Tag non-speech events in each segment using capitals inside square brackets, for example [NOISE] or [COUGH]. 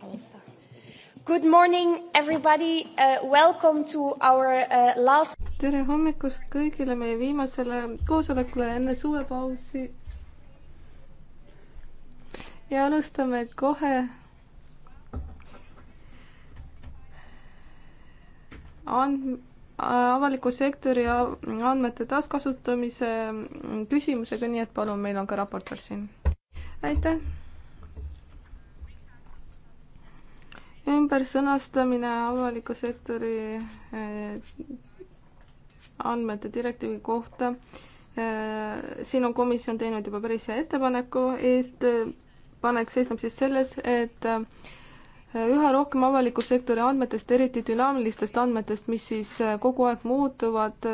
go outside. Good morning everybody, uh, welcome to our uh, last. tere hommikust kõigile meie viimasele koosolekule enne suvepausi. ja alustame kohe. and-, avaliku sektori andmete taaskasutamise küsimusega, nii et palun, meil on ka raportöör siin. aitäh ümbersõnastamine avaliku sektori eh, andmete direktiivi kohta. Eh, siin on komisjon teinud juba päris hea ettepaneku, ettepanek seisneb siis selles, et eh, üha rohkem avaliku sektori andmetest, eriti dünaamilistest andmetest, mis siis kogu aeg muutuvad,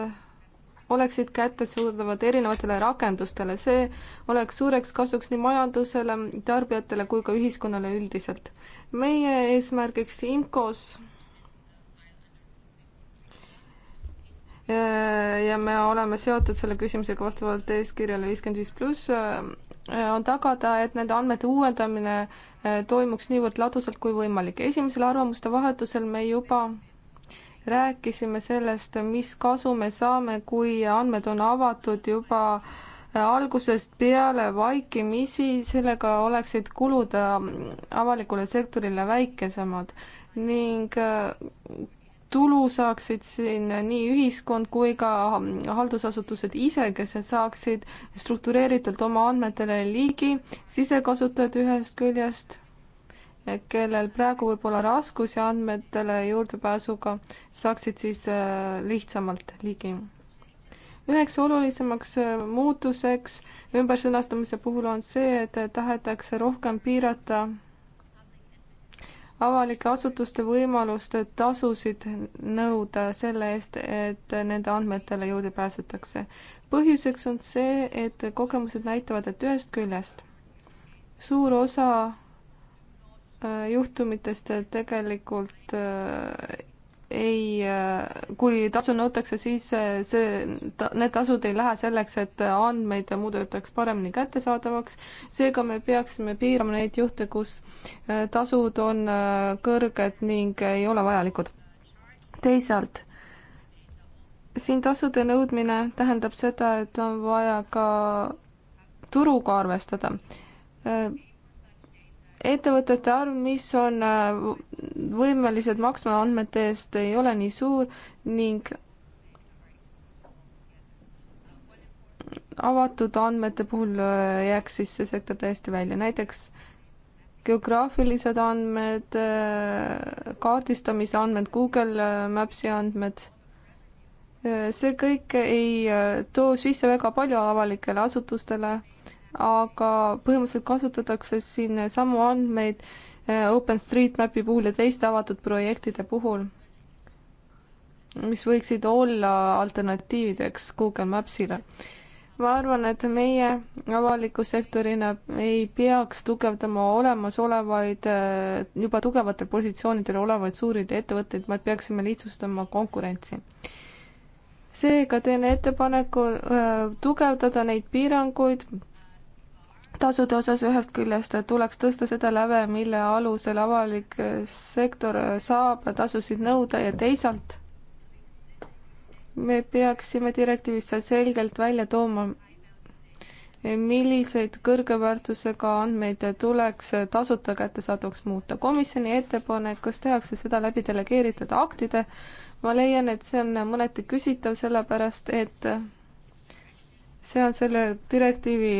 oleksid kättesuudavad erinevatele rakendustele. see oleks suureks kasuks nii majandusele, tarbijatele kui ka ühiskonnale üldiselt. meie eesmärgiks IMCO-s äh, ja me oleme seotud selle küsimusega vastavalt eeskirjale viiskümmend viis pluss, äh, on tagada, et nende andmete uuendamine äh, toimuks niivõrd ladusalt kui võimalik. esimesel arvamuste vahetusel me juba rääkisime sellest, mis kasu me saame, kui andmed on avatud juba äh, algusest peale vaikimisi, sellega oleksid kulud äh, avalikule sektorile väikesemad ning äh, tulu saaksid siin nii ühiskond kui ka haldusasutused ise, kes saaksid struktureeritult oma andmetele ligi, sisekasutajad ühest küljest kellel praegu võib olla raskusi andmetele juurdepääsuga, saaksid siis äh, lihtsamalt ligi. üheks olulisemaks äh, muutuseks ümbersõnastamise puhul on see, et tahetakse rohkem piirata avalike asutuste võimalust tasusid nõuda selle eest, et nende andmetele juurde pääsetakse. põhjuseks on see, et kogemused näitavad, et ühest küljest suur osa Äh, juhtumitest tegelikult äh, ei, äh, kui tasu nõutakse, siis see, need tasud ei lähe selleks, et andmeid muudetaks paremini kättesaadavaks. seega me peaksime piirama neid juhte, kus tasud on kõrged ning ei ole vajalikud. teisalt, siin tasude nõudmine tähendab seda, et on vaja ka turuga arvestada ettevõtete arv, mis on äh, võimelised maksma andmete eest, ei ole nii suur ning avatud andmete puhul äh, jääks siis see sektor täiesti välja, näiteks geograafilised andmed, äh, kaardistamise andmed, Google Maps'i andmed, see kõik ei too sisse väga palju avalikele asutustele aga põhimõtteliselt kasutatakse siin samu andmeid eh, OpenStreetMapi puhul ja teiste avatud projektide puhul, mis võiksid olla alternatiivideks Google Mapsile. ma arvan, et meie avaliku sektorina ei peaks tugevdama olemasolevaid, eh, juba tugevatel positsioonidel olevaid suuri ettevõtteid, vaid peaksime lihtsustama konkurentsi seega teen ettepaneku äh, tugevdada neid piiranguid tasude osas ühest küljest tuleks tõsta seda läve, mille alusel avalik sektor saab tasusid nõuda ja teisalt me peaksime direktiivis selgelt välja tooma, milliseid kõrgeväärtusega andmeid tuleks tasuta kättesaadavaks muuta. komisjoni ettepanekus tehakse seda läbi delegeeritud aktide. ma leian, et see on mõneti küsitav, sellepärast et see on selle direktiivi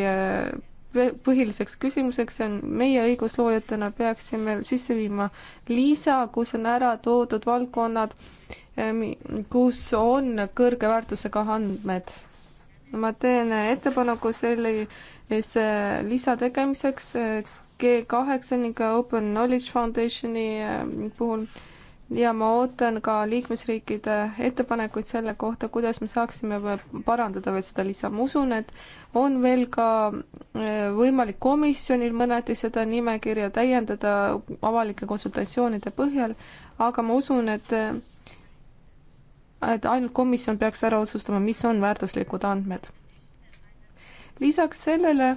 põhiliseks küsimuseks on, meie õigusloojatena peaksime sisse viima lisa, kus on ära toodud valdkonnad, ehm, kus on kõrge väärtusega andmed. ma teen ettepaneku sellise lisa tegemiseks eh, G8 ning Open Knowledge Foundationi ehm, puhul ja ma ootan ka liikmesriikide ettepanekuid selle kohta, kuidas me saaksime parandada veel seda lisa. ma usun, et on veel ka äh, võimalik komisjonil mõneti seda nimekirja täiendada avalike konsultatsioonide põhjal, aga ma usun, et et ainult komisjon peaks ära otsustama, mis on väärtuslikud andmed. lisaks sellele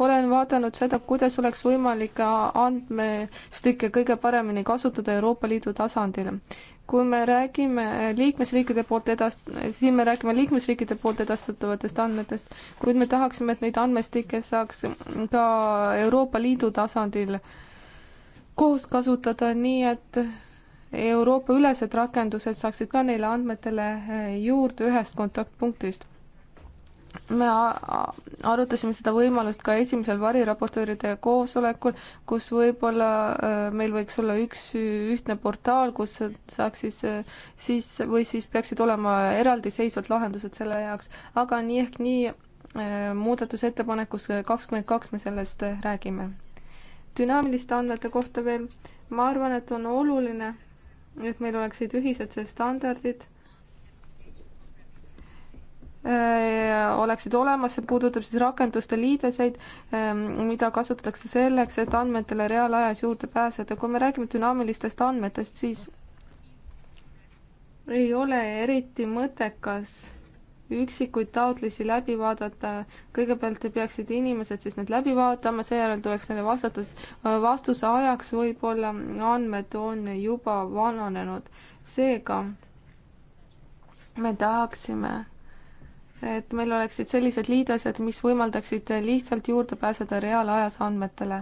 olen vaadanud seda, kuidas oleks võimalik andmestikke kõige paremini kasutada Euroopa Liidu tasandil. kui me räägime liikmesriikide poolt edast-, siin me räägime liikmesriikide poolt edastatavatest andmetest, kuid me tahaksime, et neid andmestikke saaks ka Euroopa Liidu tasandil koos kasutada, nii et Euroopa-ülesed rakendused saaksid ka neile andmetele juurde ühest kontaktpunktist me arutasime seda võimalust ka esimesel variraportööride koosolekul, kus võib-olla äh, meil võiks olla üks ühtne portaal, kus saaks siis, äh, siis või siis peaksid olema eraldiseisvad lahendused selle jaoks, aga nii ehk nii äh, muudatusettepanekus kakskümmend kaks me sellest räägime. dünaamiliste andmete kohta veel, ma arvan, et on oluline, et meil oleksid ühised standardid Äh, oleksid olemas, see puudutab siis rakenduste liideseid, ähm, mida kasutatakse selleks, et andmetele reaalajas juurde pääseda. kui me räägime dünaamilistest andmetest, siis ei ole eriti mõttekas üksikuid taotlusi läbi vaadata, kõigepealt peaksid inimesed siis need läbi vaatama, seejärel tuleks neile vastata, äh, vastuse ajaks võib-olla andmed on juba vananenud. seega me tahaksime et meil oleksid sellised liidesed, mis võimaldaksid lihtsalt juurde pääseda reaalajas andmetele.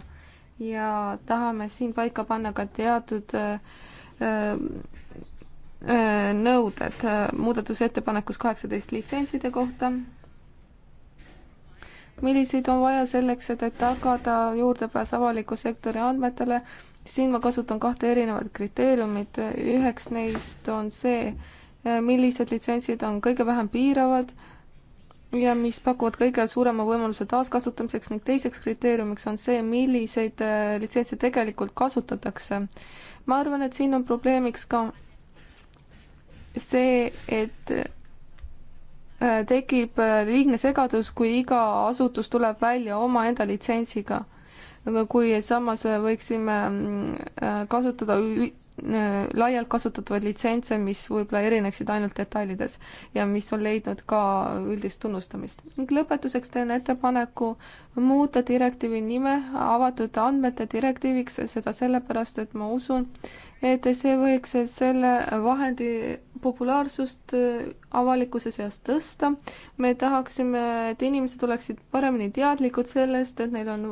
ja tahame siin paika panna ka teatud äh, äh, äh, nõuded muudatusettepanekus kaheksateist litsentside kohta. milliseid on vaja selleks, et tagada juurdepääs avaliku sektori andmetele? siin ma kasutan kahte erinevat kriteeriumit, üheks neist on see, millised litsentsid on kõige vähem piiravad ja mis pakuvad kõige suurema võimaluse taaskasutamiseks ning teiseks kriteeriumiks on see, milliseid äh, litsentse tegelikult kasutatakse. ma arvan, et siin on probleemiks ka see, et äh, tekib äh, liigne segadus, kui iga asutus tuleb välja omaenda litsentsiga. aga kui samas võiksime mm, kasutada laialt kasutatavaid litsentse, mis võib-olla erineksid ainult detailides ja mis on leidnud ka üldist tunnustamist. ning lõpetuseks teen ettepaneku muuta direktiivi nime avatud andmete direktiiviks, seda sellepärast, et ma usun, et see võiks selle vahendi populaarsust äh, avalikkuse seas tõsta. me tahaksime, et inimesed oleksid paremini teadlikud sellest, et neil on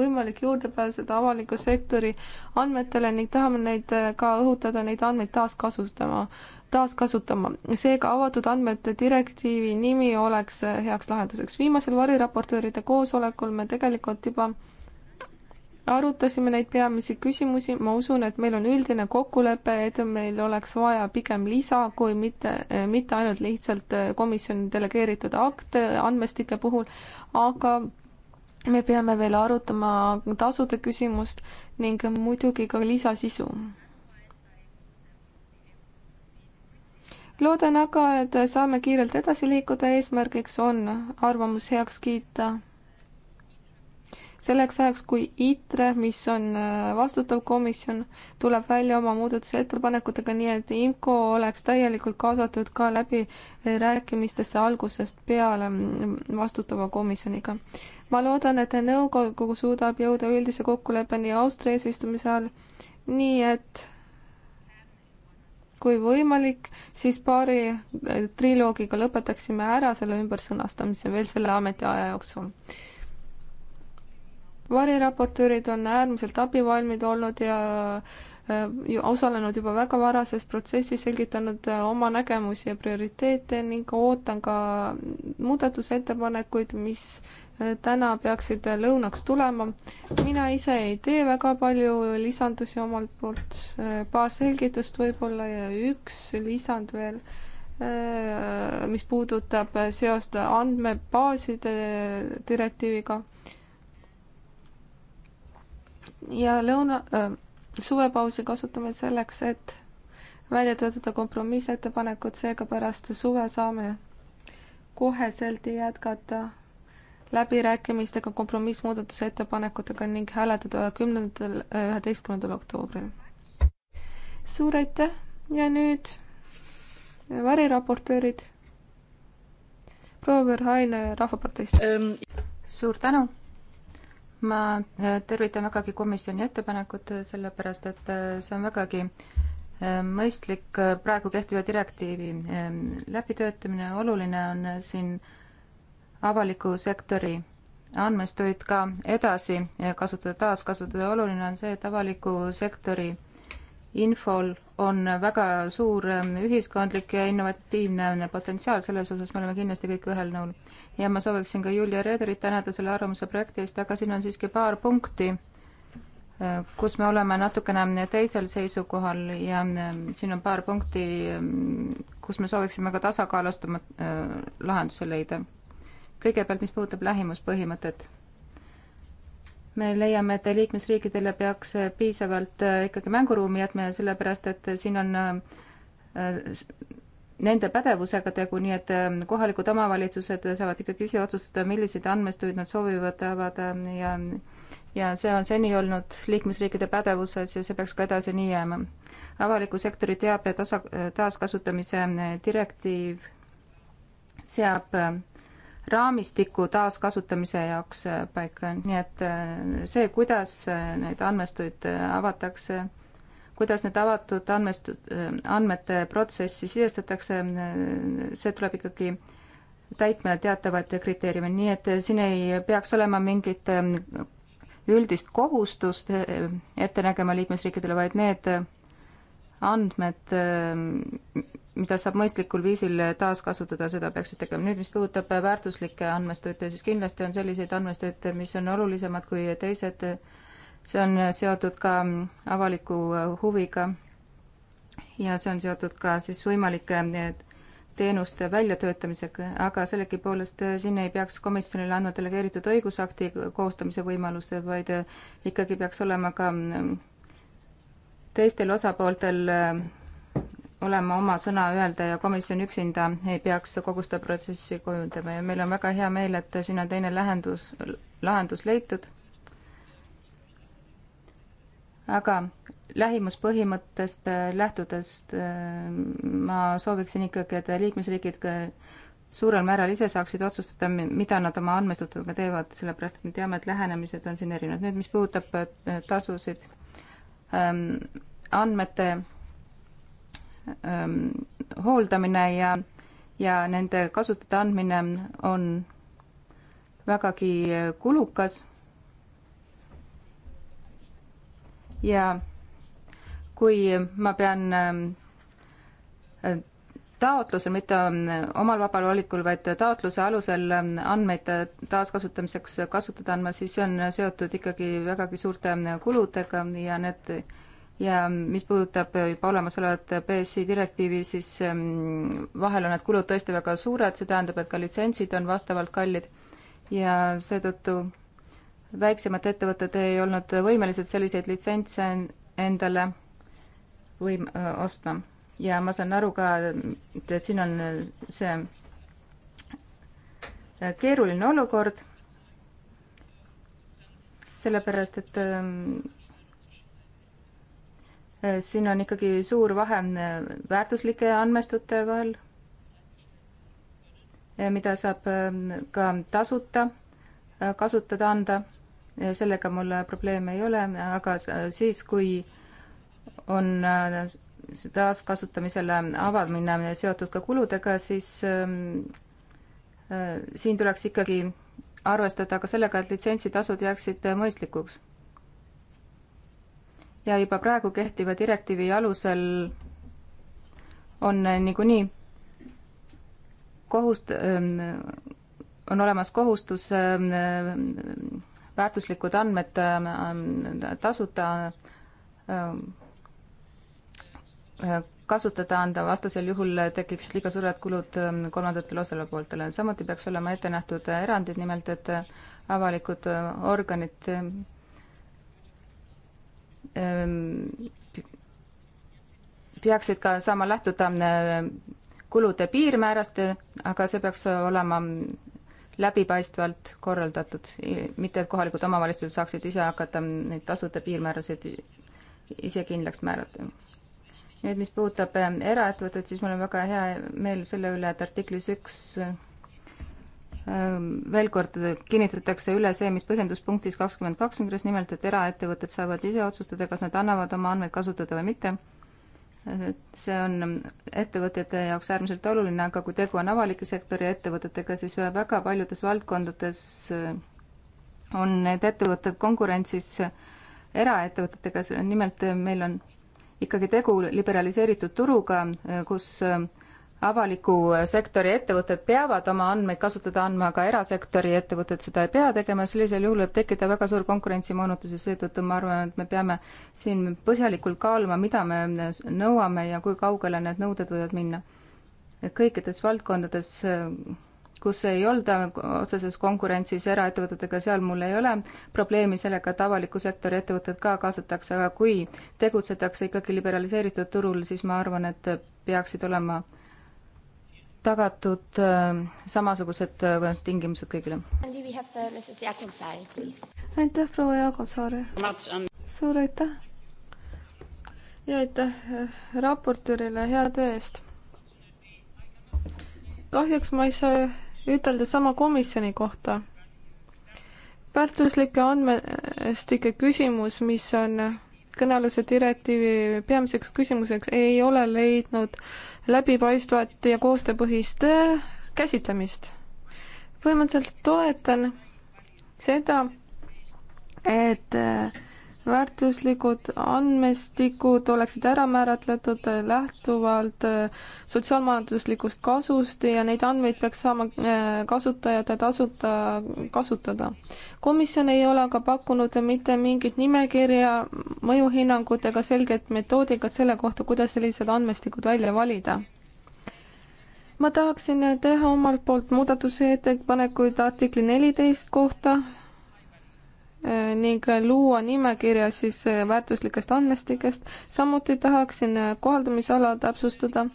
võimalik juurde pääseda avaliku sektori andmetele ning tahame neid äh, ka õhutada neid andmeid taaskasutama, taaskasutama. seega avatud andmete direktiivi nimi oleks äh, heaks lahenduseks. viimasel variraportööride koosolekul me tegelikult juba arutasime neid peamisi küsimusi, ma usun, et meil on üldine kokkulepe, et meil oleks vaja pigem lisa, kui mitte, eh, mitte ainult lihtsalt eh, komisjoni delegeeritud akte eh, andmestike puhul, aga me peame veel arutama tasude küsimust ning muidugi ka lisasisu loodan aga, et saame kiirelt edasi liikuda, eesmärgiks on arvamus heaks kiita selleks ajaks, kui ITRE, mis on äh, vastutav komisjon, tuleb välja oma muudatusettepanekutega, nii et IMCO oleks täielikult kaasatud ka läbirääkimistesse äh, algusest peale mm, vastutava komisjoniga. ma loodan, et nõukogu suudab jõuda üldise kokkuleppeni Austria eesistumise ajal, nii et kui võimalik, siis paari äh, triloogiga lõpetaksime ära selle ümbersõnastamise veel selle ametiaja jooksul variraportöörid on äärmiselt abivalmid olnud ja äh, osalenud juba väga varases protsessis, selgitanud äh, oma nägemusi ja prioriteete ning ootan ka muudatusettepanekuid, mis äh, täna peaksid lõunaks tulema. mina ise ei tee väga palju lisandusi omalt poolt, paar selgitust võib-olla ja üks lisand veel, mis puudutab seost andmebaaside direktiiviga ja lõuna äh,, suvepausi kasutame selleks, et välja töötada kompromissettepanekud, seega pärast suve saame koheselt jätkata läbirääkimistega kompromissmuudatuse ettepanekutega ning hääletada kümnendal, äh, üheteistkümnendal oktoobril. suur aitäh ja nüüd variraportöörid. proua Verhaine Rahvaparteist ähm.. suur tänu ma äh, tervitan vägagi komisjoni ettepanekut, sellepärast et äh, see on vägagi äh, mõistlik praegu kehtiva direktiivi ähm, läbitöötamine, oluline on siin avaliku sektori andmestuid ka edasi kasutada, taaskasutada, oluline on see, et avaliku sektori infol on väga suur ähm, ühiskondlik ja innovatiivne potentsiaal, selles osas me oleme kindlasti kõik ühel nõul. ja ma sooviksin ka Julia Reederit tänada selle arvamuse projekti eest, aga siin on siiski paar punkti, äh, kus me oleme natukene ähm, teisel seisukohal ja ähm, siin on paar punkti, kus me sooviksime ka tasakaalustama äh, lahenduse leida. kõigepealt, mis puudutab lähimuspõhimõtet me leiame, et liikmesriikidele peaks piisavalt äh, ikkagi mänguruumi jätma ja sellepärast, et siin on äh, nende pädevusega tegu, nii et äh, kohalikud omavalitsused saavad ikkagi ise otsustada, milliseid andmestuid nad soovivad avada ja ja see on seni olnud liikmesriikide pädevuses ja see peaks ka edasi nii jääma. avaliku sektori teabe tasa, taaskasutamise direktiiv seab raamistiku taaskasutamise jaoks äh, paika, nii et äh, see, kuidas äh, neid andmestuid avatakse, kuidas need avatud andmestud, andmete protsessi sisestatakse, see tuleb ikkagi täitma teatavaid kriteeriume, nii et siin ei peaks olema mingit üldist kohustust ette nägema liikmesriikidele, vaid need andmed mida saab mõistlikul viisil taaskasutada, seda peaksid tegema. nüüd, mis puudutab väärtuslikke andmestöötaja, siis kindlasti on selliseid andmestöötajaid, mis on olulisemad kui teised. see on seotud ka avaliku huviga ja see on seotud ka siis võimalike teenuste väljatöötamisega, aga sellegipoolest äh, siin ei peaks komisjonile andma delegeeritud õigusakti koostamise võimalust, vaid äh, ikkagi peaks olema ka mm, teistel osapooltel äh, olema oma sõna öelda ja komisjon üksinda ei peaks kogu seda protsessi kujundama ja meil on väga hea meel, et siin on teine lahendus, lahendus leitud. aga lähimuspõhimõttest lähtudes äh, ma sooviksin ikkagi, et liikmesriigid suurel määral ise saaksid otsustada, mida nad oma andmestutega teevad, sellepärast et me teame, et lähenemised on siin erinevad. nüüd, mis puudutab äh, tasusid, ähm, andmete ähm, hooldamine ja, ja nende kasutada andmine on vägagi äh, kulukas. ja kui ma pean ähm, äh, taotlusel, mitte ähm, omal vabal valikul, vaid taotluse alusel ähm, andmeid äh, taaskasutamiseks kasutada andma, siis see on seotud ikkagi vägagi suurte kuludega ja need ja mis puudutab juba olemasolevat BSI direktiivi, siis ähm, vahel on need kulud tõesti väga suured, see tähendab, et ka litsentsid on vastavalt kallid ja seetõttu väiksemad ettevõtted ei olnud võimelised selliseid litsentse endale võim-, ostma. ja ma saan aru ka, et, et siin on äh, see äh, keeruline olukord, sellepärast et ähm, Äh, siin on ikkagi suur vahe äh, väärtuslike andmestute vahel, äh, mida saab ka tasuta kasutada anda. sellega mul probleeme ei ole, aga siis, kui on taaskasutamisele avamine seotud ka kuludega, siis ähm, siin tuleks ikkagi arvestada ka sellega, et litsentsitasud jääksid mõistlikuks ja juba praegu kehtiva direktiivi alusel on niikuinii kohust-, ähm, on olemas kohustus ähm, äh, väärtuslikud andmed ähm, äh, tasuta äh, kasutada anda, vastasel juhul tekiks liiga suured kulud kolmandatele osalepooltele. samuti peaks olema ette nähtud erandid, nimelt et avalikud organid Ehm, peaksid ka saama lähtuda ehm, kulude piirmäärast, aga see peaks olema läbipaistvalt korraldatud, mitte et kohalikud omavalitsused saaksid ise hakata ehm, neid tasude piirmäärasid ise kindlaks määrata. nüüd, mis puudutab eraettevõtet, siis mul on väga hea meel selle üle, et artiklis üks 1 Ehm, veel kord äh, kinnitatakse üle see, mis põhjenduspunktis kakskümmend kaks on kirjas, nimelt et eraettevõtted saavad ise otsustada, kas nad annavad oma andmeid kasutada või mitte. Äh, et see on ähm, ettevõtjate jaoks äärmiselt oluline, aga kui tegu on avaliku sektori ettevõtetega, siis väga paljudes valdkondades äh, on need ettevõtted konkurentsis eraettevõtetega, nimelt meil on ikkagi tegu liberaliseeritud turuga, kus avaliku sektori ettevõtted peavad oma andmeid kasutada andma, aga erasektori ettevõtted seda ei pea tegema, sellisel juhul võib tekkida väga suur konkurentsimoonutus ja seetõttu ma arvan, et me peame siin põhjalikult kaaluma, mida me nõuame ja kui kaugele need nõuded võivad minna. kõikides valdkondades, kus ei olda otseses konkurentsis eraettevõtetega, seal mul ei ole probleemi sellega, et avaliku sektori ettevõtted ka kaasatakse, aga kui tegutsetakse ikkagi liberaliseeritud turul, siis ma arvan, et peaksid olema äh, tagatud äh, samasugused äh, tingimused kõigile. Uh, aitäh, proua Jaagonsaare! suur aitäh! ja aitäh äh, raportöörile hea töö eest! kahjuks ma ei saa ütelda sama komisjoni kohta. väärtuslike andmestike küsimus, mis on kõnealuse direktiivi peamiseks küsimuseks ei ole leidnud läbipaistvat ja koostööpõhist äh, käsitlemist. põhimõtteliselt toetan seda, et äh, väärtuslikud andmestikud oleksid ära määratletud lähtuvalt äh, sotsiaalmajanduslikust kasust ja neid andmeid peaks saama äh, kasutajate tasuta kasutada. komisjon ei ole aga pakkunud mitte mingit nimekirja, mõjuhinnangut ega selget metoodikat selle kohta, kuidas sellised andmestikud välja valida ma tahaksin teha omalt poolt muudatusettepanekuid artikli neliteist kohta, ning luua nimekirja siis väärtuslikest andmestikest. samuti tahaksin kohaldamisala täpsustada.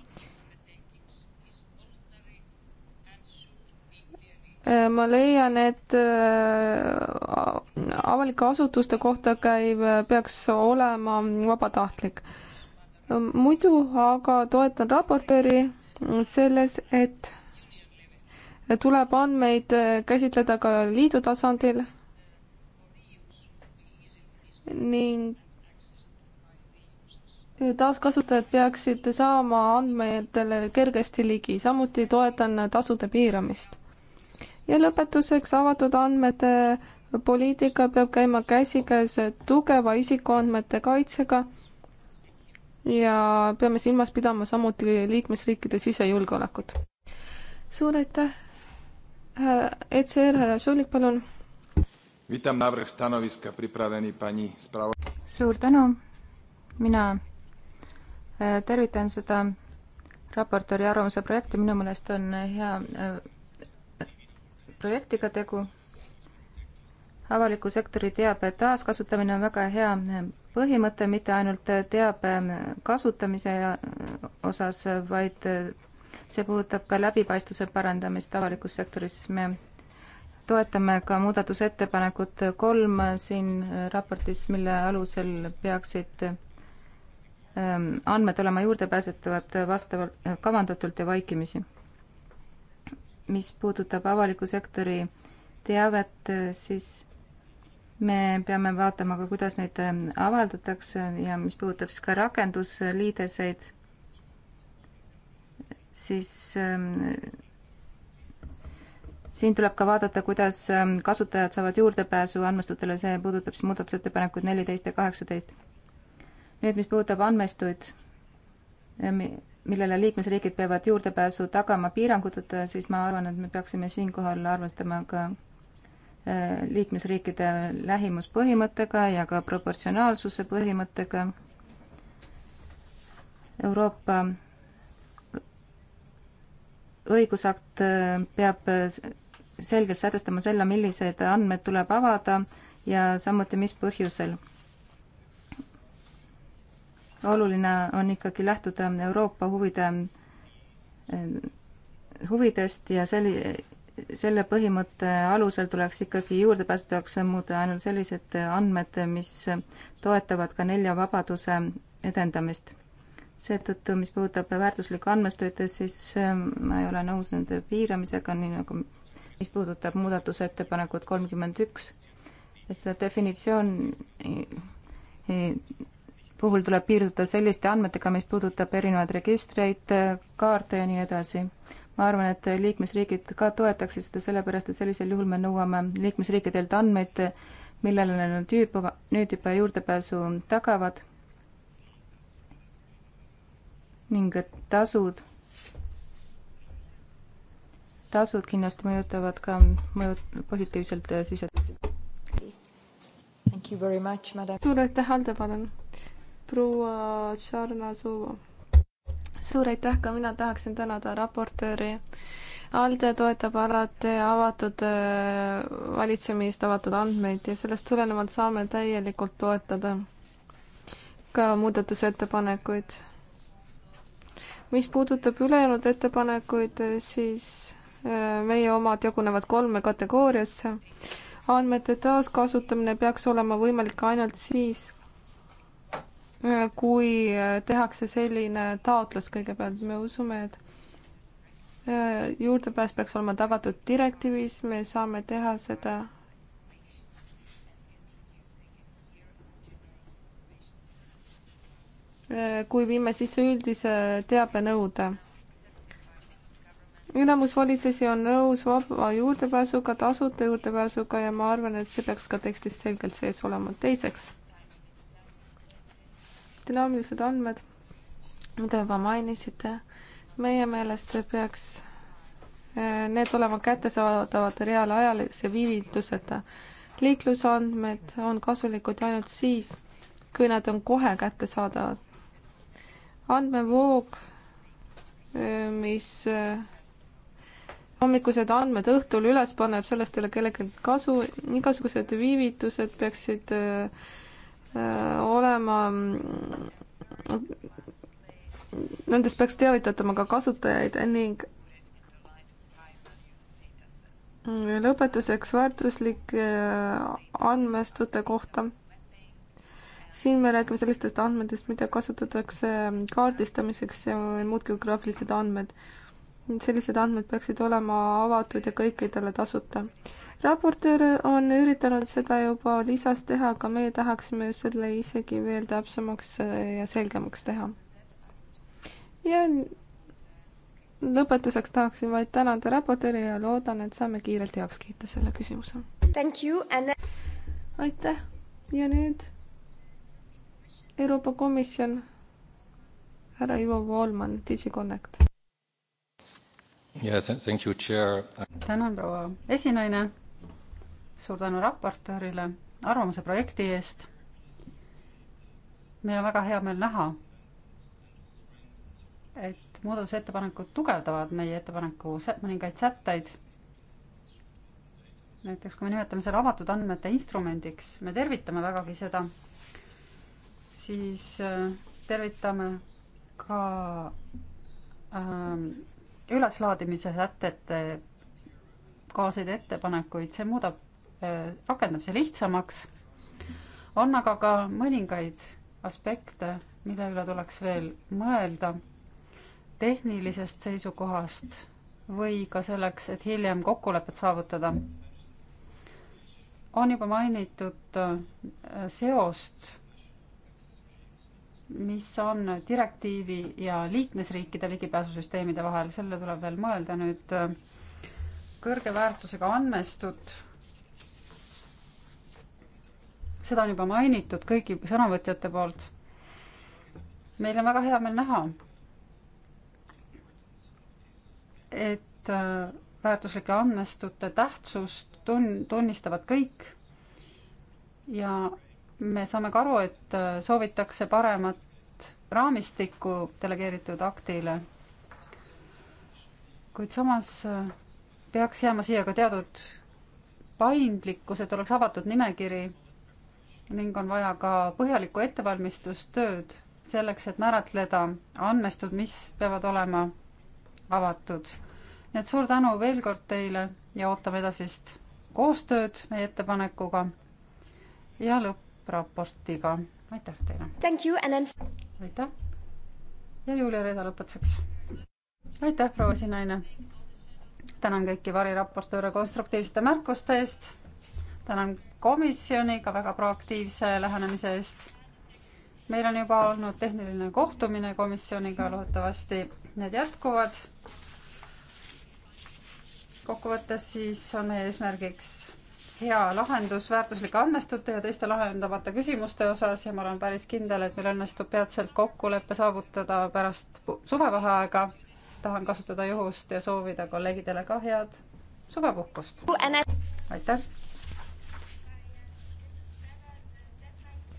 ma leian, et äh, avalike asutuste kohta käiv äh, peaks olema vabatahtlik. muidu aga toetan raportööri selles, et tuleb andmeid äh, käsitleda ka liidu tasandil ning taaskasutajad peaksid saama andmetele kergesti ligi, samuti toetan tasude piiramist. ja lõpetuseks, avatud andmete poliitika peab käima käsikäes tugeva isikuandmete kaitsega ja peame silmas pidama samuti liikmesriikide sisejulgeolekut. suur aitäh, äh, ECR härra Šulik, palun Vitam návrh stanoviska pripravený pani spravo- suur tänu, mina eh, tervitan seda raportööri arvamuse projekti, minu meelest on hea eh, projektiga tegu. avaliku sektori teabe taaskasutamine on väga hea eh, põhimõte, mitte ainult teabe kasutamise osas, vaid see puudutab ka läbipaistvuse parandamist avalikus sektoris. me toetame ka muudatusettepanekut kolm siin raportis, mille alusel peaksid ähm, andmed olema juurdepääsetavad vastavalt, äh, kavandatult ja vaikimisi. mis puudutab avaliku sektori teavet, siis me peame vaatama ka, kuidas neid äh, avaldatakse ja mis puudutab siis ka rakendusliideseid, siis ähm, siin tuleb ka vaadata, kuidas ähm, kasutajad saavad juurdepääsu andmestutele, see puudutab siis muudatusettepanekuid neliteist ja kaheksateist. nüüd, mis puudutab andmestuid, äh, millele liikmesriigid peavad juurdepääsu tagama piiranguteta, siis ma arvan, et me peaksime siinkohal arvestama ka äh, liikmesriikide lähimuspõhimõttega ja ka proportsionaalsuse põhimõttega. Euroopa õigusakt äh, peab äh, selgelt sätestama selle, millised andmed tuleb avada ja samuti, mis põhjusel. oluline on ikkagi lähtuda Euroopa huvide, äh, huvidest ja selli-, selle põhimõtte alusel tuleks ikkagi juurdepääsetavaks muuta ainult sellised andmed, mis toetavad ka nelja vabaduse edendamist seetõttu, mis puudutab väärtuslikke andmestuid, siis ähm, ma ei ole nõus nende piiramisega, nii nagu mis puudutab muudatusettepanekut kolmkümmend üks, et seda definitsioon puhul tuleb piirduda selliste andmetega, mis puudutab erinevaid registreid, kaarte ja nii edasi. ma arvan, et liikmesriigid ka toetaksid seda sellepärast, et sellisel juhul me nõuame liikmesriikidelt andmeid, millele nad nüüd juba, nüüd juba juurdepääsu tagavad ning tasud, tasud kindlasti mõjutavad ka mõju positiivselt siset-. suur aitäh, Aldo, palun. proua Tšarnasova. suur aitäh, ka mina tahaksin tänada raportööri ALDE toetab alati avatud äh, valitsemist, avatud andmeid ja sellest tulenevalt saame täielikult toetada ka muudatusettepanekuid mis puudutab ülejäänud ettepanekuid, siis äh, meie omad jagunevad kolme kategooriasse. andmete taaskasutamine peaks olema võimalik ainult siis, äh, kui äh, tehakse selline taotlus kõigepealt, me usume, et juurdepääs peaks olema tagatud direktiivis, me saame teha seda Äh, kui viime sisse üldise teabenõude. enamus valitsusi on nõus vaba juurdepääsuga, tasuta juurdepääsuga ja ma arvan, et see peaks ka tekstis selgelt sees olema. teiseks, dünaamilised andmed, mida juba mainisite, meie meelest peaks äh, need olema kättesaadavad reaalajalise viivituseta. liiklusandmed on kasulikud ainult siis, kui nad on kohe kättesaadavad andmevoog, mis äh, hommikused andmed õhtul üles paneb, sellest ei ole kellelgi kasu, igasugused viivitused peaksid äh, äh, olema, mm, nendest peaks teavitatama ka kasutajaid ning lõpetuseks väärtuslike andmestute kohta siin me räägime sellistest andmetest, mida kasutatakse ähm, kaardistamiseks ja muud geograafilised andmed. sellised andmed peaksid olema avatud ja kõikidele tasuta. raportöör on üritanud seda juba lisas teha, aga meie tahaksime selle isegi veel täpsemaks äh, ja selgemaks teha. ja lõpetuseks tahaksin vaid tänada raportööri ja loodan, et saame kiirelt heaks kiita selle küsimuse. Then... aitäh ja nüüd Euroopa Komisjon, härra Ivo Voolman, DigiConnect. tänan, proua esinaine. suur tänu raportöörile arvamuse projekti eest. meil on väga hea meel näha, et muudatusettepanekud tugevdavad meie ettepaneku mõningaid sätteid näiteks kui me nimetame selle avatud andmete instrumendiks, me tervitame vägagi seda, siis äh, tervitame ka ähm, üleslaadimise sätete kaasaid ettepanekuid, see muudab äh,, rakendab see lihtsamaks. on aga ka mõningaid aspekte, mille üle tuleks veel mõelda tehnilisest seisukohast või ka selleks, et hiljem kokkulepet saavutada. on juba mainitud äh, seost mis on direktiivi ja liikmesriikide ligipääsusüsteemide vahel, selle tuleb veel mõelda nüüd äh, kõrge väärtusega andmestud. seda on juba mainitud kõigi sõnavõtjate poolt. meil on väga hea meel näha, et äh, väärtuslike andmestute tähtsust tun-, tunnistavad kõik ja me saame ka aru, et äh, soovitakse paremat raamistikku delegeeritud aktile. kuid samas äh, peaks jääma siia ka teatud paindlikkus, et oleks avatud nimekiri ning on vaja ka põhjalikku ettevalmistustööd selleks, et määratleda andmestud, mis peavad olema avatud. nii et suur tänu veel kord teile ja ootame edasist koostööd meie ettepanekuga ja lõpp raportiga. aitäh teile! Then... aitäh! ja Julia Reeda lõpetuseks. aitäh, proua Sinaine! tänan kõiki variraportööre konstruktiivsete märkuste eest, tänan komisjoni ka väga proaktiivse lähenemise eest. meil on juba olnud tehniline kohtumine komisjoniga, loodetavasti need jätkuvad. kokkuvõttes siis on meie eesmärgiks hea lahendus väärtuslike andmestute ja teiste lahendamata küsimuste osas ja ma olen päris kindel, et meil õnnestub peatselt kokkulepe saavutada pärast suvevaheaega. tahan kasutada juhust ja soovida kolleegidele ka head suvepuhkust. aitäh.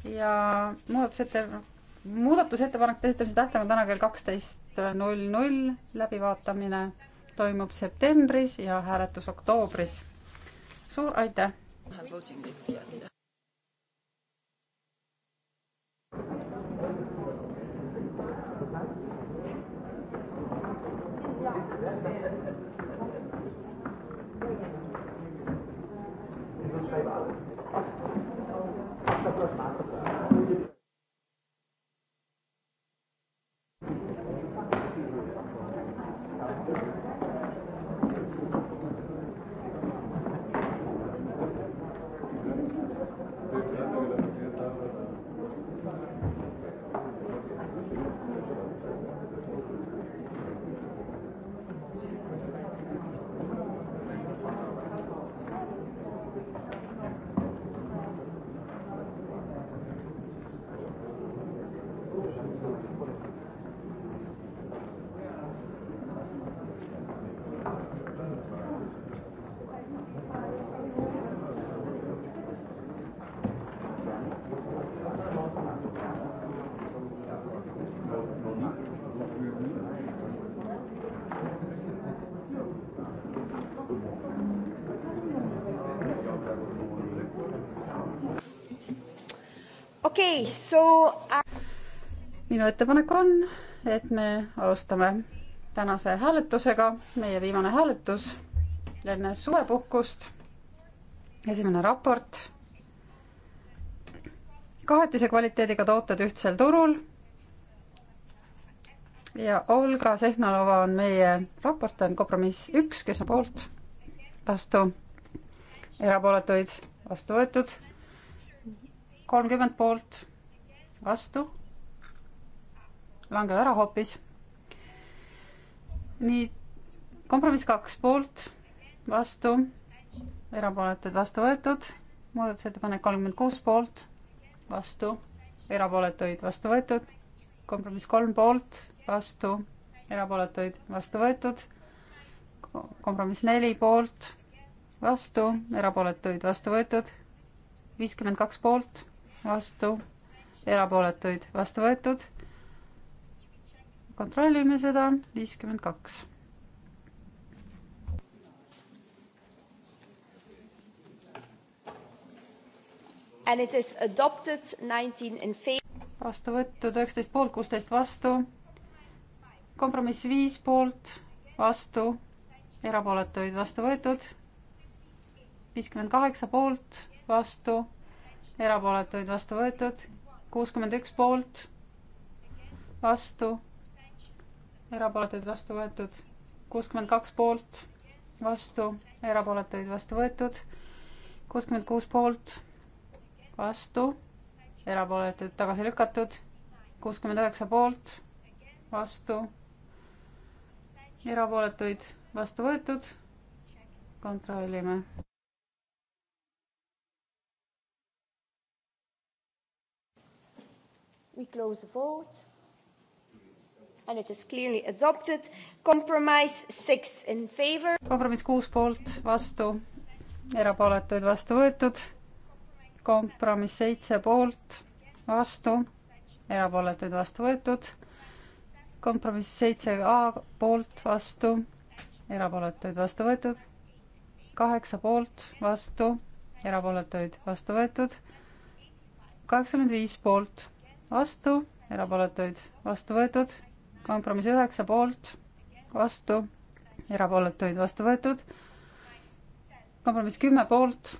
ja muudatusette, muudatusettepanekute esitamise tähtaeg on täna kell kaksteist null null, läbivaatamine toimub septembris ja hääletus oktoobris suur aitäh! okay, so... Uh, minu ettepanek on, et me alustame tänase hääletusega, meie viimane hääletus enne suvepuhkust. esimene raport. kahetise kvaliteediga tooted ühtsel turul. ja Olga Sehnalova on meie raportöör, kompromiss üks, kes on poolt, vastu, erapooletuid, vastu võetud, kolmkümmend poolt vastu, langeb ära hoopis. nii, kompromiss kaks poolt, vastu, erapooletud, vastu võetud, muudatusettepanek kolmkümmend kuus poolt, vastu, erapooletuid, vastu võetud, kompromiss kolm poolt, vastu, erapooletuid, vastu võetud, kompromiss neli poolt vastu, erapooletuid vastu võetud, viiskümmend kaks poolt, vastu, erapooletuid vastu võetud. kontrollime seda, viiskümmend kaks. And it is adopted nineteen in favor. vastu võetud üheksateist poolt, kuusteist vastu. kompromiss viis poolt, vastu, erapooletuid vastu võetud. viiskümmend kaheksa poolt, vastu, erapooletuid vastu võetud kuuskümmend üks poolt, vastu, erapooletuid vastu võetud, kuuskümmend kaks poolt, vastu, erapooletuid vastu võetud, kuuskümmend kuus poolt, vastu, erapooletuid tagasi lükatud, kuuskümmend üheksa poolt, vastu, erapooletuid vastu võetud, kontrollime. We close the vote. And it is clearly adopted. Compromise six in favor. kompromiss kuus poolt, vastu, erapooletuid vastu võetud. kompromiss seitse poolt, vastu, erapooletuid vastu võetud. kompromiss seitse A poolt, vastu, erapooletuid vastu võetud. kaheksa poolt, vastu, erapooletuid vastu võetud. kaheksakümmend viis poolt vastu, erapooletuid vastu võetud, kompromiss üheksa poolt, vastu, erapooletuid vastu võetud, kompromiss kümme poolt,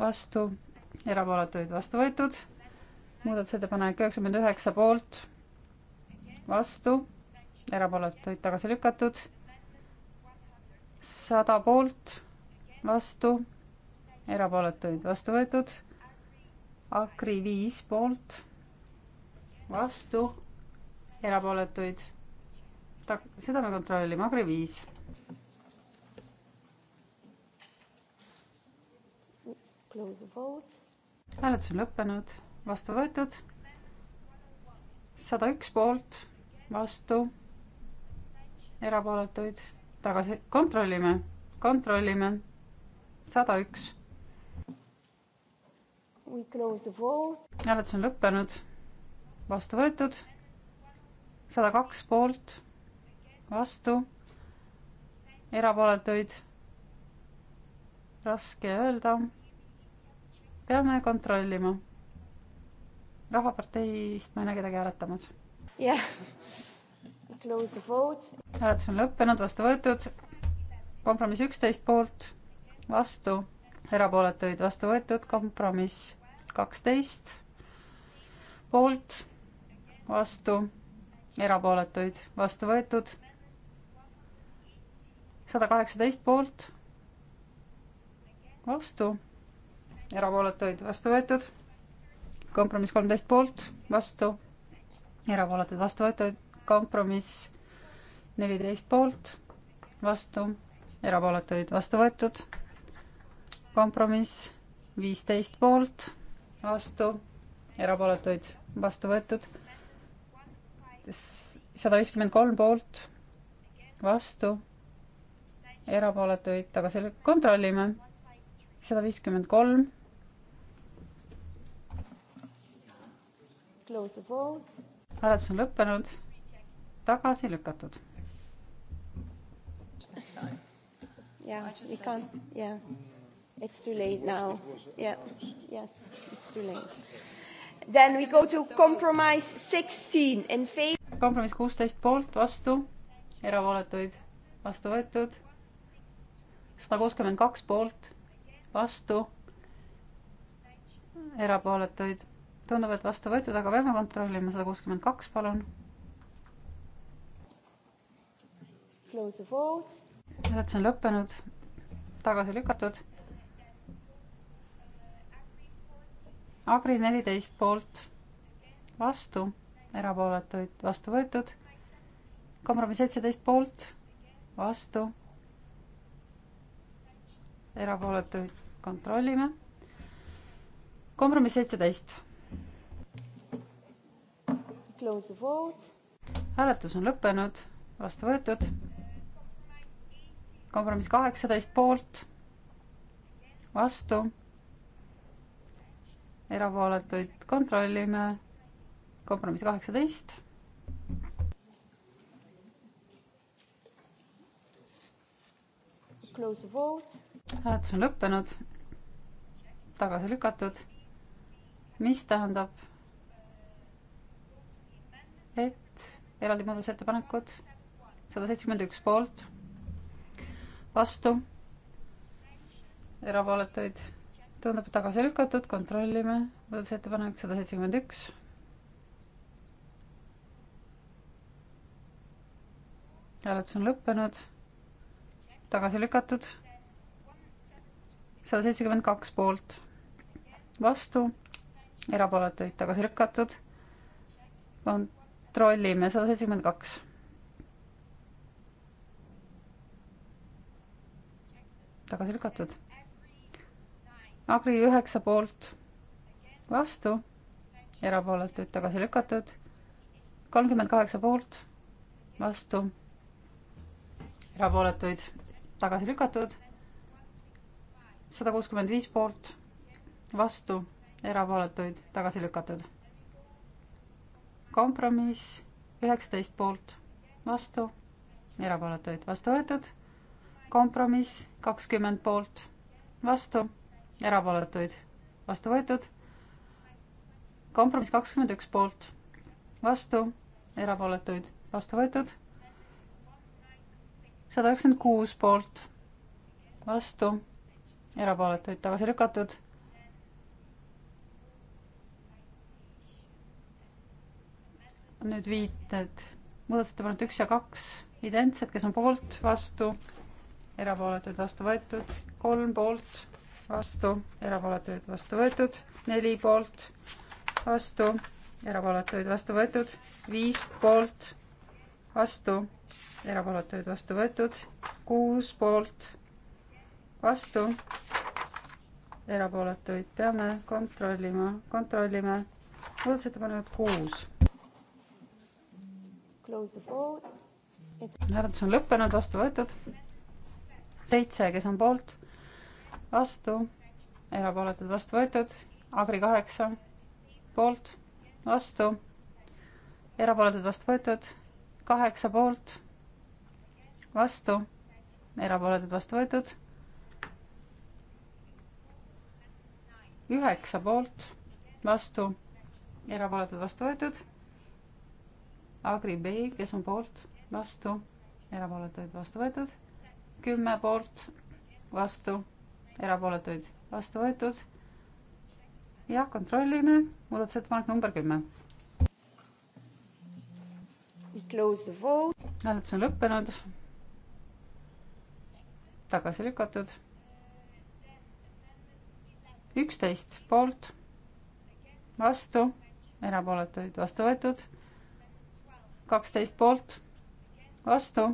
vastu, erapooletuid vastu võetud, muudatusettepanek üheksakümmend üheksa poolt, vastu, erapooletuid tagasi lükatud, sada poolt, vastu, erapooletuid vastu võetud, Agri viis poolt vastu, erapooletuid. ta, seda me kontrollime, Agri viis. hääletus on lõppenud, vastu võetud. sada üks poolt, vastu, erapooletuid, tagasi, kontrollime, kontrollime, sada üks hääletus on lõppenud vastu võetud, sada kaks poolt, vastu, erapooletuid, raske öelda, peame kontrollima. rahvaparteist ma ei näe kedagi hääletamas. jah yeah.. hääletus on lõppenud, vastu võetud, kompromiss üksteist poolt, vastu, erapooletuid vastu võetud, kompromiss kaksteist poolt vastu, erapooletuid vastu võetud. sada kaheksateist poolt, vastu, erapooletuid vastu võetud. kompromiss kolmteist poolt, vastu, erapooletuid vastu võetud. kompromiss neliteist poolt, vastu, erapooletuid vastu võetud. kompromiss viisteist poolt, vastu, erapooletuid vastu võetud sada viiskümmend kolm poolt, vastu, erapooletuid, aga selle kontrollime. sada viiskümmend kolm. hääletus on lõppenud, tagasi lükatud. Yeah, we can't, yeah. It's too late now. Yeah, yes, it's too late. Then we go to compromise 16 in favor kompromiss kuusteist poolt, vastu, erapooletuid vastu võetud. sada kuuskümmend kaks poolt, vastu, erapooletuid. tundub, et vastu võetud, aga peame kontrollima, sada kuuskümmend kaks, palun. hääletus on lõppenud, tagasi lükatud. Agri neliteist poolt, vastu erapooletuid, vastu võetud. kompromiss seitseteist poolt, vastu, erapooletuid kontrollime. kompromiss seitseteist. hääletus on lõppenud, vastu võetud. kompromiss kaheksateist poolt, vastu erapooletuid kontrollime kompromiss kaheksateist. hääletus on lõppenud, tagasi lükatud, mis tähendab, et eraldi muudatusettepanekud sada seitsekümmend üks poolt, vastu, erapooletuid tundub tagasi lükatud, kontrollime, muudatusettepanek sada seitsekümmend üks hääletus on lõppenud, tagasi lükatud, sada seitsekümmend kaks poolt, vastu, erapooletuid tagasi lükatud, kontrollime sada seitsekümmend kaks. tagasi lükatud. Agri üheksa poolt, vastu, erapooletuid tagasi lükatud, kolmkümmend kaheksa poolt, vastu erapooletuid tagasi lükatud. sada kuuskümmend viis poolt, vastu, erapooletuid tagasi lükatud. kompromiss üheksateist poolt, vastu, erapooletuid vastu võetud. kompromiss kakskümmend poolt, vastu, erapooletuid vastu võetud. kompromiss kakskümmend üks poolt, vastu, erapooletuid vastu võetud sada üheksakümmend kuus poolt, vastu, erapooletuid tagasi lükatud. nüüd viited, muudatusettepanekud üks ja kaks, identsed, kes on poolt, vastu, erapooletuid vastu võetud, kolm poolt, vastu, erapooletuid vastu võetud, neli poolt, vastu, erapooletuid vastu võetud, viis poolt, vastu erapooletuid vastu võetud, kuus poolt vastu, erapooletuid peame kontrollima, kontrollime, muudatusettepanekud kuus. hääletus on lõppenud, vastu võetud, seitse, kes on poolt, vastu, erapooletud vastu võetud, Agri kaheksa, poolt, vastu, erapooletud vastu võetud kaheksa poolt, vastu, erapooletud, vastu võetud. üheksa poolt, vastu, erapooletud, vastu võetud. Agri B, kes on poolt, vastu, erapooletuid, vastu võetud. kümme poolt, vastu, erapooletuid, vastu võetud. jah, kontrollime muudatusettepanek number kümme hääletus on lõppenud. tagasi lükatud. üksteist poolt, vastu, erapooletuid vastu võetud. kaksteist poolt, vastu,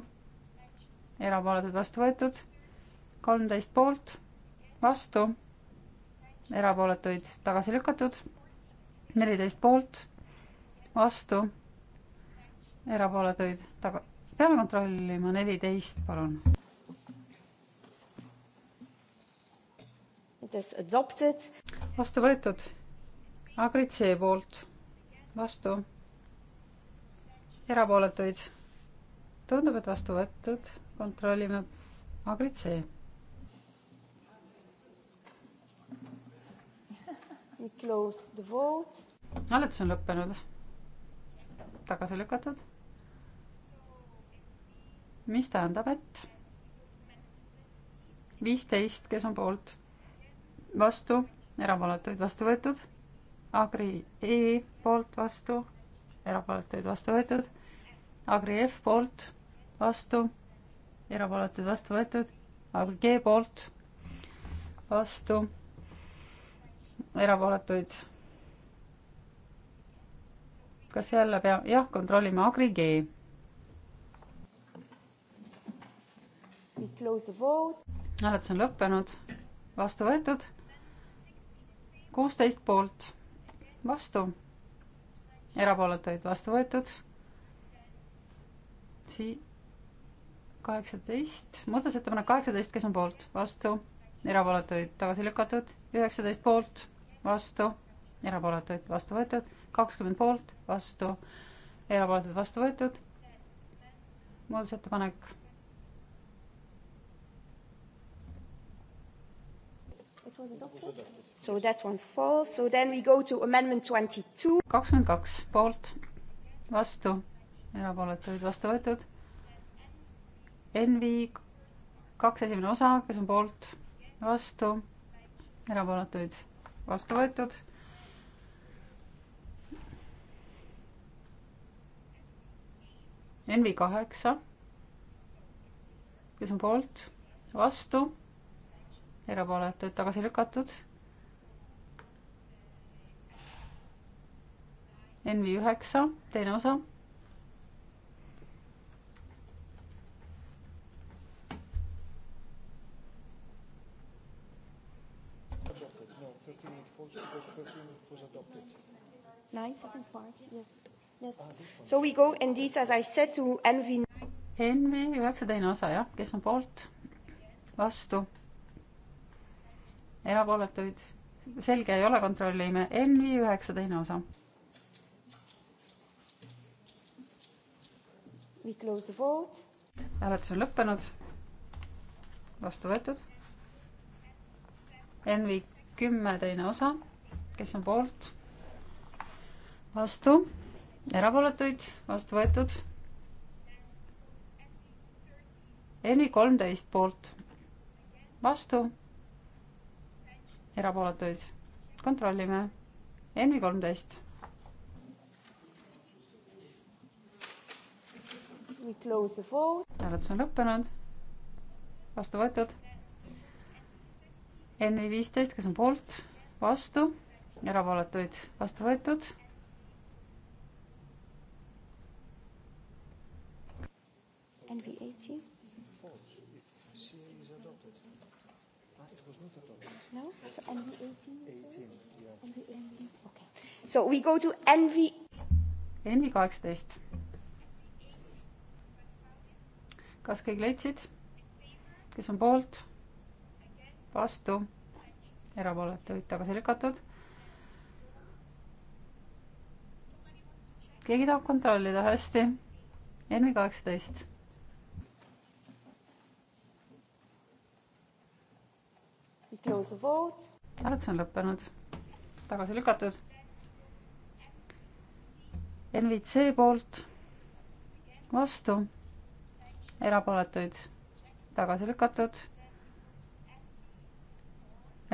erapooletud vastu võetud. kolmteist poolt, vastu, erapooletuid tagasi lükatud. neliteist poolt, vastu erapooletuid taga, peame kontrollima, neliteist, palun. vastu võetud, Agrit C poolt, vastu, erapooletuid, tundub, et vastu võetud, kontrollime, Agrit C. hääletus on lõppenud, tagasi lükatud mis tähendab, et viisteist, kes on poolt, vastu, erapooletuid vastu võetud, Agri E poolt vastu, erapooletuid vastu võetud, Agri F poolt vastu, erapooletuid vastu võetud, Agri G poolt vastu, erapooletuid. kas jälle pea, jah, kontrollime Agri G hääletus on lõppenud, vastu võetud, kuusteist poolt, vastu, erapooletuid vastu võetud, sii-, kaheksateist, muudatusettepanek kaheksateist, kes on poolt, vastu, erapooletuid tagasi lükatud, üheksateist poolt, vastu, erapooletuid vastu võetud, kakskümmend poolt, vastu, erapooletuid vastu võetud, muudatusettepanek It was adopted. So that one falls. So then we go to amendment twenty two. kakskümmend kaks poolt, vastu, erapooletuid vastu võetud. Envi kaks esimene osa, kes on poolt, vastu, erapooletuid vastu võetud. Envi kaheksa, kes on poolt, vastu erapooletud, tagasi lükatud. NV üheksa, teine osa. Nine, second part, yes, yes. So we go indeed, as I said, to NV. NV üheksa teine osa, jah, kes on poolt? vastu erapooletuid, selge ei ole, kontrollime, NV üheksa teine osa. hääletus on lõppenud, vastu võetud. NV kümme teine osa, kes on poolt? vastu, erapooletuid, vastu võetud. NV kolmteist poolt, vastu erapooletuid kontrollime. Envi kolmteist. hääletus on lõppenud. vastu võetud. Envi viisteist, kes on poolt, vastu, erapooletuid vastu võetud NV80. So NV 18? 18, yeah. NV 18, okay. So we go to NV... NV kaheksateist. kas kõik leidsid? kes on poolt? vastu? erapooletuid tagasi lükatud? keegi tahab kontrollida, hästi. NV kaheksateist hääletus on lõppenud, tagasi lükatud. NVC poolt, vastu, erapooletuid tagasi lükatud.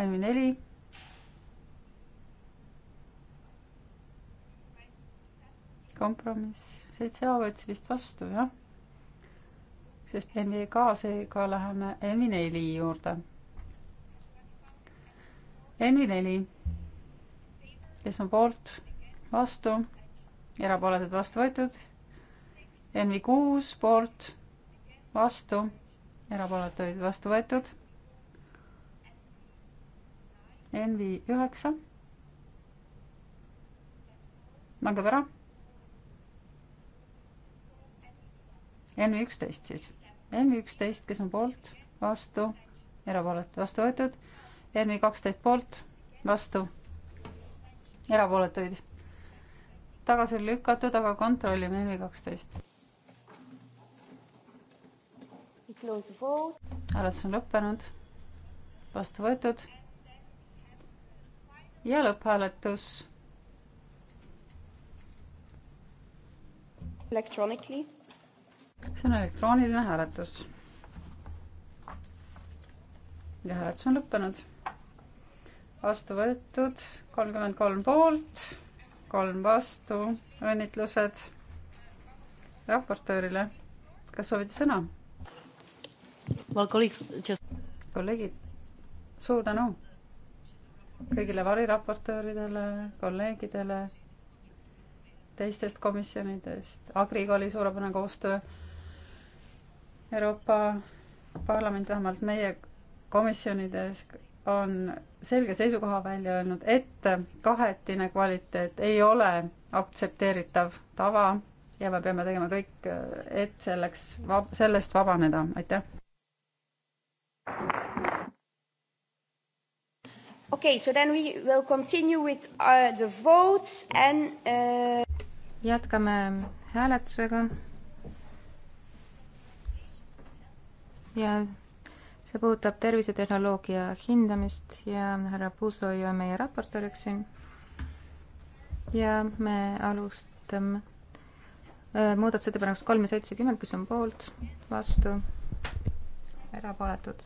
NV4 kompromiss, seitse A võttis vist vastu, jah? sest NV ka, seega läheme NV neli juurde Envi neli, kes on poolt, vastu, erapooletud, vastu võetud. Envi kuus poolt, vastu, erapooletuid, vastu võetud. Envi üheksa langeb ära. NV üksteist siis, NV üksteist, kes on poolt, vastu, erapooletu, vastu võetud ERMi kaksteist poolt, vastu, erapooletuid tagasi lükatud, aga kontrollime ERMi kaksteist. hääletus on lõppenud, vastu võetud ja lõpphääletus. Electronically. see on elektrooniline hääletus. ja hääletus on lõppenud vastu võetud, kolmkümmend kolm poolt, kolm vastu, õnnitlused raportöörile. kas soovite sõna? kolleegid, suur tänu kõigile variraportööridele, kolleegidele teistest komisjonidest. Agriga oli suurepärane koostöö. Euroopa Parlament vähemalt meie komisjonides on selge seisukoha välja öelnud, et kahetine kvaliteet ei ole aktsepteeritav tava ja me peame tegema kõik, et selleks, sellest vabaneda, aitäh. okei okay,, so then we will continue with uh, the votes and uh.... jätkame hääletusega. ja see puudutab tervisetehnoloogia hindamist ja härra Puusoi on meie raportööriks siin. ja me alustame äh, muudatusettepanekust kolm ja seitsekümmend, kes on poolt, vastu, erapooletud.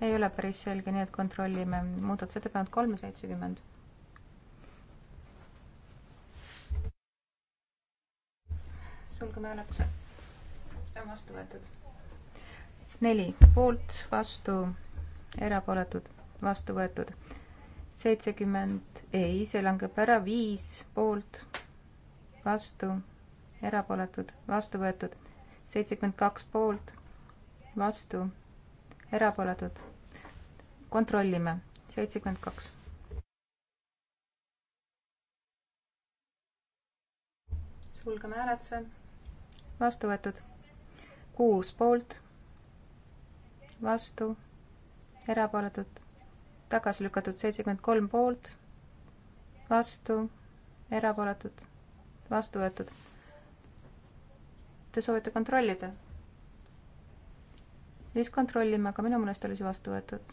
ei ole päris selge, nii et kontrollime muudatusettepanekut kolm ja seitsekümmend sulgeme hääletuse. on vastu võetud neli poolt, vastu, erapooletud, vastu võetud. seitsekümmend, ei, see langeb ära, viis poolt, vastu, erapooletud, vastu võetud. seitsekümmend kaks poolt, vastu, erapooletud. kontrollime, seitsekümmend kaks sulgeme hääletuse. vastu võetud. kuus poolt, vastu, erapooletud, tagasi lükatud seitsekümmend kolm poolt, vastu, erapooletud, vastu võetud. Te soovite kontrollida? siis kontrollime, aga minu meelest oli see vastu võetud.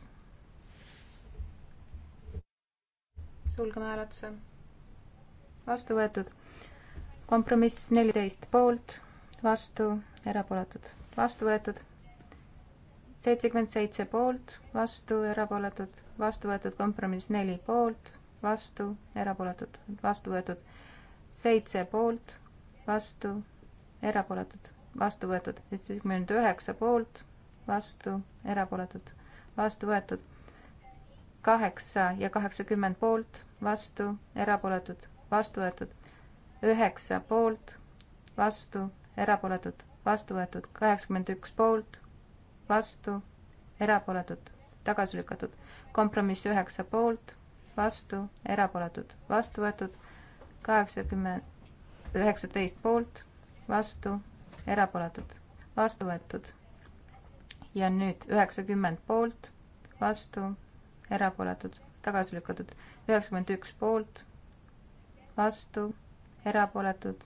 sulgeme hääletuse. vastu võetud. kompromiss neliteist poolt, vastu, erapooletud, vastu võetud seitsekümmend seitse poolt, vastu, erapooletud, vastu võetud kompromiss neli poolt, vastu, erapooletud, vastu võetud seitse poolt, vastu, erapooletud, vastu võetud seitsekümmend üheksa poolt, vastu, erapooletud, vastu võetud kaheksa ja kaheksakümmend poolt, vastu, erapooletud, vastu võetud üheksa poolt, vastu, erapooletud, vastu võetud kaheksakümmend üks poolt vastu, erapooletud, tagasi lükatud. kompromiss üheksa poolt, vastu, erapooletud, vastu võetud. kaheksakümmend, üheksateist poolt, vastu, erapooletud, vastu võetud. ja nüüd üheksakümmend poolt, vastu, erapooletud, tagasi lükatud. üheksakümmend üks poolt, vastu, erapooletud,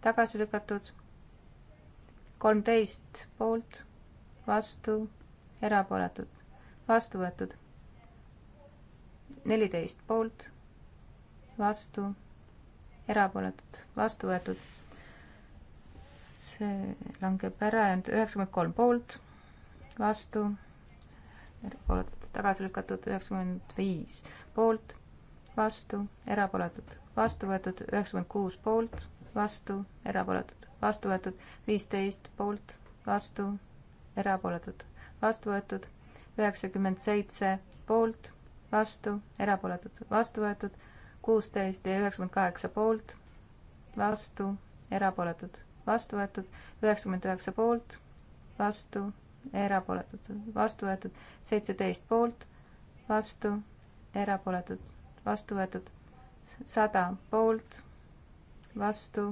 tagasi lükatud. kolmteist poolt vastu, erapooletud, vastu võetud. neliteist poolt, vastu, erapooletud, vastu võetud. see langeb ära, üheksakümmend kolm poolt, vastu, erapooletud, tagasi lükatud, üheksakümmend viis poolt, vastu, erapooletud, vastu võetud, üheksakümmend kuus poolt, vastu, erapooletud, vastu võetud, viisteist poolt, vastu, erapooletud, vastu võetud, üheksakümmend seitse poolt, vastu, erapooletud, vastu võetud, kuusteist ja üheksakümmend kaheksa poolt, vastu, erapooletud, vastu võetud, üheksakümmend üheksa poolt, vastu, erapooletud, vastu võetud, seitseteist poolt, vastu, erapooletud, vastu võetud, sada poolt, vastu,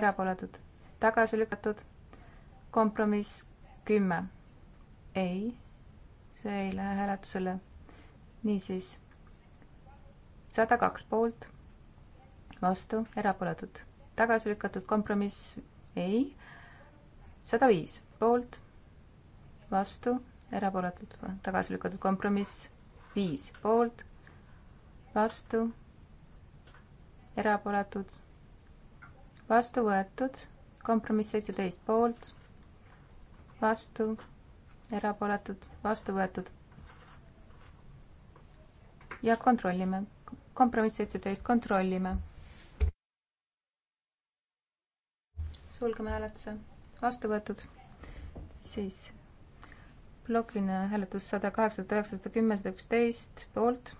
erapooletud, tagasi lükatud, kompromiss kümme. ei, see ei lähe hääletusele. niisiis sada kaks poolt, vastu, erapooletud, tagasi lükatud kompromiss ei, sada viis poolt, vastu, erapooletud, tagasi lükatud kompromiss viis poolt, vastu, erapooletud, vastu võetud, kompromiss seitseteist poolt vastu, erapooletud, vastu võetud. ja kontrollime, kompromiss seitseteist, kontrollime. sulgeme hääletuse, vastu võetud, siis plokina hääletus sada kaheksasada, üheksasada kümme, sada üksteist poolt,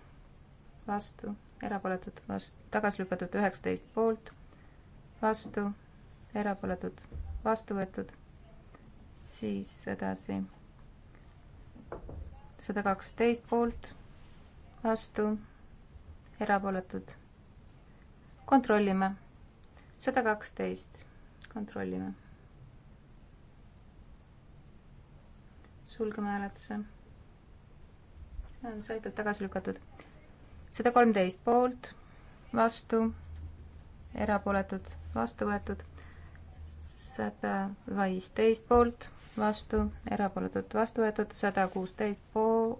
vastu, erapooletud, vastu, tagasi lükatud üheksateist poolt, vastu, erapooletud, vastu võetud siis edasi. sada kaksteist poolt, vastu, erapooletud. kontrollime. sada kaksteist, kontrollime. sulgeme hääletuse. on selgelt tagasi lükatud. sada kolmteist poolt, vastu, erapooletud, vastu võetud sada viisteist poolt, vastu, erapooletult vastu võetud sada kuusteist pool.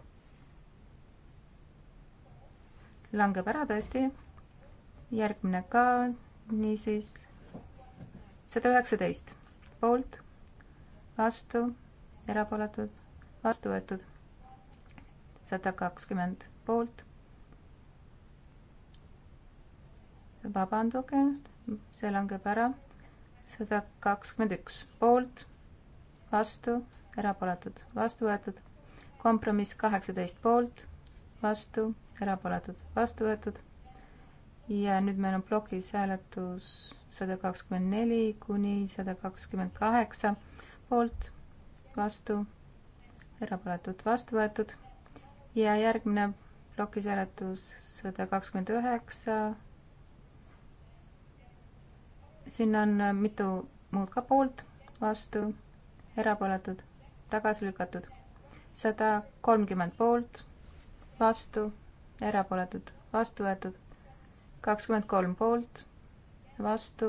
langeb ära tõesti. järgmine ka, niisiis sada üheksateist poolt, vastu, erapooletud, vastu võetud sada kakskümmend poolt. vabanduge, see langeb ära. sada kakskümmend üks poolt vastu, erapooletud, vastu võetud. kompromiss kaheksateist poolt, vastu, erapooletud, vastu võetud. ja nüüd meil on plokis hääletus sada kakskümmend neli kuni sada kakskümmend kaheksa poolt, vastu, erapooletud, vastu võetud. ja järgmine plokis hääletus sada kakskümmend üheksa siin on mitu muud ka poolt, vastu, erapooletud, tagasi lükatud. sada kolmkümmend poolt, vastu, erapooletud, vastu võetud. kakskümmend kolm poolt, vastu,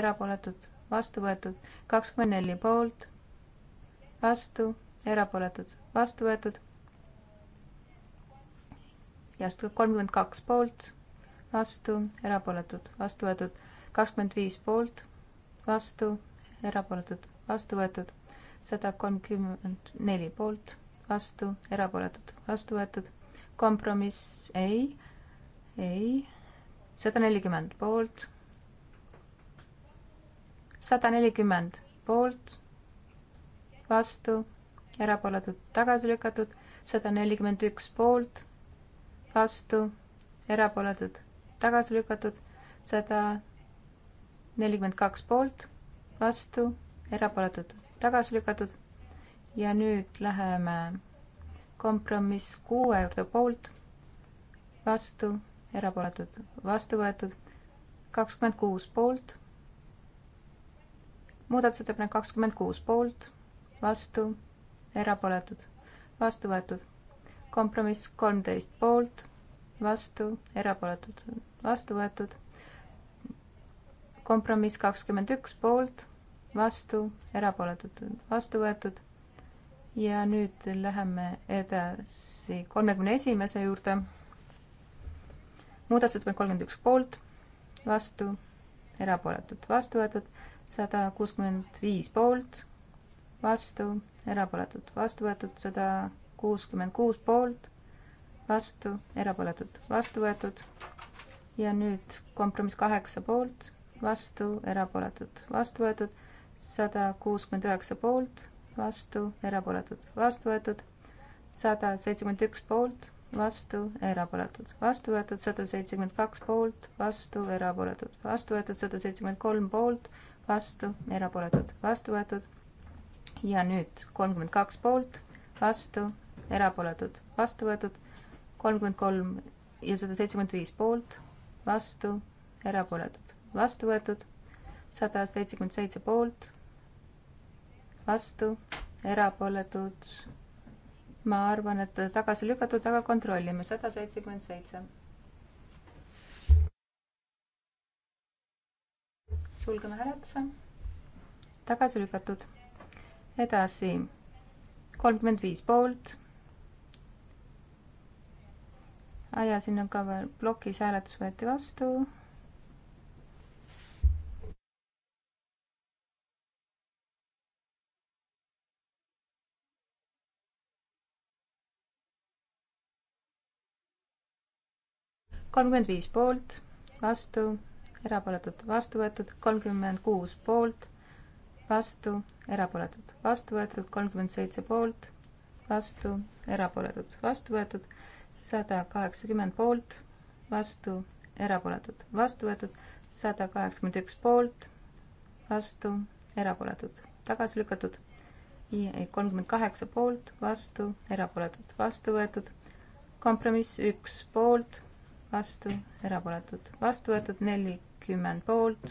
erapooletud, vastu võetud. kakskümmend neli poolt, vastu, erapooletud, vastu võetud. järsku kolmkümmend kaks poolt, vastu, erapooletud, vastu võetud. kakskümmend viis poolt, vastu, erapooletud, vastu võetud sada kolmkümmend neli poolt, vastu, erapooletud, vastu võetud. kompromiss ei, ei, sada nelikümmend poolt, sada nelikümmend poolt, vastu, erapooletud, tagasi lükatud, sada nelikümmend üks poolt, vastu, erapooletud, tagasi lükatud, sada nelikümmend kaks poolt, vastu, erapooletud, tagasi lükatud. ja nüüd läheme kompromiss kuue juurde poolt, vastu, erapooletud, vastu võetud, kakskümmend kuus poolt. muudatusettepanek kakskümmend kuus poolt, vastu, erapooletud, vastu võetud, kompromiss kolmteist poolt, vastu, erapooletud, vastu võetud kompromiss kakskümmend üks poolt, vastu, erapooletud, vastu võetud. ja nüüd läheme edasi kolmekümne esimese juurde. muudatusettepanek kolmkümmend üks poolt, vastu, erapooletud, vastu võetud, sada kuuskümmend viis poolt, vastu, erapooletud, vastu võetud, sada kuuskümmend kuus poolt, vastu, erapooletud, vastu võetud. ja nüüd kompromiss kaheksa poolt, vastu, erapooletud, vastu võetud sada kuuskümmend üheksa poolt, vastu, erapooletud, vastu võetud, sada seitsekümmend üks poolt, vastu, erapooletud, vastu võetud, sada seitsekümmend kaks poolt, vastu, erapooletud, vastu võetud, sada seitsekümmend kolm poolt, vastu, erapooletud, vastu võetud. ja nüüd kolmkümmend kaks poolt, vastu, erapooletud, vastu võetud, kolmkümmend kolm ja sada seitsekümmend viis poolt, vastu, erapooletud, vastu võetud sada seitsekümmend seitse poolt, vastu, erapooletud. ma arvan, et tagasi lükatud, aga kontrollime, sada seitsekümmend seitse. sulgeme hääletuse. tagasi lükatud. edasi, kolmkümmend viis poolt ah,. ja siin on ka veel plokis hääletus võeti vastu kolmkümmend viis poolt, vastu, erapooletud, vastu võetud, kolmkümmend kuus poolt, vastu, erapooletud, vastu võetud, kolmkümmend seitse poolt, vastu, erapooletud, vastu võetud, sada kaheksakümmend poolt, vastu, erapooletud, vastu võetud, sada kaheksakümmend üks poolt, vastu, erapooletud, tagasi lükatud, kolmkümmend kaheksa poolt, vastu, erapooletud, vastu võetud, kompromiss üks poolt vastu, erapooletud, vastu võetud nelikümmend poolt,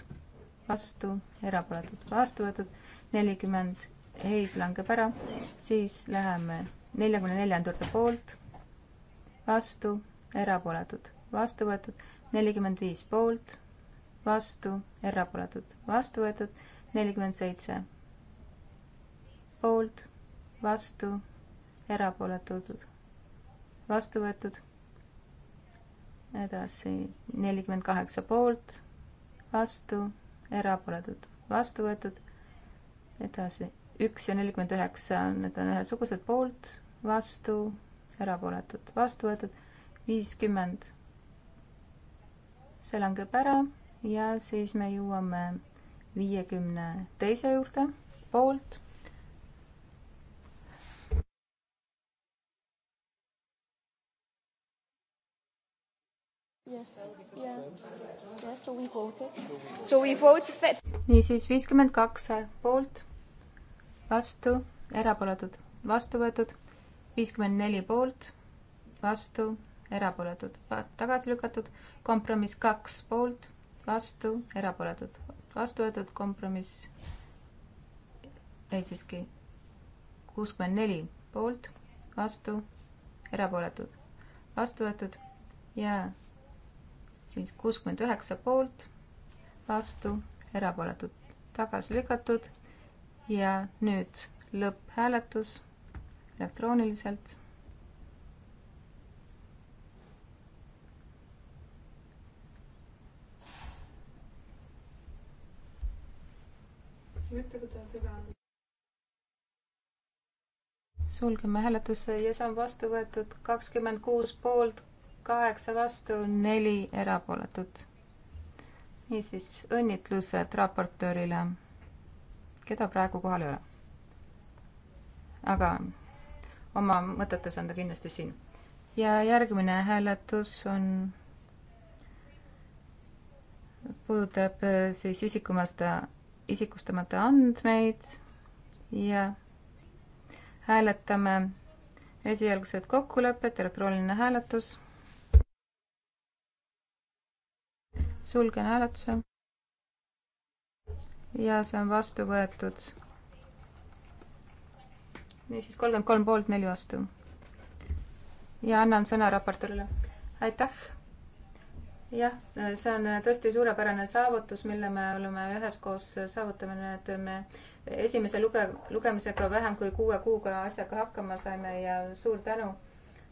vastu, erapooletud, vastu võetud nelikümmend, heis langeb ära, siis läheme neljakümne neljanda juurde poolt, vastu, erapooletud, vastu võetud nelikümmend viis poolt, vastu, erapooletud, vastu võetud nelikümmend seitse poolt, vastu, erapooletud, vastu võetud edasi nelikümmend kaheksa poolt, vastu, erapooletud, vastu võetud. edasi üks ja nelikümmend üheksa, need on ühesugused poolt, vastu, erapooletud, vastu võetud, viiskümmend. see langeb ära ja siis me jõuame viiekümne teise juurde, poolt niisiis viiskümmend kaks poolt, vastu, erapooletud, vastu võetud, viiskümmend neli poolt, vastu, erapooletud, tagasi lükatud, kompromiss kaks poolt, vastu, erapooletud, vastu võetud, kompromiss ei siiski, kuuskümmend neli poolt, vastu, erapooletud, vastu võetud ja siis kuuskümmend üheksa poolt, vastu, erapooletud, tagasi lükatud ja nüüd lõpphääletus elektrooniliselt sulgeme hääletuse ja see on vastu võetud kakskümmend kuus poolt, kaheksa vastu, neli erapooletut. niisiis, õnnitlused raportöörile, keda praegu kohal ei ole. aga oma mõtetes on ta kindlasti siin. ja järgmine hääletus on, puudutab siis isikumasta, isikustamata andmeid ja hääletame esialgset kokkulepet, elektrooniline hääletus sulgen hääletuse. ja see on vastu võetud. niisiis kolmkümmend kolm poolt, neli vastu. ja annan sõna raportöörile. aitäh. jah, see on tõesti suurepärane saavutus, mille me oleme üheskoos saavutanud, et me esimese luge-, lugemisega vähem kui kuue kuuga asjaga hakkama saime ja suur tänu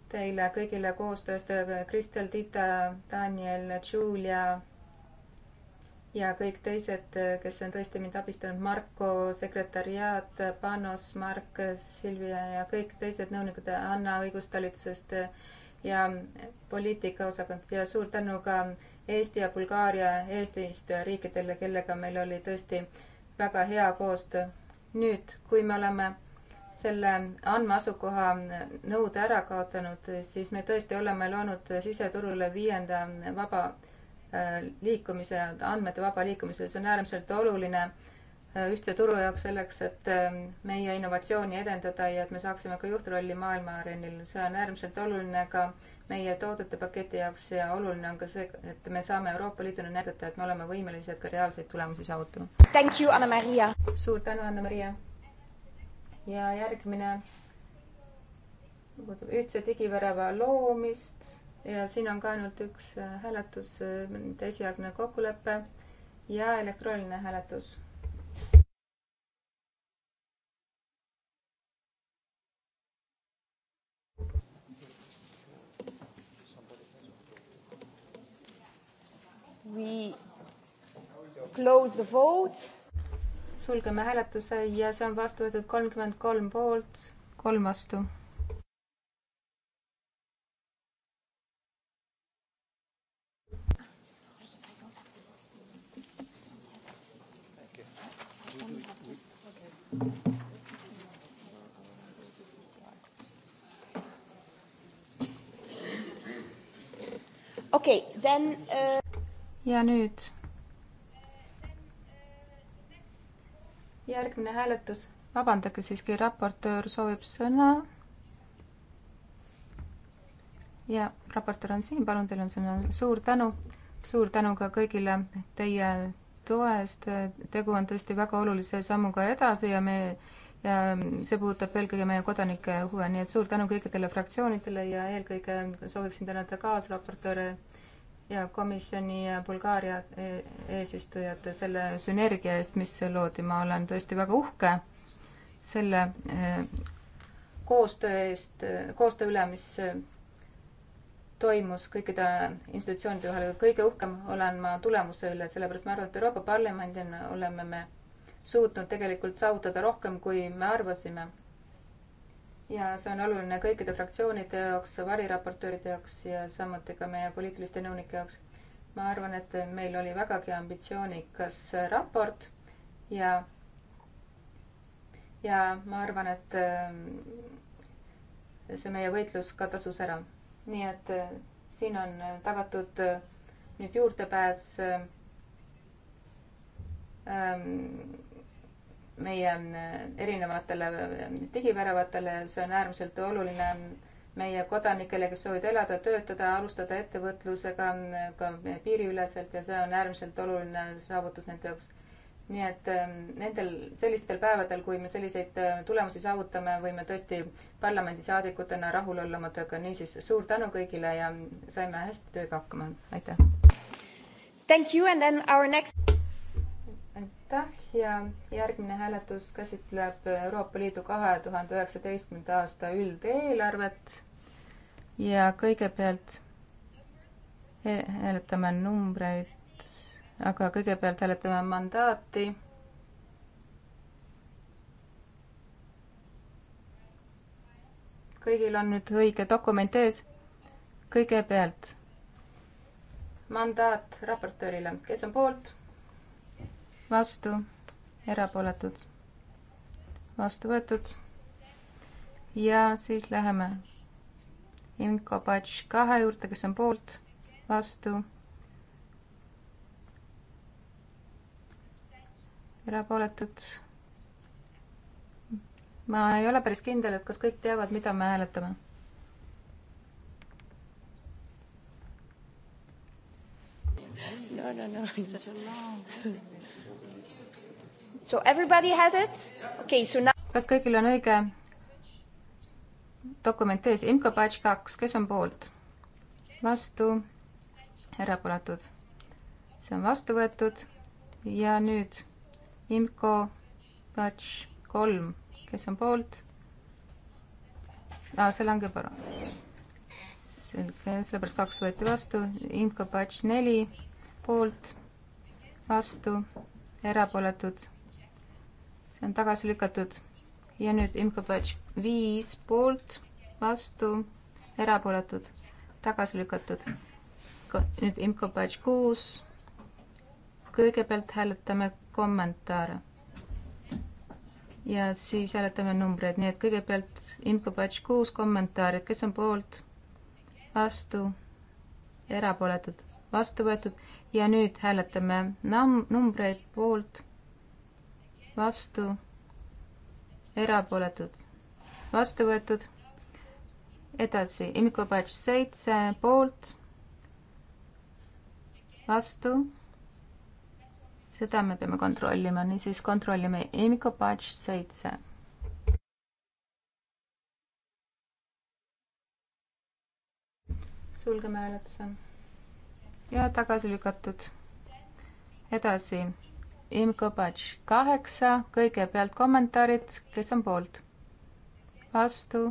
teile kõigile koostööst, Kristel, Tita, Daniel, Julia ja kõik teised, äh, kes on tõesti mind abistanud, Marko, sekretäriaat, Panos, Mark, Silvia ja kõik teised nõunikud, Anna õigustalitusest äh, ja poliitikaosakond ja suur tänu ka Eesti ja Bulgaaria eesistujariikidele, kellega meil oli tõesti väga hea koostöö. nüüd, kui me oleme selle andmeasukoha nõude ära kaotanud, siis me tõesti oleme loonud siseturule viienda vaba Äh, liikumise, andmete vaba liikumise, see on äärmiselt oluline äh, ühtse turu jaoks selleks, et ähm, meie innovatsiooni edendada ja et me saaksime ka juhtrolli maailma areenil. see on äärmiselt oluline ka meie toodete paketi jaoks ja oluline on ka see, et me saame Euroopa Liiduna näidata, et me oleme võimelised ka reaalseid tulemusi saavutama. Thank you, Anna-Maria! suur tänu, Anna-Maria! ja järgmine puudutab ühtse digivärava loomist ja siin on ka ainult üks äh, hääletus, äh, esialgne kokkulepe ja elektrooniline hääletus. We close the vote. sulgeme hääletuse ja see on vastu võetud kolmkümmend kolm poolt, kolm vastu okei okay,, then uh.... ja nüüd. järgmine hääletus, vabandage siiski, raportöör soovib sõna. ja raportöör on siin, palun, teil on sõna, suur tänu, suur tänu ka kõigile teie toe eest, tegu on tõesti väga olulise sammuga edasi ja me Mm, see puudutab eelkõige meie kodanike huve, nii et suur tänu kõikidele fraktsioonidele ja eelkõige sooviksin tänada kaasraportööre ja komisjoni ja Bulgaaria e-, eesistujad selle sünergia eest, mis loodi. ma olen tõesti väga uhke selle e, koostöö eest, koostöö üle, mis toimus kõikide institutsioonide vahel. kõige uhkem olen ma tulemuse üle, sellepärast ma arvan, et Euroopa Parlamendina oleme me suutnud tegelikult saavutada rohkem, kui me arvasime. ja see on oluline kõikide fraktsioonide jaoks, variraportööride jaoks ja samuti ka meie poliitiliste nõunike jaoks. ma arvan, et meil oli vägagi ambitsioonikas raport ja, ja ma arvan, et ähm, see meie võitlus ka tasus ära. nii et äh, siin on tagatud äh, nüüd juurdepääs äh, ähm, meie äh, erinevatele digiväravatele, äh, see on äärmiselt oluline meie kodanikele, kes soovivad elada, töötada, alustada ettevõtlusega äh, ka piiriüleselt ja see on äärmiselt oluline saavutus nende jaoks. nii et ähm, nendel sellistel päevadel, kui me selliseid tulemusi saavutame, võime tõesti parlamendisaadikutena rahul olla oma tööga. niisiis suur tänu kõigile ja saime hästi tööga hakkama. aitäh! Thank you and then our next aitäh ja järgmine hääletus käsitleb Euroopa Liidu kahe tuhande üheksateistkümnenda aasta üldeelarvet. ja kõigepealt hääletame numbreid, aga kõigepealt hääletame mandaati. kõigil on nüüd õige dokument ees. kõigepealt mandaat raportöörile, kes on poolt vastu, erapooletud, vastu võetud. ja siis läheme Imko Patš kahe juurde, kes on poolt, vastu, erapooletud. ma ei ole päris kindel, et kas kõik teavad, mida me hääletame no, no, no. It's such a long thing. So everybody has it? Okay, so now... kas kõigil on õige dokument ees, IMCO batch kaks, kes on poolt? vastu, erapooletud. see on vastu võetud ja nüüd IMCO batch kolm, kes on poolt? aa, see langeb ära. selge, sellepärast kaks võeti vastu, IMCO batch neli, poolt, vastu, erapooletud see on tagasi lükatud. ja nüüd Imko Batš viis poolt, vastu, erapooletud, tagasi lükatud. nüüd Imko Batš kuus. kõigepealt hääletame kommentaare. ja siis hääletame numbreid, nii et kõigepealt Imko Batš kuus kommentaarid, kes on poolt, vastu, erapooletud, vastu võetud ja nüüd hääletame num-, numbreid poolt vastu, erapooletud, vastu võetud. edasi, Imiko Batš seitse poolt, vastu. seda me peame kontrollima, niisiis kontrollime Imiko Batš seitse sulgeme hääletuse ja tagasi lükatud. edasi Imko Batš kaheksa, kõigepealt kommentaarid, kes on poolt? vastu,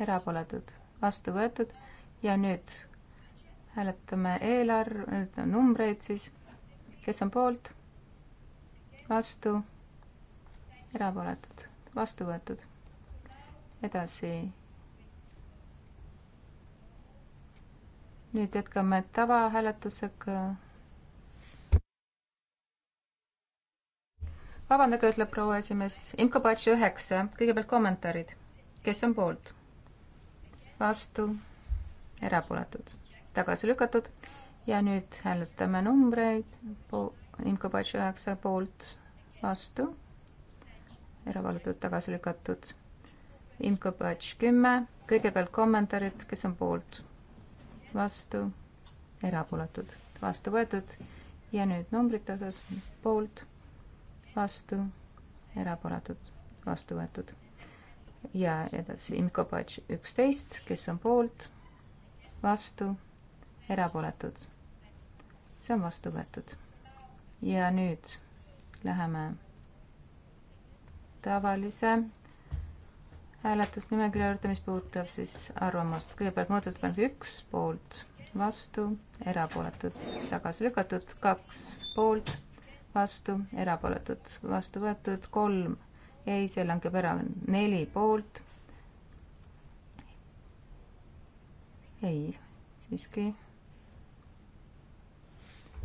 erapooletud, vastu võetud ja nüüd hääletame eelarve, nüüd on numbreid siis, kes on poolt, vastu, erapooletud, vastu võetud. edasi. nüüd jätkame tavahääletusega vabandage, ütleb proua esimees, Imko Patši üheksa, kõigepealt kommentaarid. kes on poolt? vastu, erapooletud, tagasi lükatud ja nüüd hääletame numbreid. Imko Patši üheksa poolt, vastu, erapooletud, tagasi lükatud. Imko Patš kümme, kõigepealt kommentaarid, kes on poolt, vastu, erapooletud, vastu võetud ja nüüd numbrite osas poolt vastu, erapooletud, vastu võetud. ja edasi Imko Patš üksteist, kes on poolt, vastu, erapooletud. see on vastu võetud. ja nüüd läheme tavalise hääletusnimekirja juurde, mis puudutab siis arvamust. kõigepealt muudatusettepanek üks, poolt, vastu, erapooletud, tagasi lükatud, kaks, poolt vastu, erapooletud, vastu võetud, kolm, ei, see langeb ära, neli poolt. ei, siiski.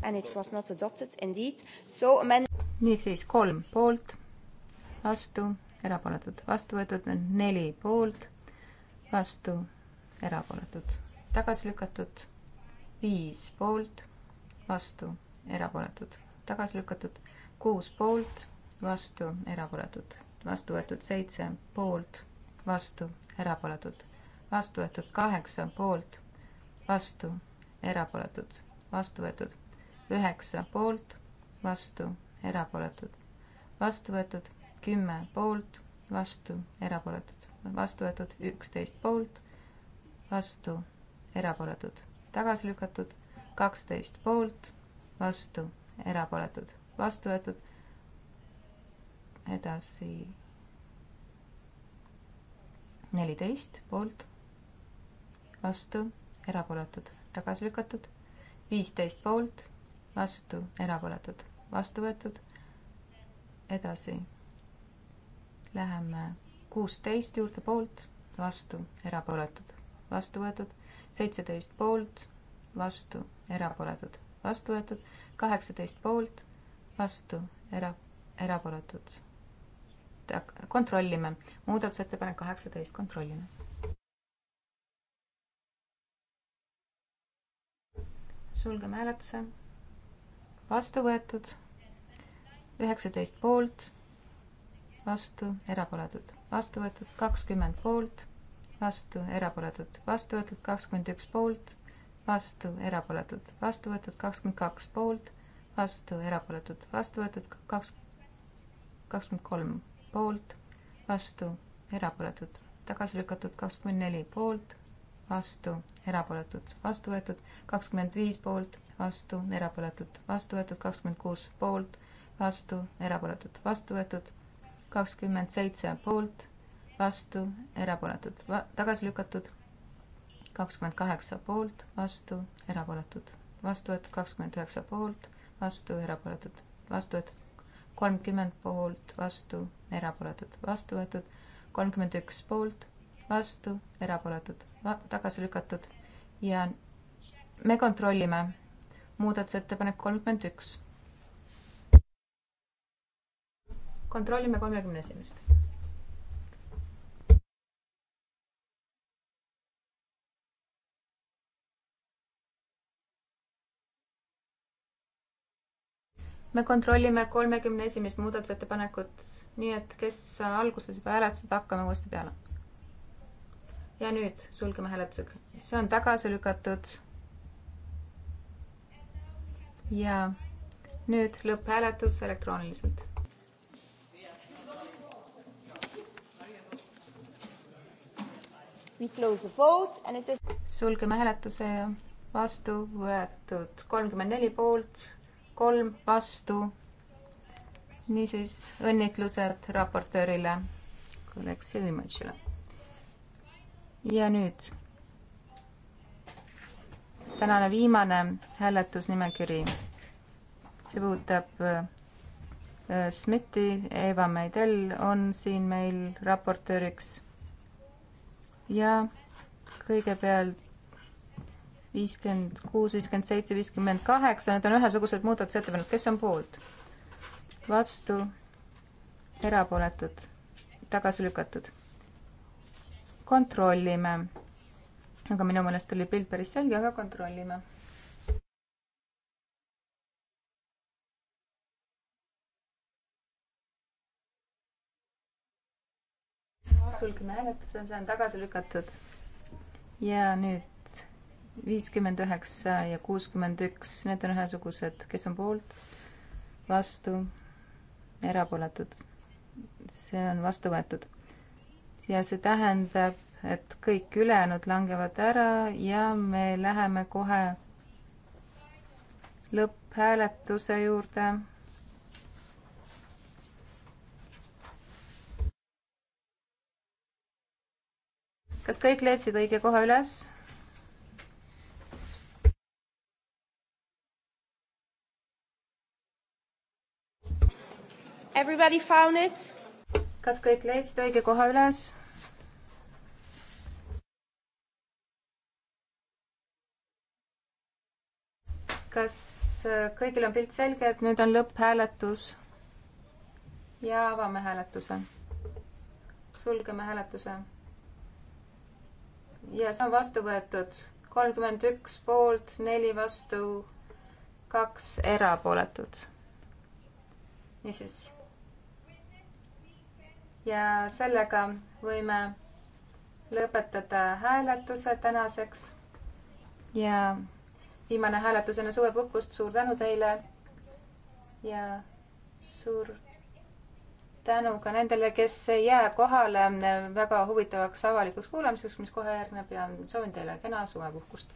And it was not adopted indeed, so amend-. niisiis kolm poolt, vastu, erapooletud, vastu võetud, neli poolt, vastu, erapooletud, tagasi lükatud, viis poolt, vastu, erapooletud tagasi lükatud, kuus poolt, vastu, erapooletud, vastu võetud seitse poolt, vastu, erapooletud, vastu võetud kaheksa poolt, vastu, erapooletud, vastu võetud üheksa poolt, vastu, erapooletud, vastu võetud kümme poolt, vastu, erapooletud, vastu võetud üksteist poolt, vastu, erapooletud, tagasi lükatud kaksteist poolt, vastu, erapooletud, vastu võetud. edasi neliteist poolt, vastu, erapooletud, tagasi lükatud, viisteist poolt, vastu, erapooletud, vastu võetud. edasi läheme kuusteist juurde poolt, vastu, erapooletud, vastu võetud, seitseteist poolt, vastu, erapooletud, vastu võetud kaheksateist poolt, vastu, era-, erapooletud. kontrollime, muudatusettepanek kaheksateist, kontrollime. sulgeme hääletuse. vastu võetud, üheksateist poolt, vastu, erapooletud, vastu võetud kakskümmend poolt, vastu, erapooletud, vastu võetud kakskümmend üks poolt vastu, erapooletud, vastu võetud kakskümmend kaks poolt, vastu, erapooletud, vastu võetud kaks, kakskümmend kolm poolt, vastu, erapooletud, tagasi lükatud kakskümmend neli poolt, vastu, erapooletud, vastu võetud kakskümmend viis poolt, vastu, erapooletud, vastu võetud kakskümmend kuus poolt, vastu, erapooletud, vastu võetud kakskümmend seitse poolt, vastu, erapooletud, tagasi lükatud kakskümmend kaheksa poolt, vastu, erapooletud. vastu võetud kakskümmend üheksa poolt, vastu, erapooletud. vastu võetud kolmkümmend poolt, vastu, erapooletud. vastu võetud kolmkümmend üks poolt, vastu, erapooletud. tagasi lükatud ja me kontrollime muudatusettepanek kolmkümmend üks. kontrollime kolmekümne esimest me kontrollime kolmekümne esimest muudatusettepanekut, nii et kes alguses juba hääletasid, hakkame uuesti peale. ja nüüd sulgeme hääletusega. see on tagasi lükatud. ja nüüd lõpphääletus elektrooniliselt. sulgeme hääletuse ja vastu võetud kolmkümmend neli poolt kolm vastu. niisiis õnnitlused raportöörile, kolleeg Silimatšile. ja nüüd tänane viimane hääletusnimekiri. see puudutab äh, SMIT-i, Eva Meidel on siin meil raportööriks ja kõigepealt viiskümmend kuus, viiskümmend seitse, viiskümmend kaheksa, need on ühesugused muudatusettepanekud, kes on poolt? vastu, erapooletud, tagasi lükatud. kontrollime. aga minu meelest oli pilt päris selge, aga kontrollime. sulgeme hääletuse, see on tagasi lükatud. ja nüüd viiskümmend üheksa ja kuuskümmend üks, need on ühesugused, kes on poolt, vastu, erapooletud. see on vastu võetud. ja see tähendab, et kõik ülejäänud langevad ära ja me läheme kohe lõpphääletuse juurde kas kõik leidsid õige koha üles? Everybody found it? kas kõik leidsid õige koha üles? kas äh, kõigil on pilt selge, et nüüd on lõpphääletus? ja avame hääletuse. sulgeme hääletuse. ja see on vastu võetud. kolmkümmend üks poolt, neli vastu, kaks erapooletut. niisiis ja sellega võime lõpetada hääletuse tänaseks. ja viimane hääletus enne suvepuhkust, suur tänu teile ja suur tänu ka nendele, kes ei jää kohale väga huvitavaks avalikuks kuulamiseks, mis kohe järgneb ja soovin teile kena suvepuhkust.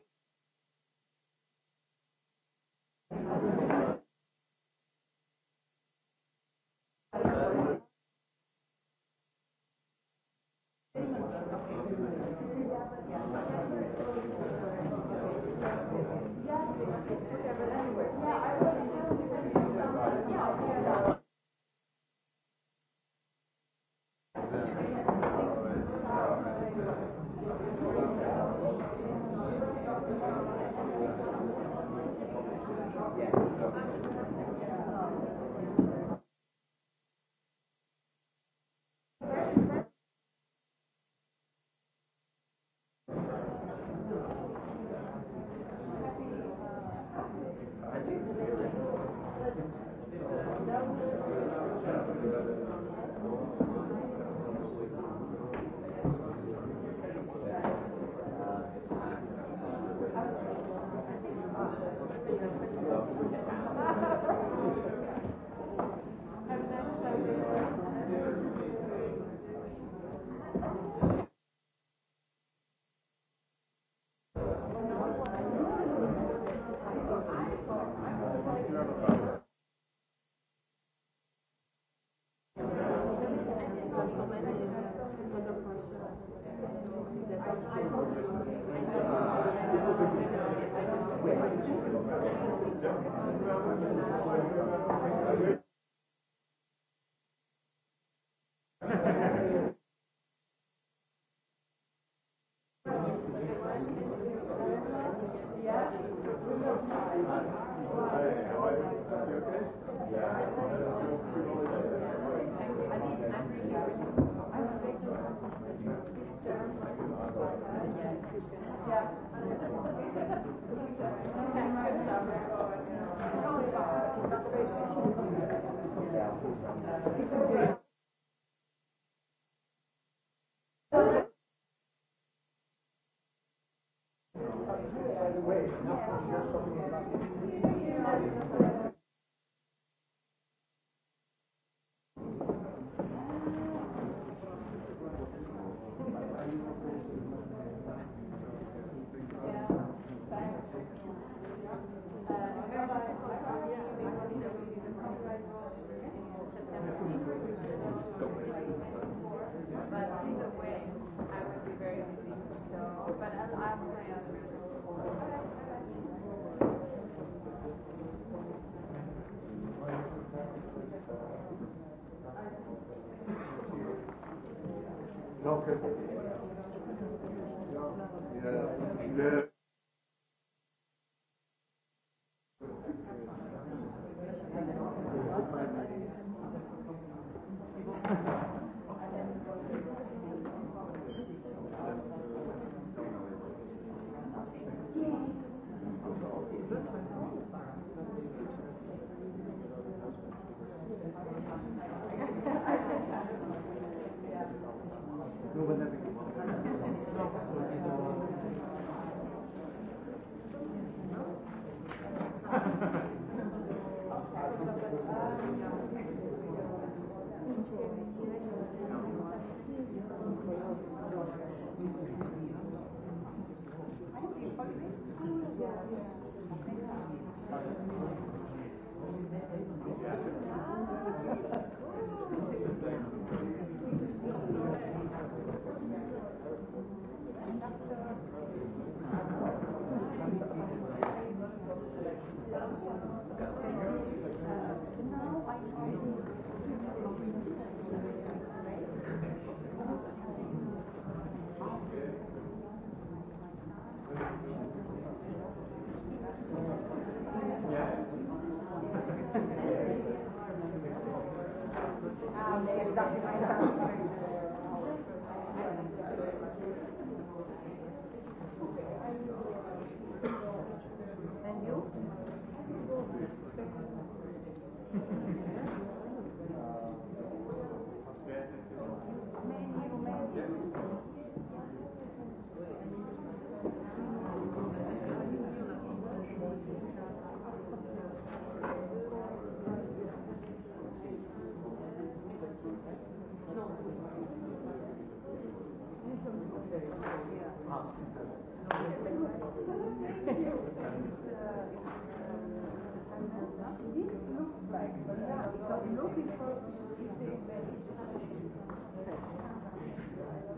away. Not just talking about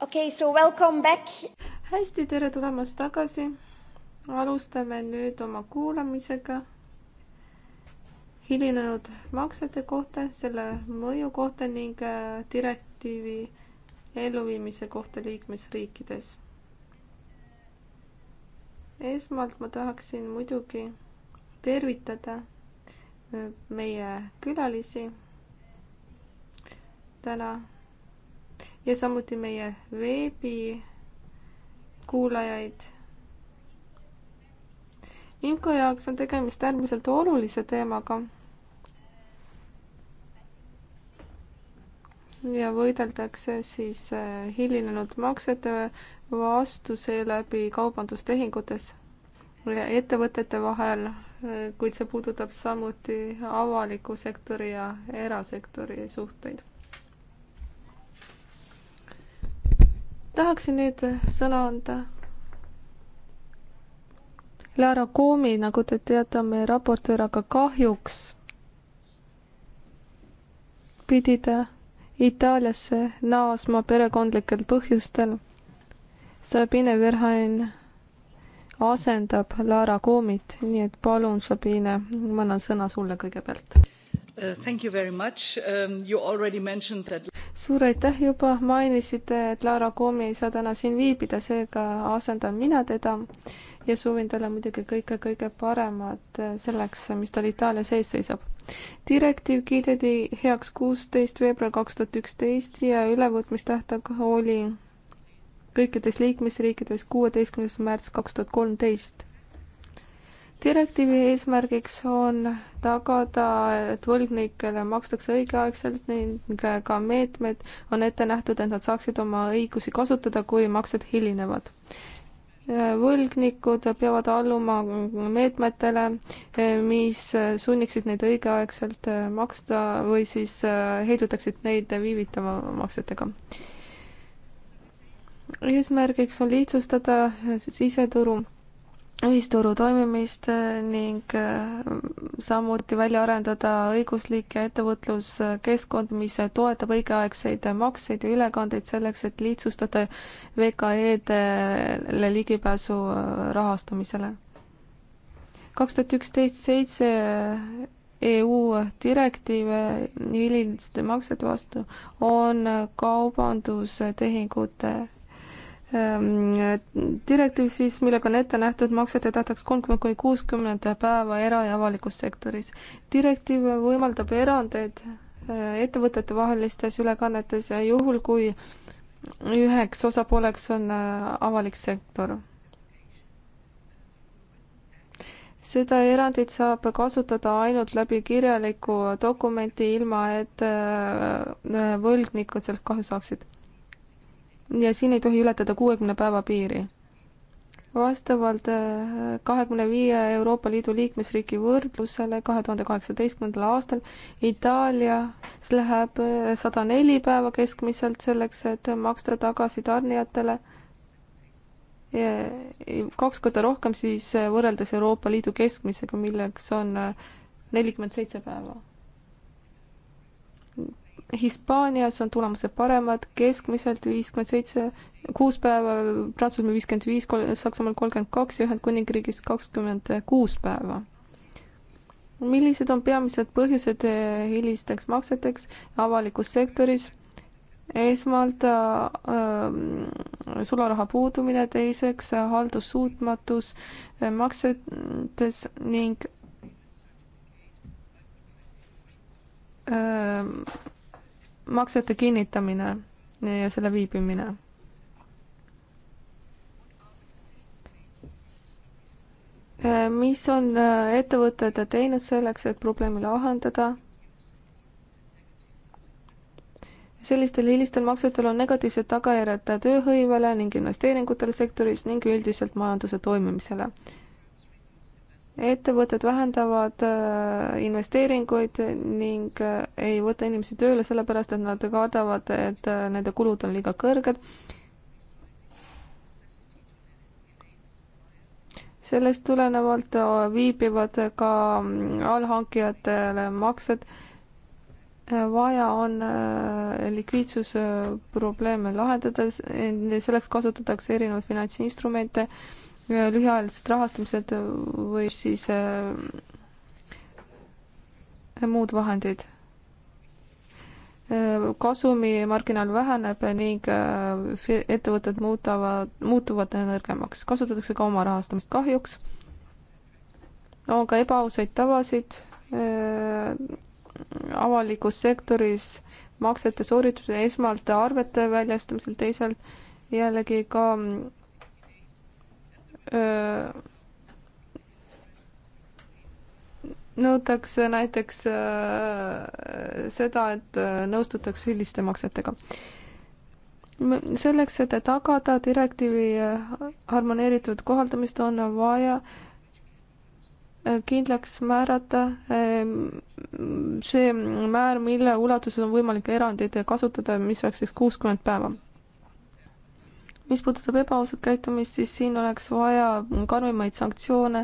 okei okay,, so welcome back. hästi, tere tulemast tagasi. alustame nüüd oma kuulamisega hilinenud maksete kohta, selle mõju kohta ning äh, direktiivi elluviimise kohta liikmesriikides. esmalt ma tahaksin muidugi tervitada äh, meie külalisi täna ja samuti meie veebikuulajaid. IMCO jaoks on tegemist äärmiselt olulise teemaga. ja võideldakse siis äh, hilinenud maksete vastu seeläbi kaubandustehingutes ettevõtete vahel, äh, kuid see puudutab samuti avaliku sektori ja erasektori suhteid tahaksin nüüd sõna anda Lara Koomi, nagu te teate, on meie raportöör, aga kahjuks pidi ta Itaaliasse naasma perekondlikel põhjustel. Sabine Verhaen asendab Lara Koomit, nii et palun, Sabine, ma annan sõna sulle kõigepealt Uh, um, suur aitäh juba, mainisite, et Laura Koomi ei saa täna siin viibida, seega asendan mina teda ja soovin talle muidugi kõike kõige paremat uh, selleks, mis tal Itaalia sees seisab. direktiiv kiideti heaks kuusteist veebruar kaks tuhat üksteist ja ülevõtmistähtaeg oli kõikides liikmesriikides kuueteistkümnes märts kaks tuhat kolmteist direktiivi eesmärgiks on tagada, et võlgnikele makstakse õigeaegselt ning ka meetmed on ette nähtud, et nad saaksid oma õigusi kasutada, kui maksed hilinevad. võlgnikud peavad alluma meetmetele, mis sunniksid neid õigeaegselt maksta või siis heidutaksid neid viivitama maksetega eesmärgiks on lihtsustada siseturu ühisturu toimimist äh, ning äh, samuti välja arendada õiguslik ja ettevõtluskeskkond, mis toetab õigeaegseid makseid ja ülekandeid selleks, et lihtsustada VKE-dele ligipääsu äh, rahastamisele. kaks tuhat üksteist seitse EU direktiive hiliste maksete vastu on kaubandustehingute Ehm, direktiiv siis, millega on ette nähtud maksete tähtajaks kolmkümmend kuni kuuskümmend päeva era- ja avalikus sektoris. direktiiv võimaldab erandeid eh, ettevõtetevahelistes ülekannetes juhul, kui üheks osapooleks on eh, avalik sektor. seda erandit saab kasutada ainult läbi kirjaliku dokumenti, ilma et eh, võlgnikud sealt kahju saaksid ja siin ei tohi ületada kuuekümne päeva piiri. vastavalt äh, kahekümne viie Euroopa Liidu liikmesriigi võrdlusele kahe tuhande kaheksateistkümnendal aastal Itaalias läheb äh, sada neli päeva keskmiselt selleks, et maksta tagasi tarnijatele kaks korda rohkem siis äh, võrreldes Euroopa Liidu keskmisega, milleks on nelikümmend seitse päeva Hispaanias on tulemused paremad, keskmiselt viiskümmend seitse, kuus päeva, Prantsusmaal viiskümmend viis, Saksamaal kolmkümmend kaks ja Ühendkuningriigis kakskümmend kuus päeva millised on peamised põhjused hilisteks eh, makseteks avalikus sektoris? esmalt äh, äh sularaha puudumine, teiseks äh, haldussuutmatus äh, maksetes ning äh, maksete kinnitamine ja selle viibimine. mis on äh, ettevõtted teinud selleks, et probleemi lahendada? sellistel hilistel maksetel on negatiivsed tagajärjed tööhõivele ning investeeringutele sektoris ning üldiselt majanduse toimimisele ettevõtted vähendavad äh, investeeringuid ning äh, ei võta inimesi tööle sellepärast, et nad kardavad, et äh, nende kulud on liiga kõrged. sellest tulenevalt viibivad ka mm, allhankijatele maksed. vaja on likviidsusprobleeme lahendada, selleks kasutatakse erinevaid finantsinstrumente lühiajalised rahastamised või siis äh, muud vahendid. Äh, kasumi marginaal väheneb ning äh, ettevõtted muutavad, muutuvad nõrgemaks, kasutatakse ka oma rahastamist kahjuks. on ka ebaausaid tavasid avalikus sektoris maksete sooritamise esmalt arvete väljastamisel, teisalt jällegi ka mm, nõutakse näiteks seda, et nõustutakse hülliste maksetega. selleks, et tagada direktiivi harmoneeritud kohaldamist, on vaja kindlaks määrata see määr, mille ulatuses on võimalik erandeid kasutada, mis oleks siis kuuskümmend päeva mis puudutab ebaausat käitumist, siis siin oleks vaja karmimaid sanktsioone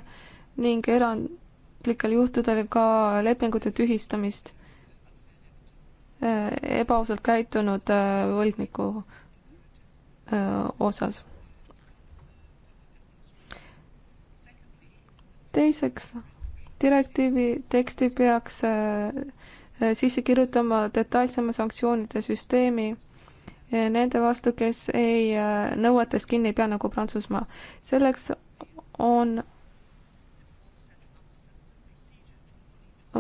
ning erandlikel juhtudel ka lepingute tühistamist äh, ebaausalt käitunud äh, võlgniku äh, osas. teiseks, direktiivi teksti peaks sisse kirjutama detailsema sanktsioonide süsteemi Eh, nende vastu, kes ei, eh, nõuetest kinni ei pea, nagu Prantsusmaa. selleks on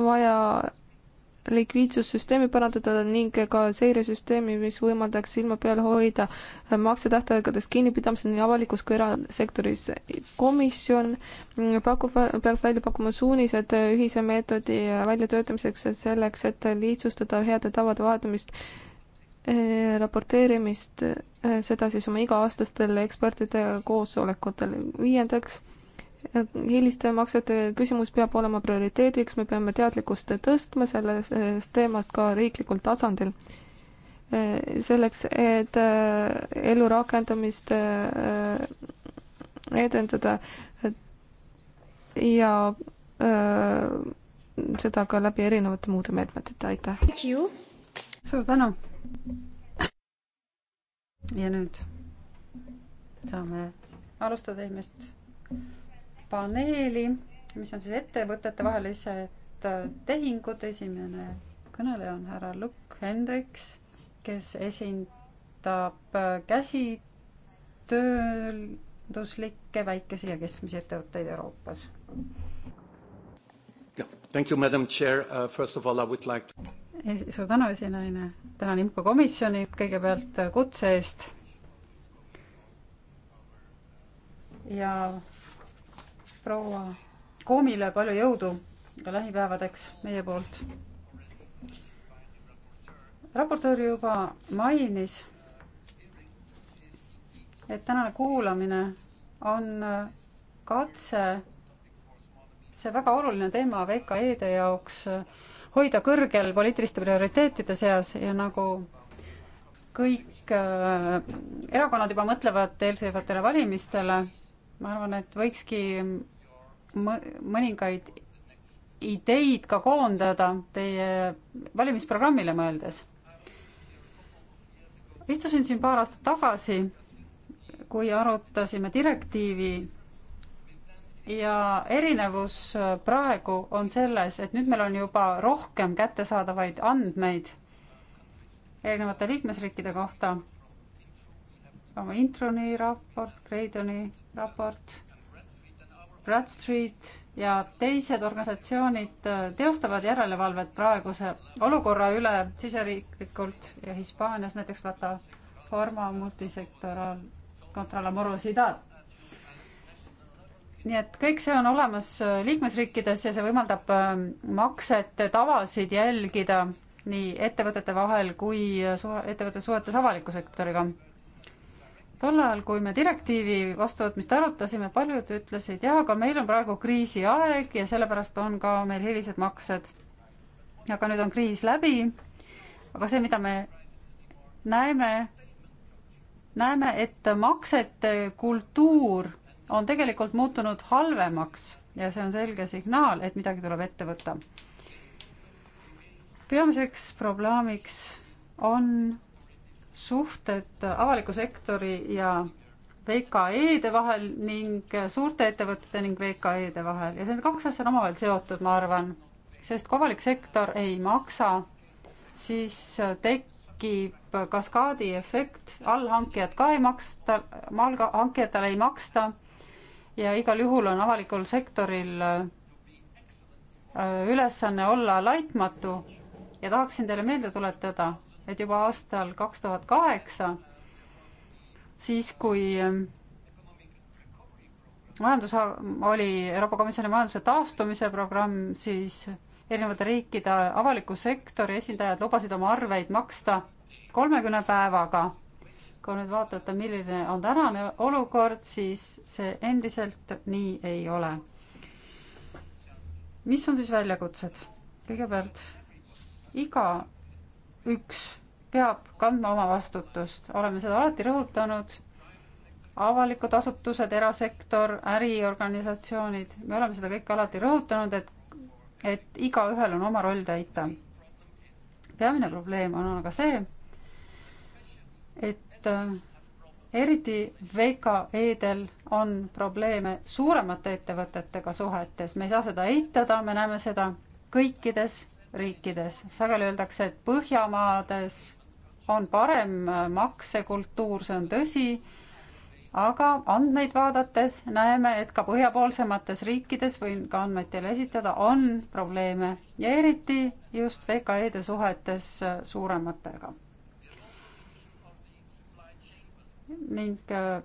vaja likviidsussüsteemi parandada ning ka seiresüsteemi, mis võimaldaks silma peal hoida eh, maksetähtaegadest kinnipidamise nii avalikus kui erasektoris. komisjon mm, pakub, peab välja pakkuma suunised ühise meetodi väljatöötamiseks selleks, et lihtsustada heade tavade vahetamist Eh, raporteerimist, eh, seda siis oma iga-aastastel ekspertide koosolekutel. viiendaks, hiliste eh, maksete küsimus peab olema prioriteediks, me peame teadlikkust tõstma sellest teemast ka riiklikul tasandil. selleks, et elu rakendamist edendada ja seda ka läbi erinevate muude meetmeteta, aitäh! suur tänu! ja nüüd saame alustada esimest paneeli, mis on siis ettevõtetevahelised tehingud. esimene kõneleja on härra Lukk Hendriks, kes esindab käsitöönduslikke väikesi ja keskmisi ettevõtteid Euroopas. Thank you, Madam Chair. Uh, first of all, I would like to Eh, suur tänu, esinaine. tänan IMCO komisjoni kõigepealt äh, kutse eest. ja proua Koomile palju jõudu ka lähipäevadeks meie poolt. raportöör juba mainis, et tänane kuulamine on äh, katse see väga oluline teema VKE-de jaoks äh, hoida kõrgel poliitiliste prioriteetide seas ja nagu kõik äh, erakonnad juba mõtlevad eelseivatele valimistele, ma arvan, et võikski mõningaid ideid ka koondada teie valimisprogrammile mõeldes. istusin siin paar aastat tagasi, kui arutasime direktiivi ja erinevus äh, praegu on selles, et nüüd meil on juba rohkem kättesaadavaid andmeid erinevate liikmesriikide kohta. oma Introni raport, Kreidoni raport, Bradstreet ja teised organisatsioonid äh, teostavad järelevalvet praeguse olukorra üle siseriiklikult ja Hispaanias näiteks plataforma multisektoraal Contrala Morosidad nii et kõik see on olemas äh, liikmesriikides ja see võimaldab äh, maksete tavasid jälgida nii ettevõtete vahel kui äh, suhe, ettevõtte suhetes avaliku sektoriga. tol ajal, kui me direktiivi vastuvõtmist arutasime, paljud ütlesid, jah, aga meil on praegu kriisiaeg ja sellepärast on ka meil hilised maksed. aga nüüd on kriis läbi. aga see, mida me näeme, näeme, et maksete kultuur on tegelikult muutunud halvemaks ja see on selge signaal, et midagi tuleb ette võtta. peamiseks probleemiks on suhted avaliku sektori ja VKE-de vahel ning suurte ettevõtete ning VKE-de vahel ja need kaks asja on omavahel seotud, ma arvan, sest kui avalik sektor ei maksa, siis tekib kaskaadi efekt, allhankijad ka ei maksta, allhankijatele ei maksta ja igal juhul on avalikul sektoril äh, ülesanne olla laitmatu ja tahaksin teile meelde tuletada, et juba aastal kaks tuhat kaheksa, siis kui äh, majandus oli Euroopa Komisjoni majanduse taastumise programm, siis erinevate riikide avaliku sektori esindajad lubasid oma arveid maksta kolmekümne päevaga kui nüüd vaadata, milline on tänane olukord, siis see endiselt nii ei ole. mis on siis väljakutsed? kõigepealt igaüks peab kandma oma vastutust, oleme seda alati rõhutanud, avalikud asutused, erasektor, äriorganisatsioonid, me oleme seda kõike alati rõhutanud, et, et igaühel on oma roll täita. peamine probleem on aga see, et et äh, eriti VKE-del on probleeme suuremate ettevõtetega suhetes, me ei saa seda eitada, me näeme seda kõikides riikides, sageli öeldakse, et Põhjamaades on parem äh, maksekultuur, see on tõsi, aga andmeid vaadates näeme, et ka põhjapoolsemates riikides, võin ka andmeid teile esitada, on probleeme ja eriti just VKE-de suhetes äh, suurematega. ning äh,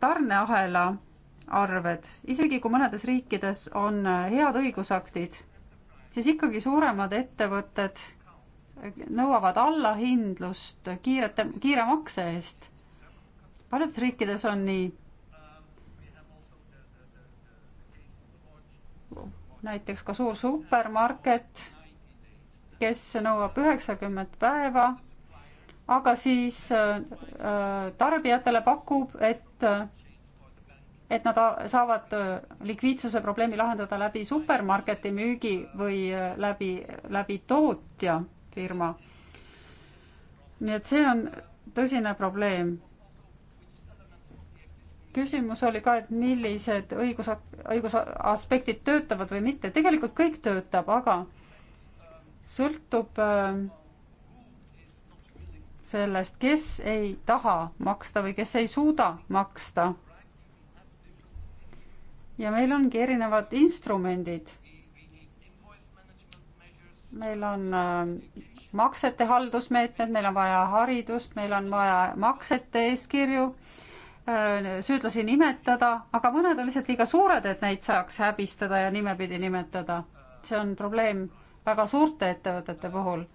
tarneahela arved, isegi kui mõnedes riikides on äh, head õigusaktid, siis ikkagi suuremad ettevõtted äh, nõuavad allahindlust kiirete, kiire makse eest. paljudes riikides on nii. näiteks ka suur supermarket, kes nõuab üheksakümmend päeva aga siis äh, äh, tarbijatele pakub, et, et nad saavad äh, likviidsuse probleemi lahendada läbi supermarketi müügi või läbi, läbi tootja firma. nii et see on tõsine probleem küsimus oli ka, et millised õigus, õigusaspektid töötavad või mitte, tegelikult kõik töötab, aga sõltub äh, sellest, kes ei taha maksta või kes ei suuda maksta. ja meil ongi erinevad instrumendid. meil on äh, maksete haldusmeetmed, meil on vaja haridust, meil on vaja maksete eeskirju, äh, süüdlasi nimetada, aga mõned on lihtsalt liiga suured, et neid saaks häbistada ja nimepidi nimetada. see on probleem väga suurte ettevõtete puhul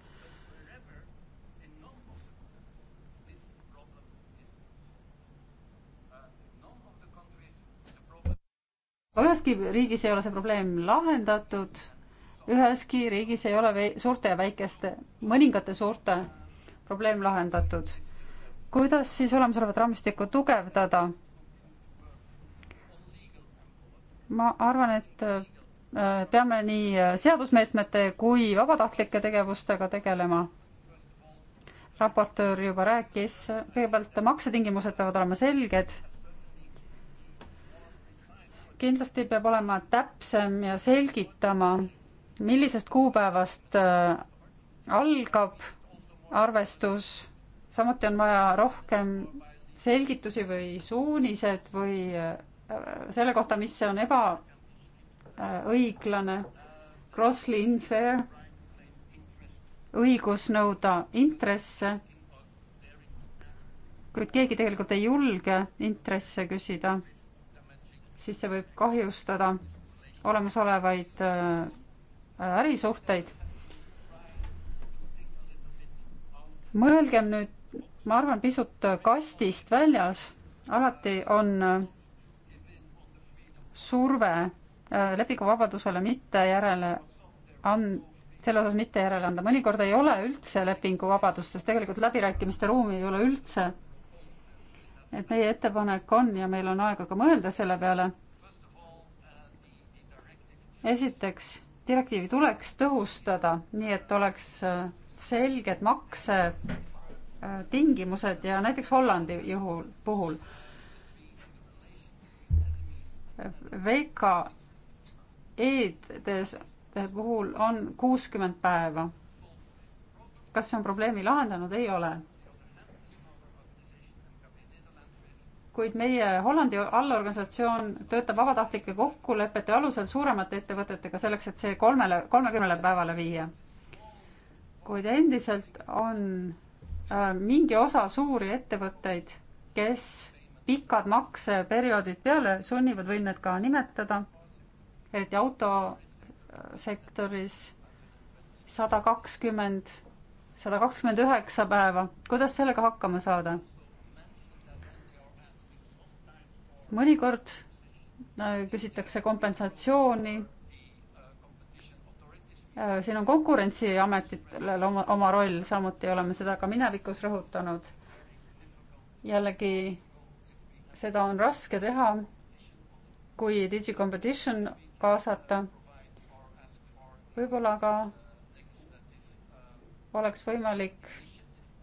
üheski riigis ei ole see probleem lahendatud, üheski riigis ei ole suurte ja väikeste, mõningate suurte probleem lahendatud. kuidas siis olemasolevat raamistikku tugevdada? ma arvan, et äh, peame nii seadusmeetmete kui vabatahtlike tegevustega tegelema. raportöör juba rääkis, kõigepealt maksetingimused peavad olema selged kindlasti peab olema täpsem ja selgitama, millisest kuupäevast äh, algab arvestus, samuti on vaja rohkem selgitusi või suunised või äh, selle kohta, mis on ebaõiglane, äh, grossly unfair, õigus nõuda intresse, kuid keegi tegelikult ei julge intresse küsida siis see võib kahjustada olemasolevaid äh, ärisuhteid. mõelgem nüüd, ma arvan, pisut kastist väljas, alati on äh, surve äh, lepinguvabadusele mitte järele and-, selle osas mitte järele anda, mõnikord ei ole üldse lepinguvabadust, sest tegelikult läbirääkimiste ruumi ei ole üldse et meie ettepanek on ja meil on aega ka mõelda selle peale. esiteks, direktiivi tuleks tõhustada, nii et oleks äh, selged maksetingimused äh, ja näiteks Hollandi juhul, puhul. VKE-des puhul on kuuskümmend päeva. kas see on probleemi lahendanud? ei ole kuid meie Hollandi allorganisatsioon töötab vabatahtlike kokkulepete alusel suuremate ettevõtetega selleks, et see kolmele, kolmekümnele päevale viia. kuid endiselt on äh, mingi osa suuri ettevõtteid, kes pikad makseperioodid peale sunnivad, võin need ka nimetada, eriti autosektoris sada kakskümmend, sada kakskümmend üheksa päeva, kuidas sellega hakkama saada? mõnikord äh, küsitakse kompensatsiooni. Äh, siin on Konkurentsiametitel oma, oma roll, samuti oleme seda ka minevikus rõhutanud. jällegi, seda on raske teha, kui digicompetition kaasata. võib-olla ka oleks võimalik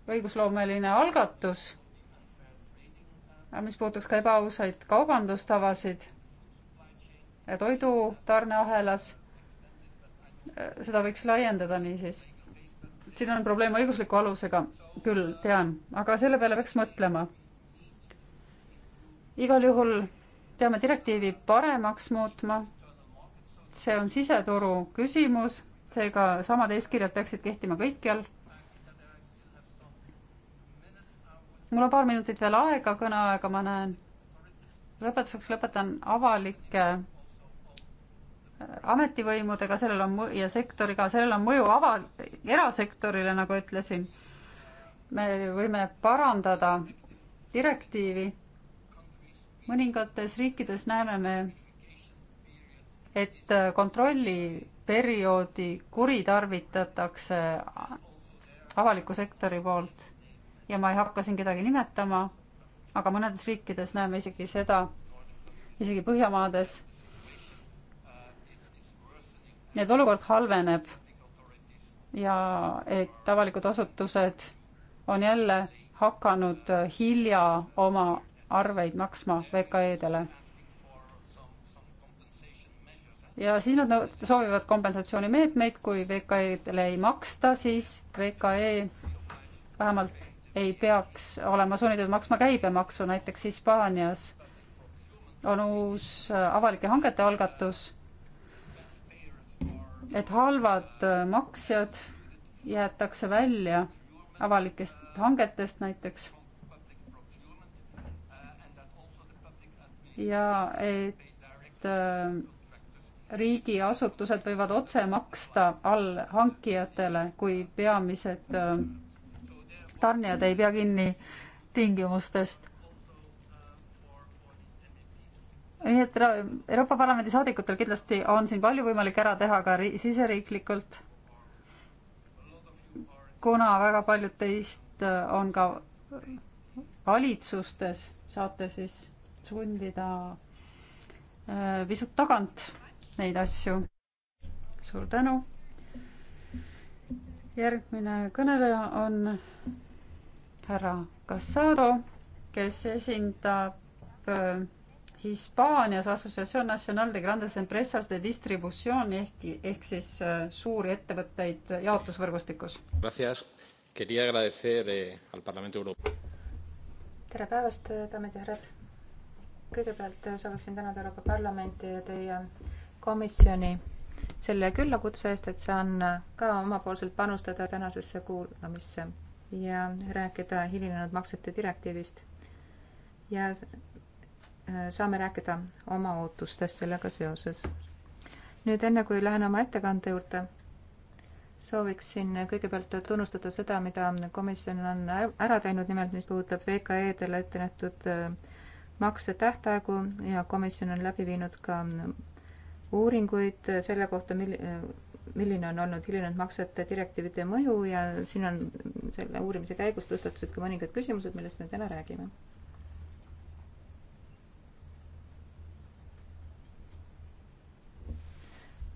õigusloomeline algatus mis puudutas ka ebaausaid kaubandustavasid ja toidu tarneahelas. seda võiks laiendada niisiis. siin on probleem õigusliku alusega, küll tean, aga selle peale peaks mõtlema. igal juhul peame direktiivi paremaks muutma. see on siseturu küsimus, seega samad eeskirjad peaksid kehtima kõikjal mul on paar minutit veel aega, kõneaega ma näen. lõpetuseks lõpetan avalike äh, ametivõimudega, sellel on ja sektoriga, sellel on mõju ava-, erasektorile, nagu ütlesin. me võime parandada direktiivi. mõningates riikides näeme me, et äh, kontrolliperioodi kuritarvitatakse avaliku sektori poolt ja ma ei hakka siin kedagi nimetama, aga mõnedes riikides näeme isegi seda, isegi Põhjamaades, et olukord halveneb ja et avalikud asutused on jälle hakanud hilja oma arveid maksma VKE-dele. ja siis nad soovivad kompensatsioonimeetmeid, kui VKE-dele ei maksta, siis VKE vähemalt ei peaks olema sunnitud maksma käibemaksu, näiteks Hispaanias on uus äh, avalike hangete algatus, et halvad äh, maksjad jäetakse välja avalikest hangetest näiteks ja et äh, riigiasutused võivad otse maksta allhankijatele, kui peamised äh, tarnijad ei pea kinni tingimustest. nii et Euroopa Parlamendi saadikutel kindlasti on siin palju võimalik ära teha ka siseriiklikult, kuna väga paljud teist äh, on ka valitsustes, saate siis sundida äh, pisut tagant neid asju. suur tänu. järgmine kõneleja on härra Cassado, kes esindab äh, Hispaanias Asociación Nacional de Grandes Empresas de Distribución ehk, ehk siis äh, suuri ettevõtteid jaotusvõrgustikus. Eh, tere päevast, daamid ja härrad. kõigepealt äh, sooviksin tänada Euroopa Parlamenti ja teie komisjoni selle küllakutse eest, et saan ka omapoolselt panustada tänasesse kuulamisse no, ja rääkida hilinenud maksete direktiivist. ja äh, saame rääkida oma ootustest sellega seoses. nüüd enne, kui lähen oma ettekande juurde, sooviksin kõigepealt tunnustada seda, mida komisjon on ära teinud, nimelt mis puudutab VKE-dele ette nähtud äh, maksetähtaegu ja komisjon on läbi viinud ka äh, uuringuid selle kohta, mil-, milline on olnud hilinenud maksete direktiivide mõju ja siin on selle uurimise käigus tõstatusid ka mõningad küsimused, millest me täna räägime.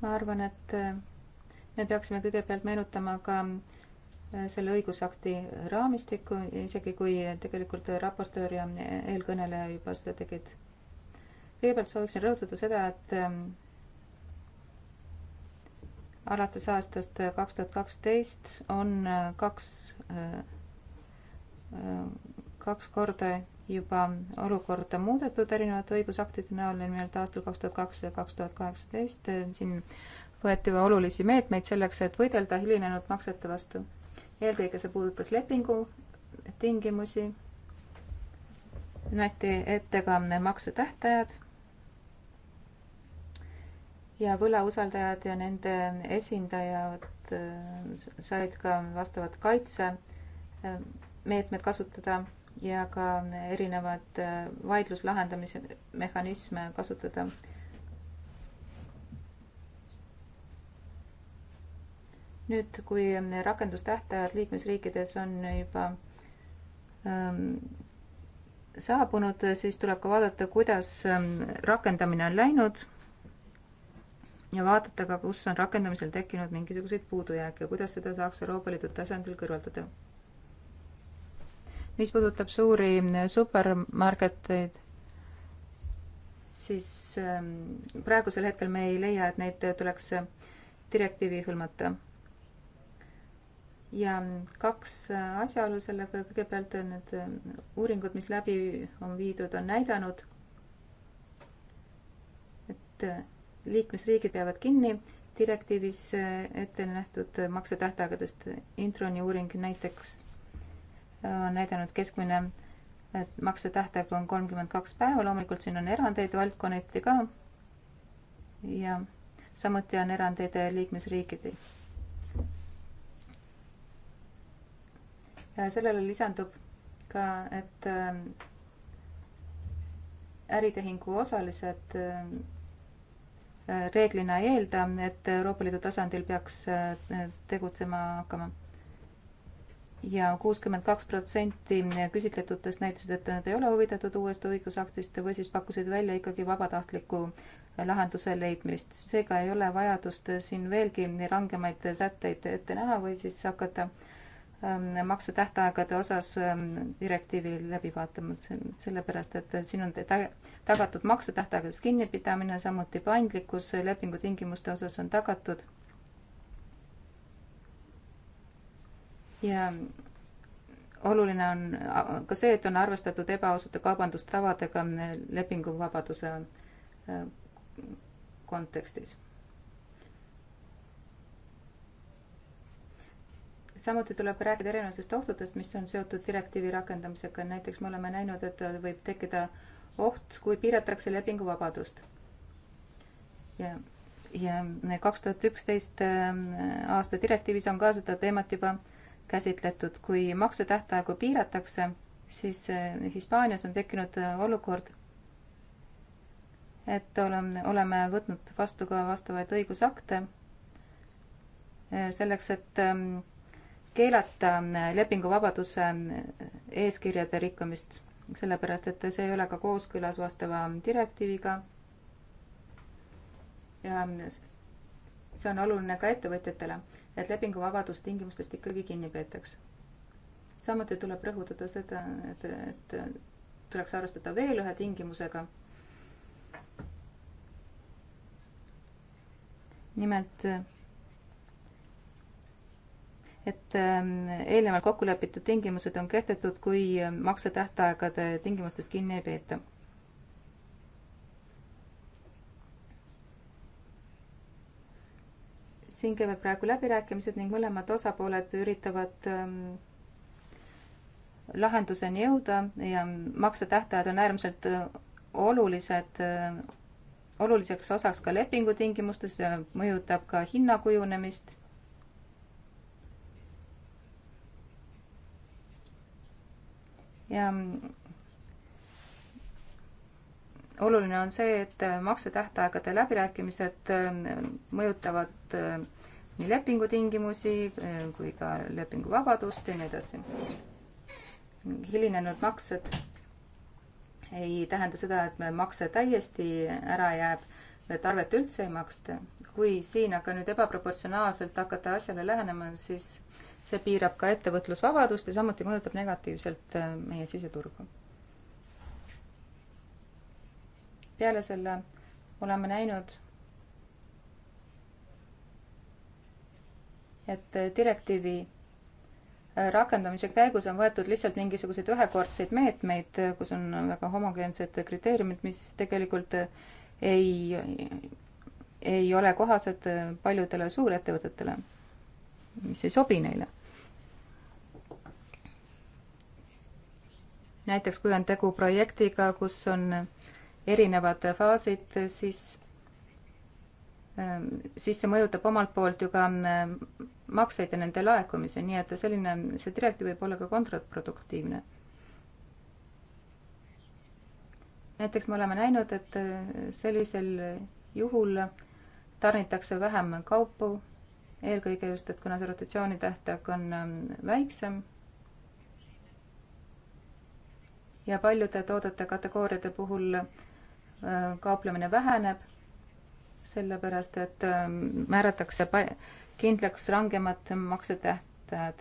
ma arvan, et äh, me peaksime kõigepealt meenutama ka äh, selle õigusakti raamistikku, isegi kui tegelikult raportöör ja eelkõneleja juba seda tegid. kõigepealt sooviksin rõhutada seda, et äh, alates aastast äh, kaks tuhat kaksteist on äh, kaks, äh, kaks korda juba olukorda muudetud erinevate õigusaktide näol, nimelt aastal kaks tuhat kaks ja kaks tuhat kaheksateist. siin võeti olulisi meetmeid selleks, et võidelda hilinenud maksete vastu. eelkõige see puudutas lepingu tingimusi, nähti ette ka maksetähtajad ja võlausaldajad ja nende esindajad äh, said ka vastavat kaitsemeetmed kasutada ja ka erinevaid äh, vaidluslahendamise mehhanisme kasutada. nüüd, kui rakendustähtajad liikmesriikides on juba ähm, saabunud, siis tuleb ka vaadata, kuidas ähm, rakendamine on läinud ja vaadata ka, kus on rakendamisel tekkinud mingisuguseid puudujääke ja kuidas seda saaks Euroopa Liidu tasandil kõrvaldada. mis puudutab suuri supermarketeid, siis ähm, praegusel hetkel me ei leia, et neid tuleks direktiivi hõlmata. ja kaks asjaolu sellega, kõigepealt on need äh, uuringud, mis läbi on viidud, on näidanud, et äh, liikmesriigid peavad kinni direktiivis eh, ette nähtud maksetähtaegadest. Introni uuring näiteks eh, on näidanud keskmine maksetähtaeg on kolmkümmend kaks päeva, loomulikult siin on erandeid valdkonniti ka. ja samuti on erandeid liikmesriigid. ja sellele lisandub ka, et eh, äritehingu osalised reeglina ei eelda, et Euroopa Liidu tasandil peaks eh, tegutsema hakkama ja kuuskümmend kaks protsenti küsitletutest näitasid, et nad ei ole huvitatud uuest õigusaktist või siis pakkusid välja ikkagi vabatahtliku lahenduse leidmist. seega ei ole vajadust siin veelgi rangemaid sätteid ette näha või siis hakata äh, Ähm, maksetähtaegade osas ähm, direktiivi läbi vaatama, sellepärast et siin on tagatud maksetähtaegades kinnipidamine, samuti paindlikkus lepingu tingimuste osas on tagatud. ja oluline on ka see, et on arvestatud ebaausate kaubandustavadega lepinguvabaduse äh, kontekstis samuti tuleb rääkida erinevatest ohtudest, mis on seotud direktiivi rakendamisega, näiteks me oleme näinud, et võib tekkida oht, kui piiratakse lepinguvabadust. ja, ja kaks tuhat üksteist ähm, aasta direktiivis on ka seda teemat juba käsitletud, kui maksetähtaegu piiratakse, siis äh, Hispaanias on tekkinud äh, olukord, et oleme, oleme võtnud vastu ka vastavaid õigusakte äh, selleks, et ähm, keelata lepinguvabaduse eeskirjade rikkumist, sellepärast et see ei ole ka kooskõlas vastava direktiiviga. ja see on oluline ka ettevõtjatele, et lepinguvabaduse tingimustest ikkagi kinni peetaks. samuti tuleb rõhutada seda, et, et tuleks arvestada veel ühe tingimusega. nimelt et ähm, eelnevalt kokku lepitud tingimused on kehtetud, kui ähm, maksetähtaegade tingimustest kinni ei peeta. siin käivad praegu läbirääkimised ning mõlemad osapooled üritavad ähm, lahenduseni jõuda ja maksetähtajad on äärmiselt äh, olulised, äh, oluliseks osaks ka lepingutingimustes, mõjutab ka hinna kujunemist ja mm, oluline on see, et äh, maksetähtaegade läbirääkimised äh, mõjutavad äh, nii lepingutingimusi kui ka lepinguvabadust ja nii edasi. hilinenud maksed ei tähenda seda, et makse täiesti ära jääb, et arvet üldse ei maksta. kui siin aga nüüd ebaproportsionaalselt hakata asjale lähenema, siis see piirab ka ettevõtlusvabadust ja samuti mõjutab negatiivselt äh, meie siseturgu. peale selle oleme näinud, et direktiivi äh, rakendamise käigus on võetud lihtsalt mingisuguseid ühekordseid meetmeid, kus on väga homogeensed kriteeriumid, mis tegelikult äh, ei, ei ole kohased paljudele suurettevõtetele, mis ei sobi neile näiteks kui on tegu projektiga, kus on erinevad faasid, siis, ähm, siis see mõjutab omalt poolt ju ka ähm, makseid ja nende laekumisi, nii et selline, see direktiiv võib olla ka kontraproduktiivne. näiteks me oleme näinud, et äh, sellisel juhul tarnitakse vähem kaupu, eelkõige just, et kuna see rotatsiooni tähtaeg on ähm, väiksem ja paljude toodete kategooriade puhul äh, kauplemine väheneb, sellepärast et ähm, määratakse kindlaks rangemad maksetähtajad.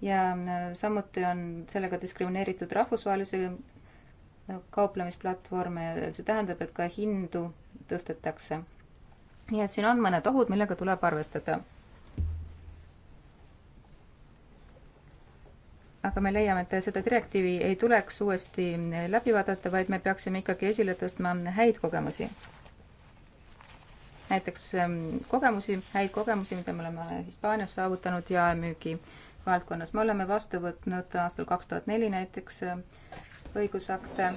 ja äh, samuti on sellega diskrimineeritud rahvusvahelisi äh, kauplemisplatvorme ja see tähendab, et ka hindu tõstetakse. nii et siin on mõned ohud, millega tuleb arvestada aga me leiame, et seda direktiivi ei tuleks uuesti läbi vaadata, vaid me peaksime ikkagi esile tõstma häid kogemusi. näiteks ähm, kogemusi, häid kogemusi, mida me oleme Hispaanias saavutanud jaemüügi valdkonnas. me oleme vastu võtnud aastal kaks tuhat neli näiteks äh, õigusakte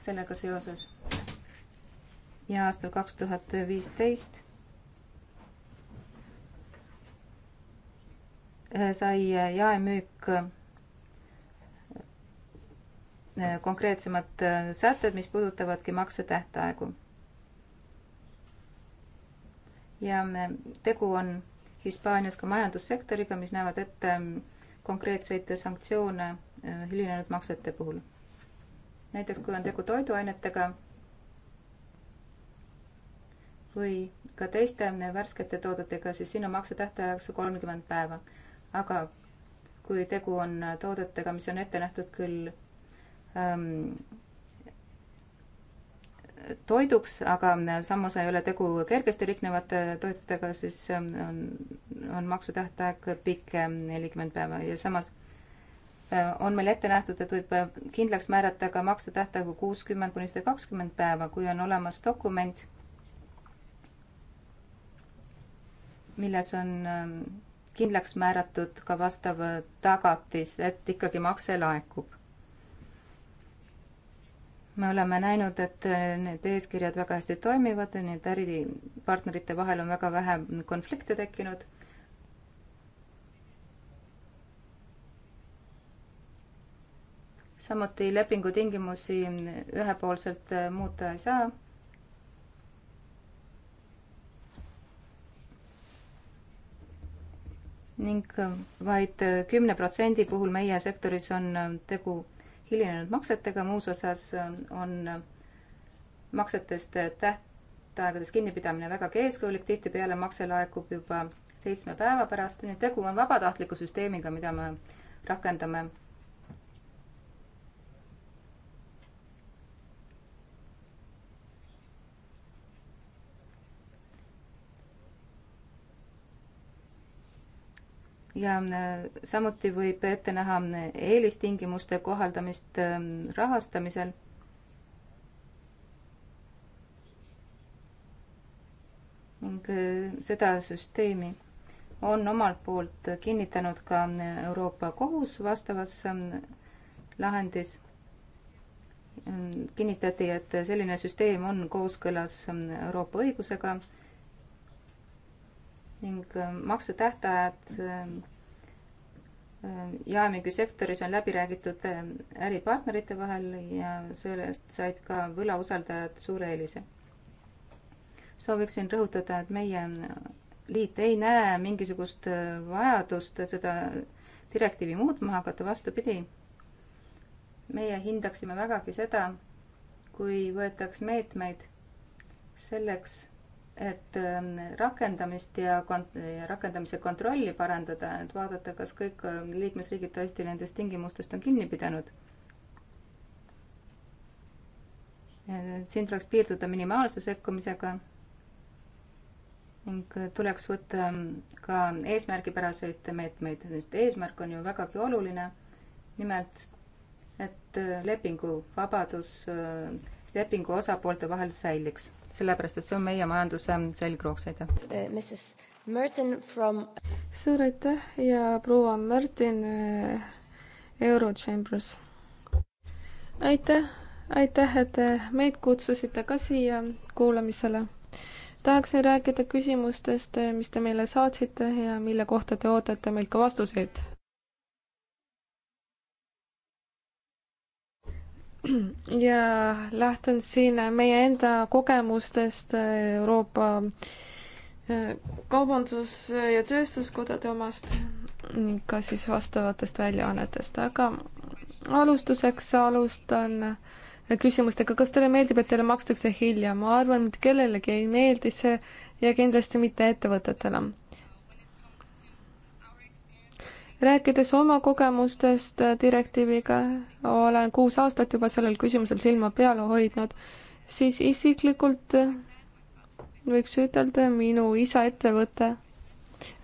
sellega seoses ja aastal kaks tuhat viisteist Äh, sai äh, jaemüük äh, konkreetsemad sätted, mis puudutavadki maksetähtaegu. ja tegu on Hispaanias ka majandussektoriga, mis näevad ette ähm, konkreetseid sanktsioone hilinenud maksete puhul. näiteks kui on tegu toiduainetega või ka teiste värskete toodetega, siis siin on maksetähtajaks kolmkümmend päeva aga kui tegu on toodetega, mis on ette nähtud küll ähm, toiduks, aga äh, samas ei ole tegu kergesti riknevate toitudega, siis ähm, on, on maksutähtaeg pikem, ähm, nelikümmend päeva ja samas äh, on meil ette nähtud, et võib äh, kindlaks määrata ka maksetähtaegu kuuskümmend kuni sada kakskümmend päeva, kui on olemas dokument, milles on ähm, kindlaks määratud ka vastav tagatis, et ikkagi makse laekub. me oleme näinud, et need eeskirjad väga hästi toimivad, nii et äripartnerite vahel on väga vähe konflikte tekkinud. samuti lepingutingimusi ühepoolselt muuta ei saa ning äh, vaid äh, kümne protsendi puhul meie sektoris on äh, tegu hilinenud maksetega, muus osas on maksetest tähtaegades kinnipidamine vägagi eeskujulik, tihtipeale makse laekub juba seitsme päeva pärast, nii et tegu on vabatahtliku süsteemiga, mida me rakendame ja äh, samuti võib ette näha äh, eelistingimuste kohaldamist äh, rahastamisel. ning seda süsteemi on omalt poolt kinnitanud ka Euroopa Kohus vastavas lahendis. kinnitati, et selline süsteem on kooskõlas Euroopa õigusega ning ähm, maksetähtajad ähm, ähm, jaemüügisektoris on läbi räägitud äripartnerite vahel ja sellest said ka võlausaldajad suure eelise. sooviksin rõhutada, et meie liit ei näe mingisugust äh, vajadust seda direktiivi muutma hakata, vastupidi. meie hindaksime vägagi seda, kui võetaks meetmeid selleks, et ähm, rakendamist ja kont-, rakendamise kontrolli parandada, et vaadata, kas kõik ähm, liikmesriigid tõesti nendest tingimustest on kinni pidanud. siin tuleks piirduda minimaalse sekkumisega ning äh, tuleks võtta ähm, ka eesmärgipäraseid meetmeid, sest eesmärk on ju vägagi oluline. nimelt, et äh, lepingu vabadus äh, lepingu osapoolte vahel säiliks sellepärast et see on meie majanduse selgrooks, aitäh. Eh, from... suur aitäh ja proua Martin eh, Eurochambers. aitäh, aitäh, et eh, meid kutsusite ka siia kuulamisele. tahaksin rääkida küsimustest, mis te meile saatsite ja mille kohta te ootate meilt ka vastuseid [CLEARS THROAT] ja lähtun siin meie enda kogemustest äh, Euroopa äh, Kaubandus- ja Tööstuskodade omast ning ka siis vastavatest väljaannetest, aga alustuseks alustan äh, küsimustega, kas teile meeldib, et teile makstakse hilja, ma arvan, mitte kellelegi ei meeldi see ja kindlasti mitte ettevõtetele rääkides oma kogemustest direktiiviga, olen kuus aastat juba sellel küsimusel silma peal hoidnud, siis isiklikult võiks ütelda, minu isa ettevõte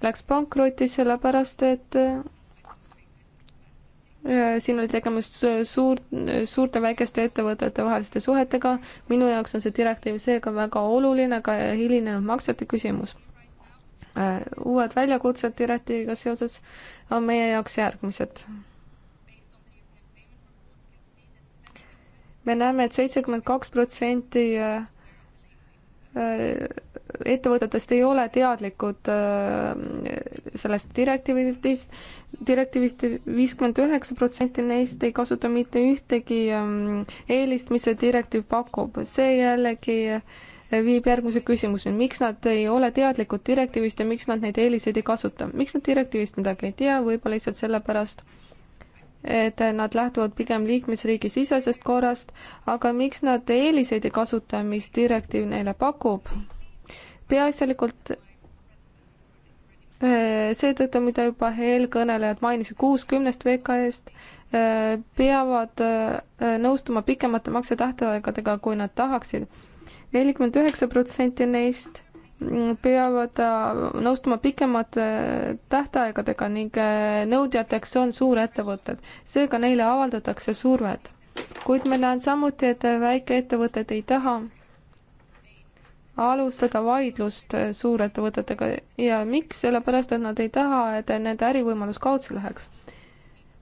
läks pankrotti sellepärast, et äh, siin oli tegemist suur, suurte väikeste ettevõtete vaheliste suhetega. minu jaoks on see direktiiv seega väga oluline, ka hilinenud maksete küsimus. Äh, uued väljakutsed direktiiviga seoses on meie jaoks järgmised. me näeme et, et seitsekümmend kaks protsenti äh, äh, ettevõtetest ei ole teadlikud sellest direktiividest, direktiivist viiskümmend üheksa protsenti neist ei kasuta mitte ühtegi ähm, eelist, mis see direktiiv pakub. see jällegi äh, viib järgmise küsimuseni, miks nad ei ole teadlikud direktiivist ja miks nad neid eeliseid ei kasuta. miks nad direktiivist midagi ei tea, võib-olla lihtsalt sellepärast, et nad lähtuvad pigem liikmesriigi sisesest korrast, aga miks nad eeliseid ei kasuta, mis direktiiv neile pakub? peaasjalikult äh, seetõttu, mida juba eelkõnelejad mainisid, kuuskümnest VKE-st äh, peavad äh, nõustuma pikemate maksetähtaegadega, kui nad tahaksid nelikümmend üheksa protsenti neist peavad äh, nõustuma pikemate äh, tähtaegadega ning äh, nõudjateks on suurettevõtted, seega neile avaldatakse survet. kuid ma näen samuti, et väikeettevõtted ei taha alustada vaidlust suurettevõtetega ja miks, sellepärast et nad ei taha, et nende ärivõimalus kaotsi läheks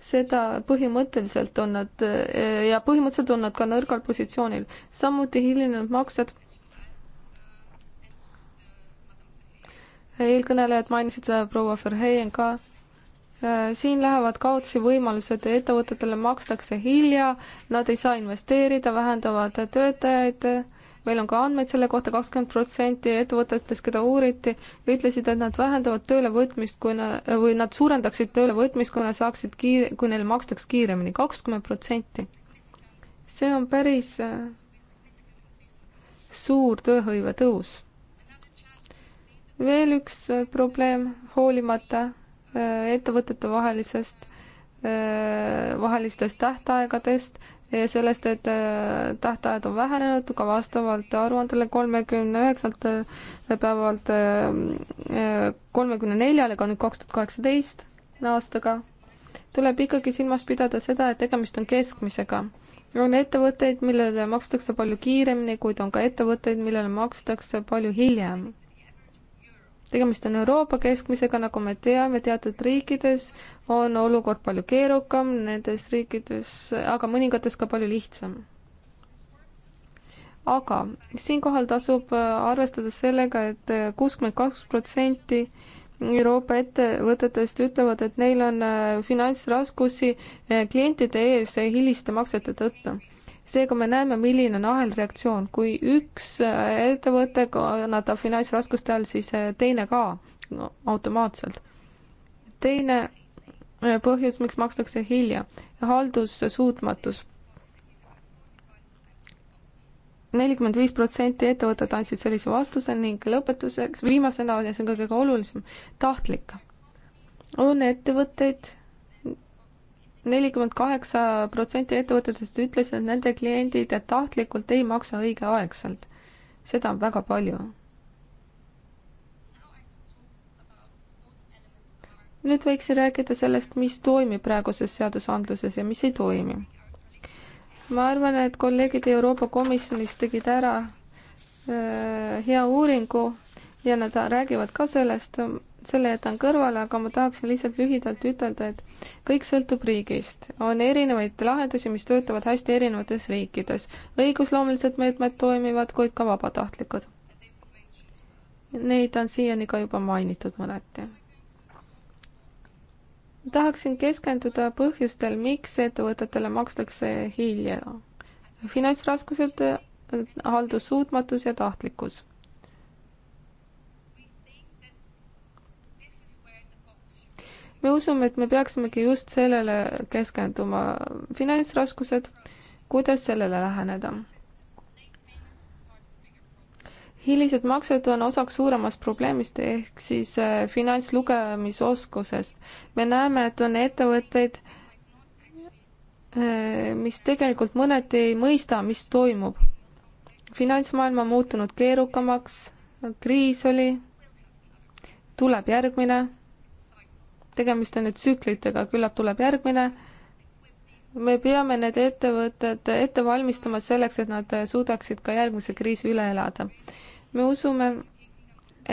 seda põhimõtteliselt on nad eh, ja põhimõtteliselt on nad ka nõrgal positsioonil, samuti hilinenud maksed. eelkõnelejad mainisid seda, proua Verheyen ka. Eh, siin lähevad kaotsi võimalused, ettevõtetele makstakse hilja, nad ei saa investeerida, vähendavad töötajaid meil on ka andmeid selle kohta, kakskümmend protsenti ettevõtetest, keda uuriti, ütlesid, et nad vähendavad töölevõtmist, kui nad, või nad suurendaksid töölevõtmist, kui nad saaksid kiir-, kui neile makstaks kiiremini, kakskümmend protsenti. see on päris äh, suur tööhõive tõus. veel üks äh, probleem, hoolimata äh, ettevõtete vahelisest vahelistest tähtaegadest ja sellest, et äh, tähtajad on vähenenud ka vastavalt aruandele kolmekümne üheksalt äh, päevalt äh, kolmekümne neljale, ka nüüd kaks tuhat kaheksateist aastaga, tuleb ikkagi silmas pidada seda, et tegemist on keskmisega. on ettevõtteid, millele makstakse palju kiiremini, kuid on ka ettevõtteid, millele makstakse palju hiljem tegemist on Euroopa keskmisega, nagu me teame, teatud riikides on olukord palju keerukam, nendes riikides, aga mõningates ka palju lihtsam. aga siinkohal tasub arvestada sellega et, et kuuskümmend kaks protsenti Euroopa ettevõtetest ütlevad, et neil on finantsraskusi klientide ees hiliste maksete tõttu seega me näeme, milline on ahelreaktsioon, kui üks äh, ettevõte kannatab finantsraskuste all, siis äh, teine ka no, automaatselt. teine äh, põhjus, miks makstakse hilja, haldussuutmatus. nelikümmend viis protsenti ettevõtted andsid sellise vastuse ning lõpetuseks, viimasena, ja see on kõige olulisem, tahtlik. on ettevõtteid, nelikümmend kaheksa protsenti ettevõtetest ütles, et nende kliendid tahtlikult ei maksa õigeaegselt. seda on väga palju. nüüd võiksin rääkida sellest, mis toimib praeguses seadusandluses ja mis ei toimi. ma arvan, et kolleegid Euroopa Komisjonis tegid ära öö, äh, hea uuringu ja nad räägivad ka sellest selle jätan kõrvale, aga ma tahaksin lihtsalt lühidalt ütelda, et kõik sõltub riigist. on erinevaid lahendusi, mis töötavad hästi erinevates riikides. õigusloomelised meetmed toimivad, kuid ka vabatahtlikud. Neid on siiani ka juba mainitud mõneti. tahaksin keskenduda põhjustel, miks ettevõtetele makstakse hilja. finantsraskused, haldussuutmatus ja tahtlikkus me usume, et me peaksimegi just sellele keskenduma, finantsraskused, kuidas sellele läheneda. hilised maksed on osaks suuremast probleemist ehk siis eh, finantslugemisoskusest. me näeme, et on ettevõtteid, eh, mis tegelikult mõneti ei mõista, mis toimub. finantsmaailm on muutunud keerukamaks, kriis oli, tuleb järgmine tegemist on nüüd tsüklitega, küllap tuleb järgmine. me peame need ettevõtted ette valmistama selleks, et nad suudaksid ka järgmise kriisi üle elada. me usume,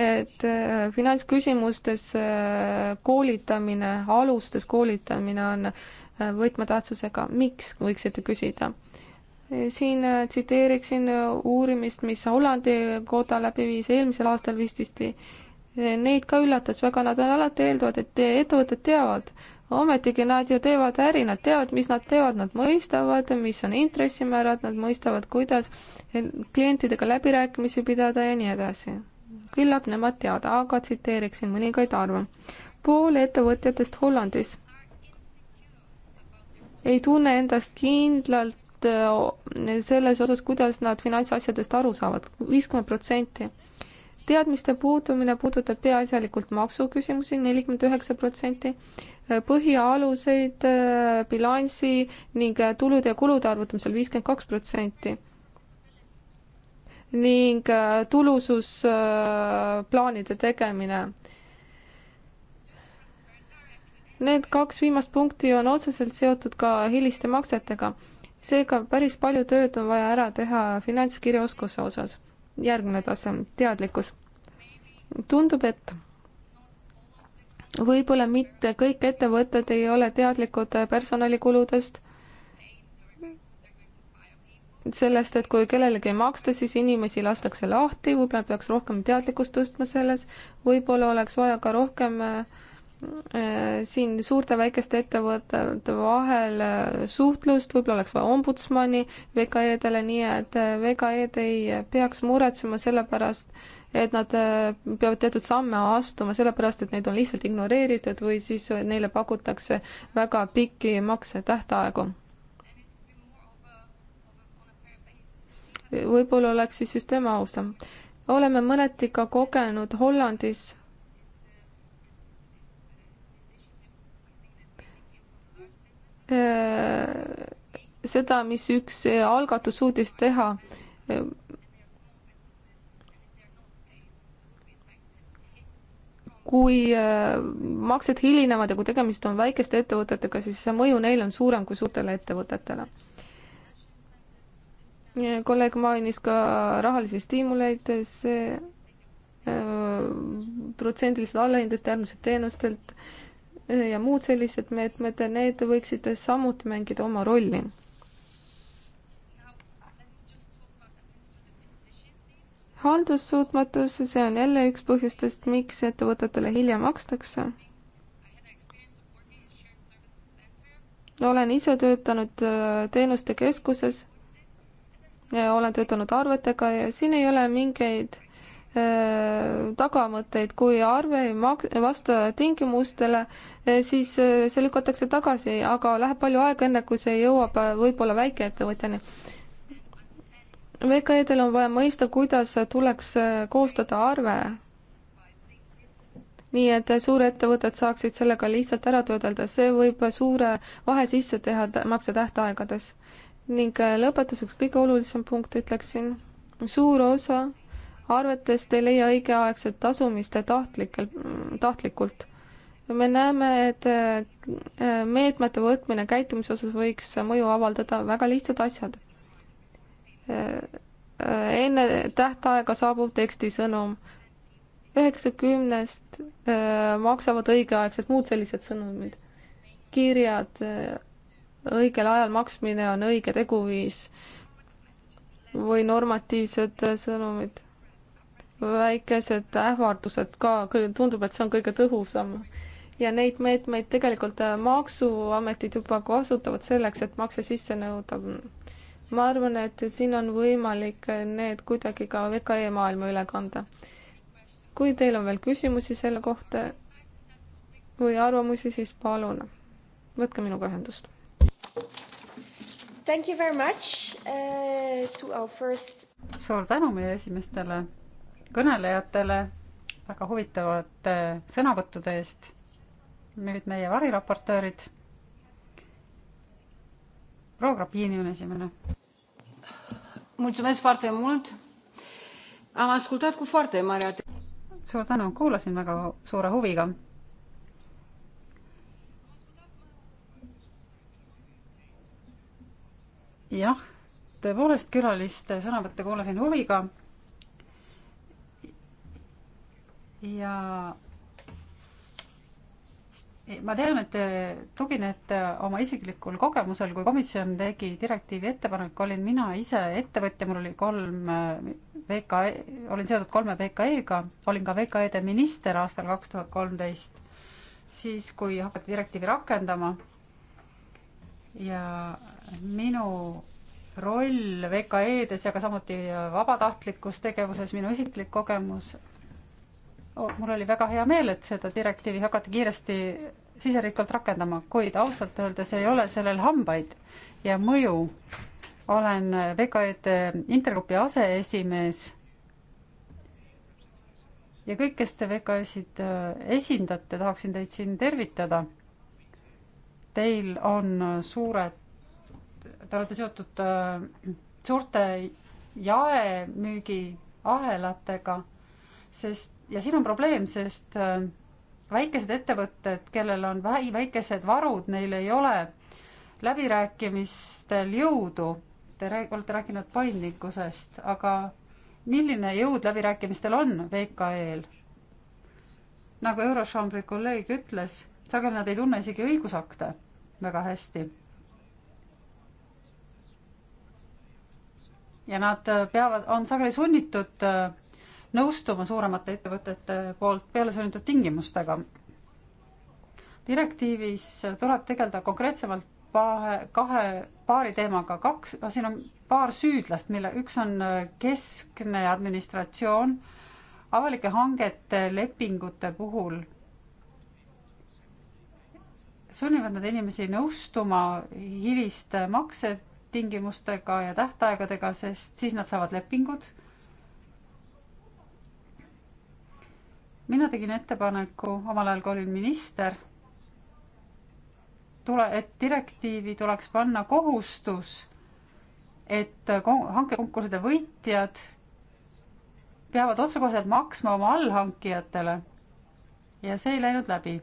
et äh, finantsküsimustes äh, koolitamine, alustes koolitamine on äh, võtmetähtsusega. miks, võiksite küsida? siin tsiteeriksin uurimist, mis Hollandi koda läbi viis eelmisel aastal vist vist Neid ka üllatas väga, nad alati eeldavad, et ettevõtted teavad, ometigi nad ju teevad äri, nad teavad, mis nad teevad, nad mõistavad, mis on intressimäärad, nad mõistavad, kuidas klientidega läbirääkimisi pidada ja nii edasi. küllap nemad teavad, aga tsiteeriksin mõningaid arve. pool ettevõtjatest Hollandis ei tunne endast kindlalt äh, selles osas, kuidas nad finantsasjadest aru saavad, viiskümmend protsenti teadmiste puudumine puudutab peaasjalikult maksuküsimusi, nelikümmend üheksa protsenti, põhialuseid, äh, bilansi ning äh, tulude ja kulude arvutamisel viiskümmend kaks protsenti. ning äh, tulususplaanide tegemine. Need kaks viimast punkti on otseselt seotud ka hiliste maksetega. seega päris palju tööd on vaja ära teha finantskirjaoskuse osas järgmine tase, teadlikkus. tundub, et võib-olla mitte kõik ettevõtted ei ole teadlikud personalikuludest, sellest, et kui kellelegi ei maksta, siis inimesi lastakse lahti, võib-olla peaks rohkem teadlikkust tõstma selles, võib-olla oleks vaja ka rohkem äh, Äh, siin suurte väikeste ettevõtete vahel äh, suhtlust, võib-olla oleks vaja ombudsmani VKE-dele, nii et äh, VKE-d ei peaks muretsema selle pärast, et nad peavad teatud samme astuma, sellepärast et neid on lihtsalt ignoreeritud või siis neile pakutakse väga pikki maksetähtaegu. võib-olla oleks siis süsteem ausam. oleme mõneti ka kogenud Hollandis Äh, seda, mis üks äh, algatus suutis teha. Äh, kui maksed hilinevad ja kui tegemist on väikeste ettevõtetega, siis see mõju neile on suurem kui suurtele ettevõtetele. kolleeg mainis ka rahalisi stiimuleid, see protsendiliselt allahindlust äärmiselt teenustelt äh, ja muud sellised meetmed, need võiksid samuti mängida oma rolli. haldussuutmatus, see on jälle üks põhjustest, miks ettevõtetele hilja makstakse. olen ise töötanud äh, teenuste keskuses ja olen töötanud arvetega ja siin ei ole mingeid Äh, tagamõtteid, kui arve ei mak-, vasta tingimustele, äh, siis äh, see lükatakse tagasi, aga läheb palju aega, enne kui see jõuab võib-olla väikeettevõtjani. VKE-del on vaja mõista, kuidas tuleks koostada arve, nii et suurettevõtted saaksid sellega lihtsalt ära töödelda, see võib suure vahe sisse teha maksetähtaegades. ning lõpetuseks kõige olulisem punkt, ütleksin, suur osa arvetest ei leia õigeaegset tasumist tahtlikel, tahtlikult. me näeme, et äh, meetmete võtmine käitumise osas võiks mõju avaldada väga lihtsad asjad. Äh, äh, enne tähtaega saabuv tekstisõnum, üheksakümnest maksavad õigeaegselt, muud sellised sõnumid, kirjad, õigel ajal maksmine on õige teguviis või normatiivsed sõnumid väikesed ähvardused ka, tundub, et see on kõige tõhusam. ja neid meetmeid tegelikult äh, maksuametid juba kasutavad selleks, et makse sisse nõuda. ma arvan, et siin on võimalik need kuidagi ka VKE maailma üle kanda. kui teil on veel küsimusi selle kohta või arvamusi, siis palun võtke minuga ühendust. Thank you very much uh, to our first. suur tänu meie esimestele kõnelejatele väga huvitavate sõnavõttude eest. nüüd meie variraportöörid. proua Grapini on esimene. suur tänu, kuulasin väga suure huviga jah, tõepoolest külaliste sõnavõtte kuulasin huviga ja ma tean, et te tuginete oma isiklikul kogemusel, kui komisjon tegi direktiivi ettepaneku, olin mina ise ettevõtja, mul oli kolm äh, VKE, olin seotud kolme VKE-ga, olin ka VKE-de minister aastal kaks tuhat kolmteist, siis kui hakati direktiivi rakendama. ja minu roll VKE-des ja ka samuti vabatahtlikus tegevuses, minu isiklik kogemus Oh, mul oli väga hea meel, et seda direktiivi hakati kiiresti siseriiklikult rakendama, kuid ausalt öeldes ei ole sellel hambaid ja mõju. olen VKE-d eh, intergrupi aseesimees. ja kõik, kes te VKE-sid eh, esindate, tahaksin teid siin tervitada. Teil on suured, te olete seotud eh, suurte jaemüügiahelatega, sest ja siin on probleem, sest äh, väikesed ettevõtted, kellel on väi-, väikesed varud, neil ei ole läbirääkimistel jõudu. Te rääg-, olete rääkinud paindlikkusest, aga milline jõud läbirääkimistel on VKE-l? nagu Eurochambri kolleeg ütles, sageli nad ei tunne isegi õigusakte väga hästi ja nad äh, peavad, on sageli sunnitud äh, nõustuma suuremate ettevõtete poolt pealesunnitud tingimustega. direktiivis tuleb tegeleda konkreetsemalt pahe, kahe, paari teemaga, kaks, siin on paar süüdlast, mille üks on keskne administratsioon, avalike hangete lepingute puhul sunnivad nad inimesi nõustuma hiliste maksetingimustega ja tähtaegadega, sest siis nad saavad lepingud mina tegin ettepaneku, omal ajal, kui olin minister, tule, et direktiivi tuleks panna kohustus, et hankekonkursside võitjad peavad otsekoheselt maksma oma allhankijatele. ja see ei läinud läbi.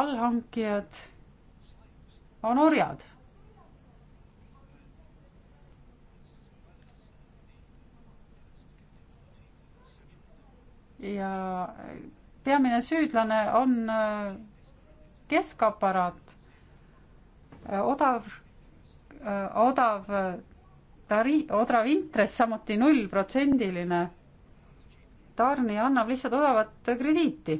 allhankijad on orjad ja peamine süüdlane on äh, keskaparaat, äh, odav, äh, odav tari-, odav intress samuti nullprotsendiline. tarnija annab lihtsalt odavat krediiti.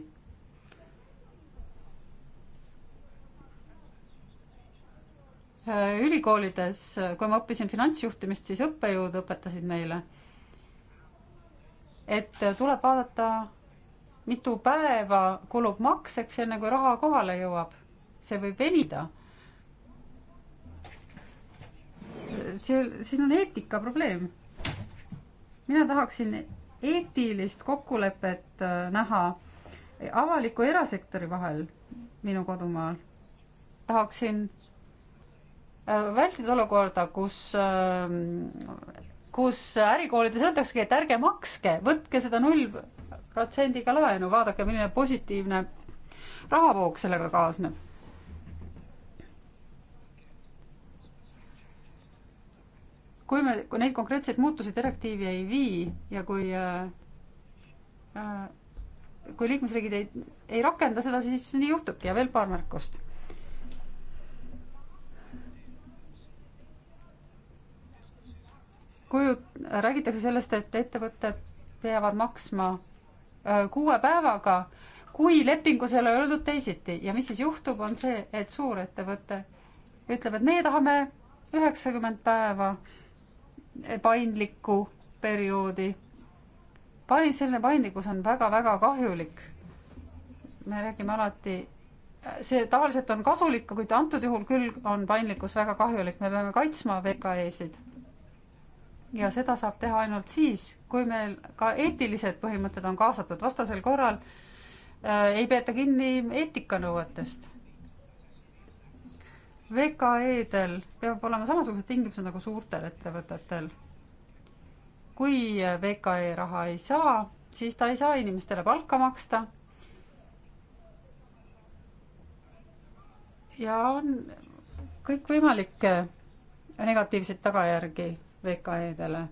ülikoolides, kui ma õppisin finantsjuhtimist, siis õppejõud õpetasid meile et tuleb vaadata, mitu päeva kulub makseks, enne kui raha kohale jõuab. see võib venida. see, siin on eetika probleem. mina tahaksin eetilist kokkulepet äh, näha avaliku ja erasektori vahel minu kodumaal. tahaksin äh, vältida olukorda, kus äh, kus ärikoolides öeldaksegi, et ärge makske, võtke seda null protsendiga laenu, vaadake, milline positiivne rahavoog sellega kaasneb. kui me, kui neid konkreetseid muutusi direktiivi ei vii ja kui äh, äh kui liikmesriigid ei, ei rakenda seda, siis nii juhtubki ja veel paar märkust kujut-, räägitakse sellest, et ettevõtted peavad maksma kuue päevaga, kui lepingus ei ole öeldud teisiti ja mis siis juhtub, on see, et suurettevõte ütleb, et meie tahame üheksakümmend päeva paindlikku perioodi. pain, selline paindlikkus on väga-väga kahjulik. me räägime alati, see tavaliselt on kasulik, kuid antud juhul küll on paindlikkus väga kahjulik, me peame kaitsma VKE-sid ja seda saab teha ainult siis, kui meil ka eetilised põhimõtted on kaasatud, vastasel korral äh, ei peeta kinni eetikanõuetest. VKE-del peab olema samasugused tingimused nagu suurtel ettevõtetel. kui äh, VKE raha ei saa, siis ta ei saa inimestele palka maksta. ja on kõikvõimalikke negatiivseid tagajärgi VKE-dele.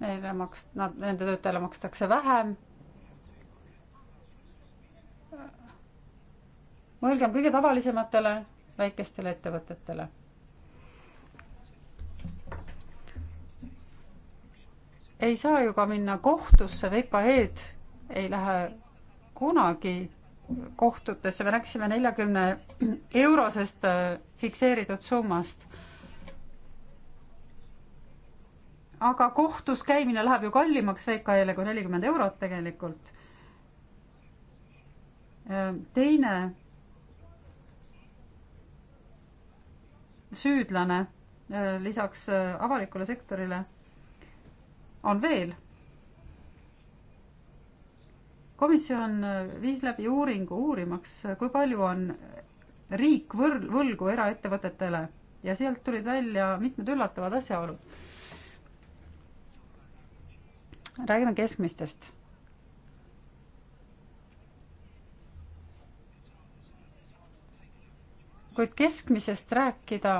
Neile maks-, nad, nende töötajale makstakse vähem. mõelgem kõige tavalisematele väikestele ettevõtetele. ei saa ju ka minna kohtusse, VKE-d ei lähe kunagi kohtutesse, me rääkisime neljakümne eurosest äh, fikseeritud summast aga kohtus käimine läheb ju kallimaks VKE-le kui nelikümmend eurot tegelikult. Äh, teine süüdlane äh, lisaks äh, avalikule sektorile on veel. komisjon viis läbi uuringu uurimaks, kui palju on riik võr-, võlgu eraettevõtetele ja sealt tulid välja mitmed üllatavad asjaolud räägime keskmistest. kuid keskmisest rääkida,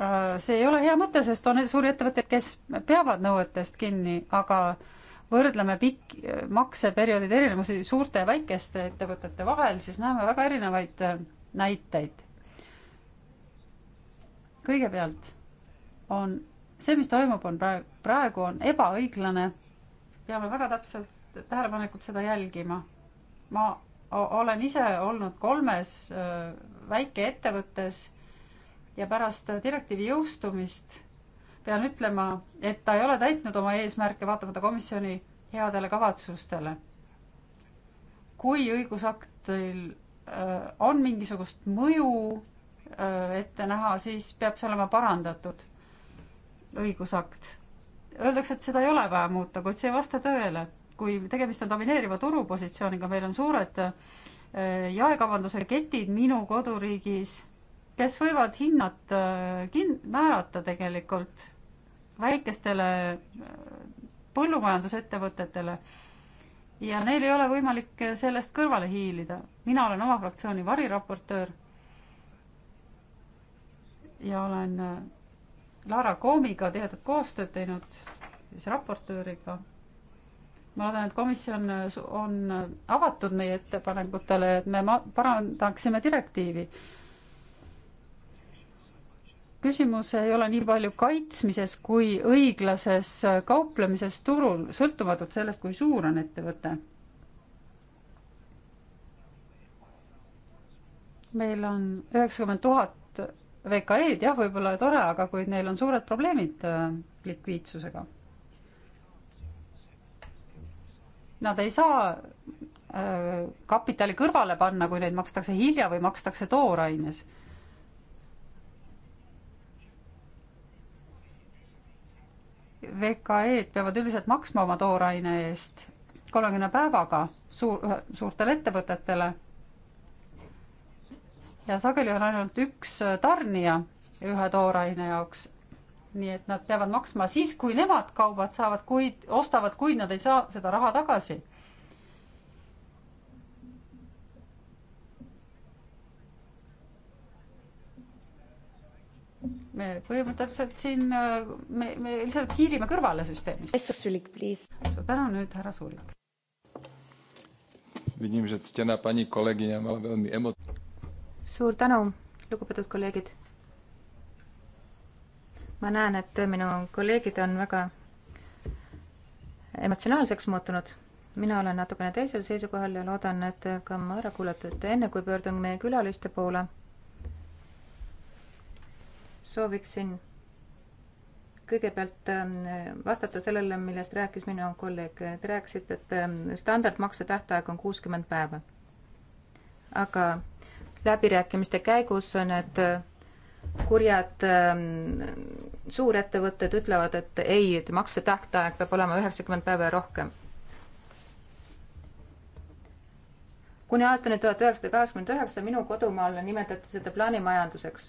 äh, see ei ole hea mõte, sest on suuri ettevõtteid, kes peavad nõuetest kinni, aga võrdleme pikk, äh, makseperioodide erinevusi suurte ja väikeste ettevõtete vahel, siis näeme väga erinevaid äh, näiteid. kõigepealt on see, mis toimub, on praegu, praegu on ebaõiglane. peame väga täpselt tähelepanelikult seda jälgima. ma olen ise olnud kolmes väikeettevõttes ja pärast direktiivi jõustumist pean ütlema, et ta ei ole täitnud oma eesmärke, vaatamata komisjoni headele kavatsustele. kui õigusaktil on mingisugust mõju ette näha, siis peab see olema parandatud õigusakt. Öeldakse, et seda ei ole vaja muuta, kuid see ei vasta tõele. kui tegemist on domineeriva turupositsiooniga, meil on suured äh, jaekaubanduse ketid minu koduriigis, kes võivad hinnad äh, kin-, määrata tegelikult väikestele äh, põllumajandusettevõtetele ja neil ei ole võimalik sellest kõrvale hiilida. mina olen oma fraktsiooni variraportöör ja olen Lara Koomiga tihedat koostööd teinud, siis raportööriga. ma loodan, et komisjon on avatud meie ettepanekutele, et me parandaksime direktiivi. küsimus ei ole nii palju kaitsmises kui õiglases kauplemises turul, sõltumatult sellest, kui suur on ettevõte meil on üheksakümmend tuhat VKE-d jah, võib-olla tore, aga kui neil on suured probleemid äh, likviidsusega, nad ei saa äh, kapitali kõrvale panna, kui neid makstakse hilja või makstakse tooraines. VKE-d peavad üldiselt maksma oma tooraine eest kolmekümne päevaga suur, suurtele ettevõtetele ja sageli on ainult üks äh, tarnija ühe tooraine jaoks. nii et nad peavad maksma siis, kui nemad kaubad saavad, kuid ostavad, kuid nad ei saa seda raha tagasi. me põhimõtteliselt siin, äh, me, me lihtsalt hiilime kõrvale süsteemist. suur tänu nüüd, härra Suurik. Vidím, že ctěná paní kolegyně byla velmi emotivní suur tänu, lugupeetud kolleegid. ma näen, et minu kolleegid on väga emotsionaalseks muutunud. mina olen natukene teisel seisukohal ja loodan, et ka ma ära kuulatate, enne kui pöördun meie külaliste poole. sooviksin kõigepealt ähm, vastata sellele, millest rääkis minu kolleeg. Te rääkisite, et ähm, standardmakse tähtaeg on kuuskümmend päeva. aga läbirääkimiste käigus need kurjad ähm, suurettevõtted ütlevad, et ei, et maksetähtaeg peab olema üheksakümmend päeva ja rohkem. kuni aastani tuhat üheksasada kaheksakümmend üheksa minu kodumaal nimetati seda plaanimajanduseks,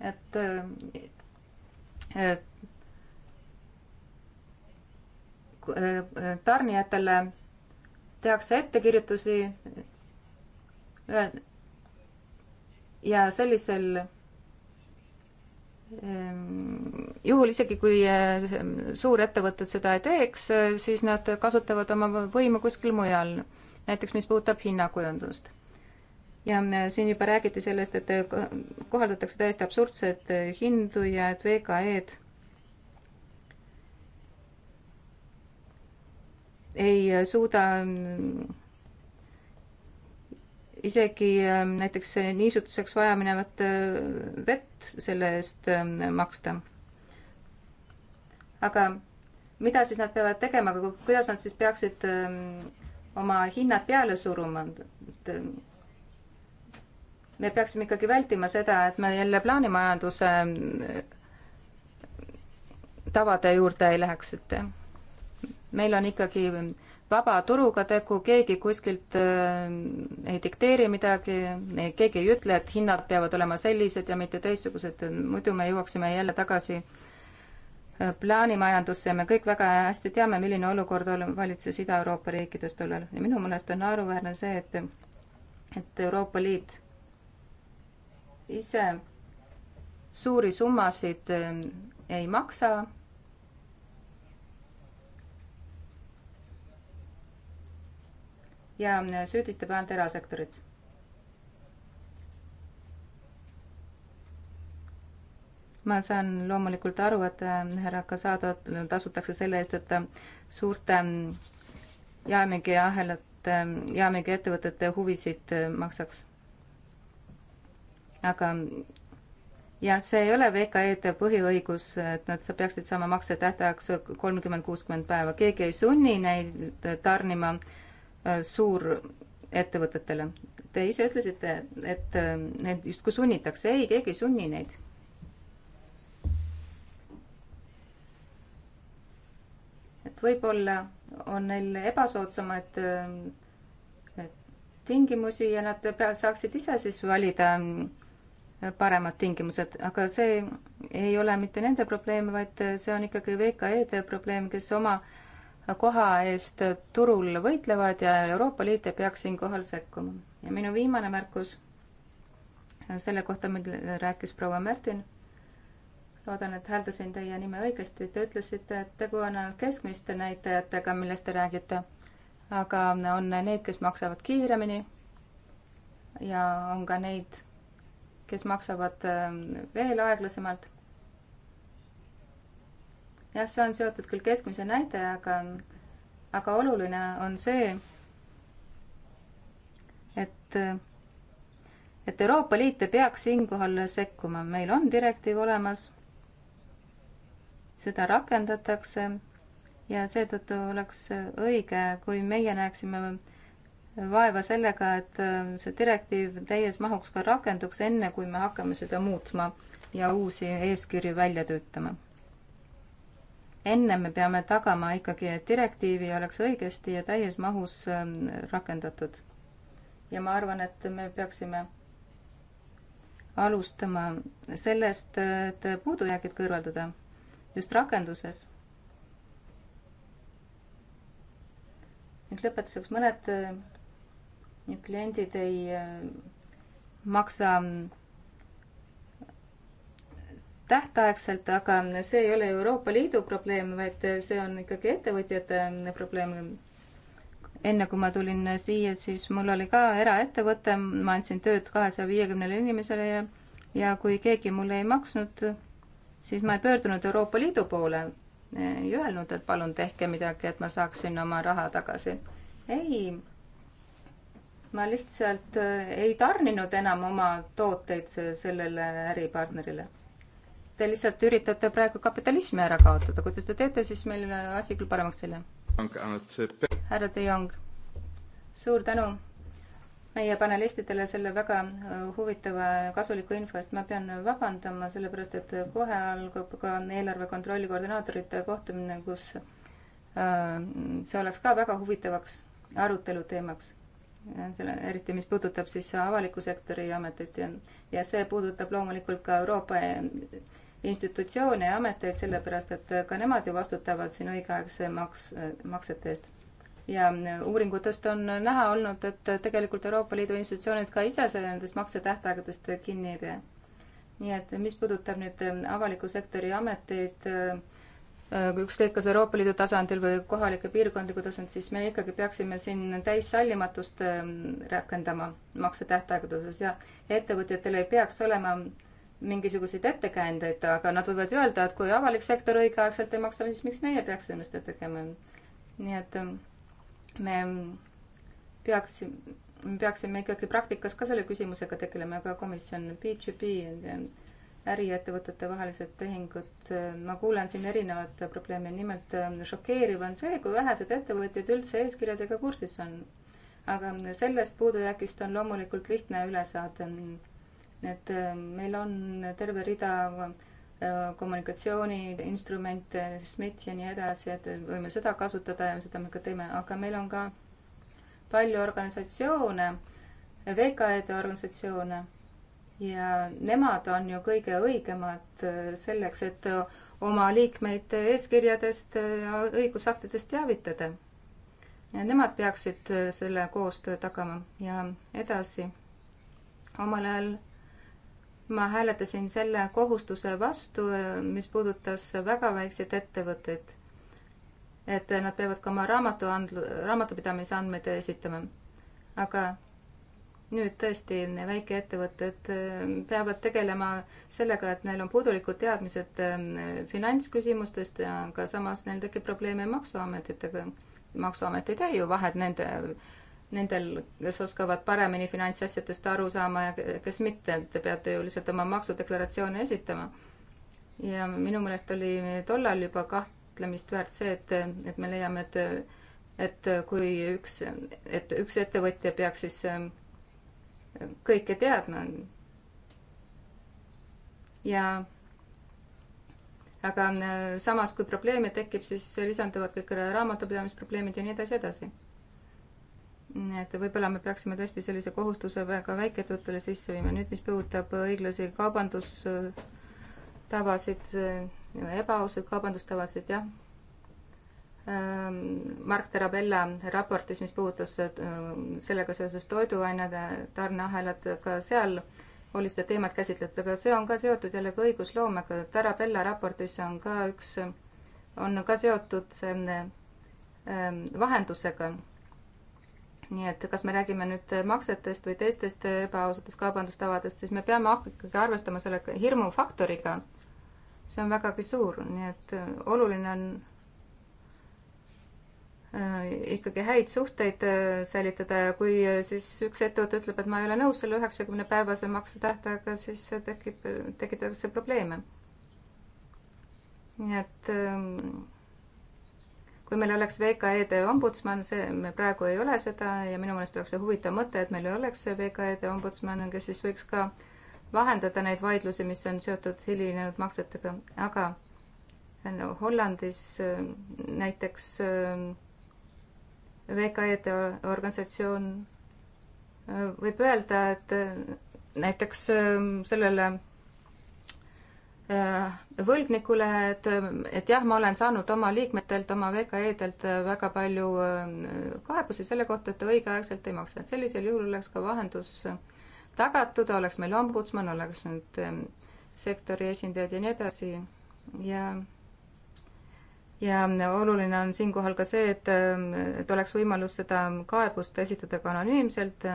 et, äh, et äh, tarnijatele tehakse ettekirjutusi, ja sellisel ehm, juhul isegi, kui ehm, suurettevõtted seda ei teeks, siis nad kasutavad oma võimu kuskil mujal, näiteks mis puudutab hinnakujundust. ja ehm, siin juba räägiti sellest, et eh, kohaldatakse täiesti absurdseid eh, hindu ja et VKE-d ei eh, suuda isegi ähm, näiteks äh, niisutuseks vaja minevat äh, vett selle eest ähm, maksta. aga mida siis nad peavad tegema, kuidas nad siis peaksid ähm, oma hinnad peale suruma? me peaksime ikkagi vältima seda, et me jälle plaanimajanduse äh, tavade juurde ei läheks, et meil on ikkagi vaba turuga tegu, keegi kuskilt äh, ei dikteeri midagi, keegi ei ütle, et hinnad peavad olema sellised ja mitte teistsugused, muidu me jõuaksime jälle tagasi äh, plaanimajandusse ja me kõik väga hästi teame, milline olukord valitses Ida-Euroopa riikides tollal ja minu meelest on naeruväärne see, et, et Euroopa Liit ise suuri summasid äh, ei maksa ja süüdistab ainult erasektorit. ma saan loomulikult aru, et äh, härra Casado tasutakse selle eest, et ta äh, suurte äh, jaemüügiahelate, jaemüügiettevõtete huvisid maksaks. aga jah, see ei ole VKE-de põhiõigus, et nad peaksid saama maksetähtajaks kolmkümmend, kuuskümmend päeva, keegi ei sunni neid tarnima äh, Äh, suurettevõtetele. Te ise ütlesite, et äh, neid justkui sunnitakse. ei, keegi ei sunni neid. et võib-olla on neil ebasoodsamaid äh, tingimusi ja nad pea-, saaksid ise siis valida paremad tingimused, aga see ei ole mitte nende probleem, vaid see on ikkagi VKE-de probleem, kes oma äh, koha eest turul võitlevad ja Euroopa Liit ei peaks siinkohal sekkuma. ja minu viimane märkus selle kohta, mille rääkis proua Märtin. loodan, et hääldasin teie nime õigesti. Te ütlesite, et tegu on ainult keskmiste näitajatega, millest te räägite. aga on neid, kes maksavad kiiremini. ja on ka neid, kes maksavad ehm, veel aeglasemalt jah, see on seotud küll keskmise näitajaga, aga oluline on see, et, et Euroopa Liit ei peaks siinkohal sekkuma, meil on direktiiv olemas, seda rakendatakse ja seetõttu oleks õige, kui meie näeksime vaeva sellega, et see direktiiv täies mahuks ka rakenduks, enne kui me hakkame seda muutma ja uusi eeskirju välja töötama enne me peame tagama ikkagi, et direktiivi oleks õigesti ja täies mahus ähm, rakendatud. ja ma arvan, et me peaksime alustama sellest, et puudujäägid kõrvaldada just rakenduses nüüd lõpetuseks mõned äh, kliendid ei äh, maksa tähtaegselt, aga see ei ole Euroopa Liidu probleem, vaid see on ikkagi ettevõtjate probleem. enne kui ma tulin siia, siis mul oli ka eraettevõte, ma andsin tööd kahesaja viiekümnele inimesele ja, ja kui keegi mulle ei maksnud, siis ma ei pöördunud Euroopa Liidu poole, ei öelnud, et palun tehke midagi, et ma saaksin oma raha tagasi. ei, ma lihtsalt ei tarninud enam oma tooteid sellele äripartnerile Te lihtsalt üritate praegu kapitalismi ära kaotada, kui te seda teete, siis meil asi küll paremaks ei lähe. härra De Jong, suur tänu meie panelistidele selle väga äh, huvitava ja kasuliku info eest. ma pean vabandama, sellepärast et kohe algab ka eelarve kontrolli koordinaatorite kohtumine, kus äh, see oleks ka väga huvitavaks aruteluteemaks. selle, eriti mis puudutab siis avaliku sektori ameteid ja, ja see puudutab loomulikult ka Euroopa institutsioone ja ameteid, sellepärast et ka nemad ju vastutavad siin õigeaegse maks, maksete eest. ja uuringutest on näha olnud, et tegelikult Euroopa Liidu institutsioonid ka ise nendest maksetähtaegadest kinni ei pea. nii et mis puudutab nüüd avaliku sektori ameteid, äh, ükskõik kas Euroopa Liidu tasandil või kohalike piirkondliku tasand, siis me ikkagi peaksime siin täis sallimatust äh, rakendama maksetähtaegade osas ja ettevõtjatel ei peaks olema mingisuguseid ettekäändeid, aga nad võivad öelda, et kui avalik sektor õigeaegselt ei maksa, siis miks meie peaks ennast tegema. nii et ähm, me peaksime, me peaksime ikkagi praktikas ka selle küsimusega tegelema, ka komisjon B2B äriettevõtete vahelised tehingud. Äh, ma kuulen siin erinevat probleemi, nimelt ähm, šokeeriv on see, kui vähesed ettevõtjad üldse eeskirjadega kursis on. aga sellest puudujäägist on loomulikult lihtne üle saada et äh, meil on terve rida äh, kommunikatsiooniinstrumente, SMIT ja nii edasi, et võime seda kasutada ja seda me ka teeme, aga meil on ka palju organisatsioone, VKE-de organisatsioone ja nemad on ju kõige õigemad äh, selleks, et oma liikmeid eeskirjadest ja õigusaktidest teavitada. Nemad peaksid selle koostöö tagama ja edasi omal ajal ma hääletasin selle kohustuse vastu, mis puudutas väga väikseid ettevõtteid. et nad peavad ka oma raamatuandlu, raamatupidamise andmeid esitama. aga nüüd tõesti väikeettevõtted ehm, peavad tegelema sellega, et neil on puudulikud teadmised ehm, finantsküsimustest ja ka samas neil tekib probleeme maksuametitega. maksuamet ei tee ju vahet nende nendel, kes oskavad paremini finantsasjadest aru saama ja kes mitte, te peate ju lihtsalt oma maksudeklaratsioone esitama. ja minu meelest oli tollal juba kahtlemist väärt see, et, et me leiame, et, et kui üks, et üks ettevõtja peaks siis ähm, kõike teadma. ja aga äh, samas, kui probleeme tekib, siis lisanduvad kõik raamatupidamisprobleemid ja nii edasi, edasi nii et võib-olla me peaksime tõesti sellise kohustuse väga väikeettevõttele sisse viima. nüüd, mis puudutab õiglasi kaubandustavasid, äh, ebaausaid kaubandustavasid, jah. Ähm, Mark Tarabella raportis, mis puudutas äh, sellega seoses toiduainede tarneahelad, ka seal oli seda teemat käsitletud, aga see on ka seotud jällegi õigusloomega. Tarabella raportis on ka üks, on ka seotud see ähm, vahendusega nii et kas me räägime nüüd maksetest või teistest ebaausatest kaubandustavadest, siis me peame ikkagi arvestama selle hirmufaktoriga. see on vägagi suur, nii et äh, oluline on äh, ikkagi häid suhteid äh, säilitada ja kui siis üks ettevõte ütleb, et ma ei ole nõus selle üheksakümne päevase maksetähtaega, siis tekib, tekitatakse probleeme. nii et ähm, kui meil oleks VKE-de ombudsman, see, me praegu ei ole seda ja minu meelest oleks see huvitav mõte, et meil oleks VKE-de e ombudsman, kes siis võiks ka vahendada neid vaidlusi, mis on seotud hilinenud maksetega, aga äh, no, Hollandis äh, näiteks äh, VKE-de organisatsioon võib öelda, et näiteks sellele Äh, võlgnikule, et, et jah, ma olen saanud oma liikmetelt, oma VKE-delt äh, väga palju äh, kaebusi selle kohta, et õigeaegselt ei maksa, et sellisel juhul oleks ka vahendus tagatud, oleks meil ombudsman, oleks nüüd ähm, sektori esindajad ja nii edasi ja ja oluline on siinkohal ka see, et, et oleks võimalus seda kaebust esitada ka anonüümselt,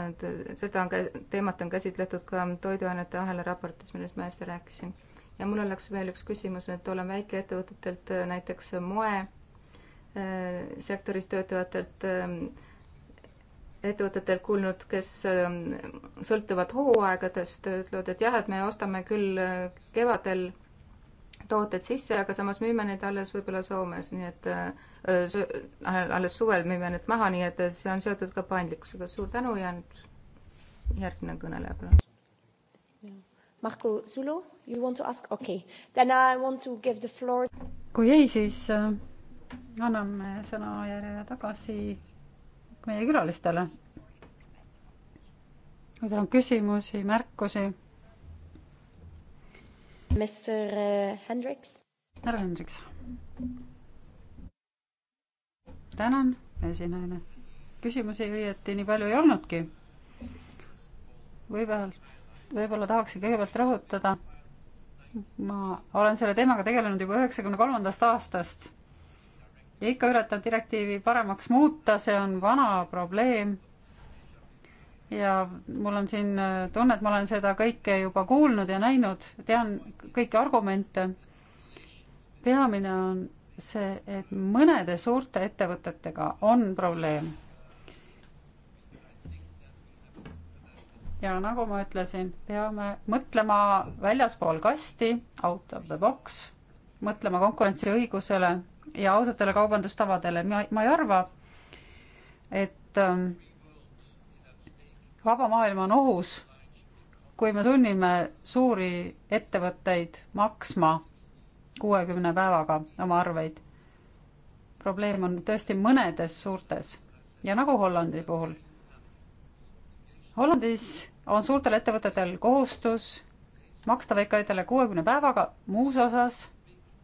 seda on, teemat on käsitletud ka toiduainete ahela raportis, millest ma äsja rääkisin ja mul oleks veel üks küsimus, et olen väikeettevõtetelt, äh, näiteks moesektoris äh, töötavatelt äh, ettevõtetelt kuulnud, kes sõltuvad hooaegadest, ütlevad, et jah, et me ostame küll kevadel tooted sisse, aga samas müüme neid alles võib-olla Soomes, nii et alles suvel müüme need maha, nii et see on seotud ka paindlikkusega. suur tänu ja nüüd järgmine kõneleja, palun. Marko Zulo, you want to ask? okei okay., then I want to give the floor. kui ei, siis äh, anname sõnajärje tagasi meie külalistele. kui teil on küsimusi, märkusi. Mr äh, Hendriks. härra Hendriks. tänan, esinaine. küsimusi õieti nii palju ei olnudki. või vähemalt võib-olla tahaksin kõigepealt rõhutada, ma olen selle teemaga tegelenud juba üheksakümne kolmandast aastast ja ikka üritan direktiivi paremaks muuta, see on vana probleem. ja mul on siin tunne, et ma olen seda kõike juba kuulnud ja näinud, tean kõiki argumente. peamine on see, et mõnede suurte ettevõtetega on probleem ja nagu ma ütlesin, peame mõtlema väljaspool kasti, out of the box, mõtlema konkurentsiõigusele ja ausatele kaubandustavadele. ma, ma ei arva, et ähm, vaba maailm on ohus, kui me sunnime suuri ettevõtteid maksma kuuekümne päevaga oma arveid. probleem on tõesti mõnedes suurtes ja nagu Hollandi puhul Hollandis on suurtel ettevõtetel kohustus maksta VKE-dele kuuekümne päevaga, muus osas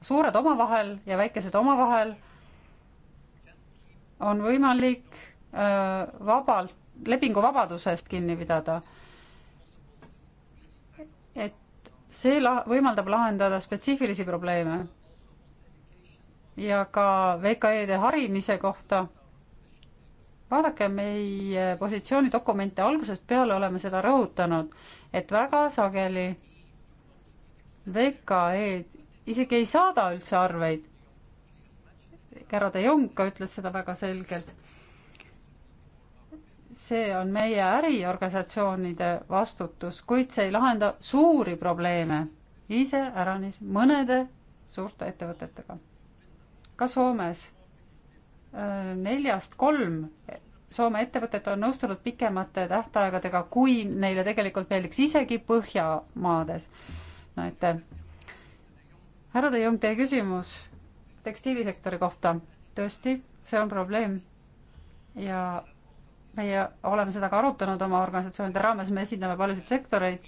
suured omavahel ja väikesed omavahel on võimalik öö, äh, vabalt, lepinguvabadusest kinni pidada. et see la-, võimaldab lahendada spetsiifilisi probleeme ja ka VKE-de harimise kohta vaadake meie positsioonidokumente, algusest peale oleme seda rõhutanud, et väga sageli VKE-d isegi ei saada üldse arveid. härra De Jong ka ütles seda väga selgelt. see on meie äriorganisatsioonide vastutus, kuid see ei lahenda suuri probleeme iseäranis mõnede suurte ettevõtetega. ka Soomes neljast kolm Soome ettevõtet on nõustunud pikemate tähtaegadega, kui neile tegelikult meeldiks, isegi Põhjamaades. näete. härra De Jong, teie küsimus tekstiilisektori kohta. tõesti, see on probleem. ja meie oleme seda ka arutanud oma organisatsioonide raames, me esindame paljusid sektoreid.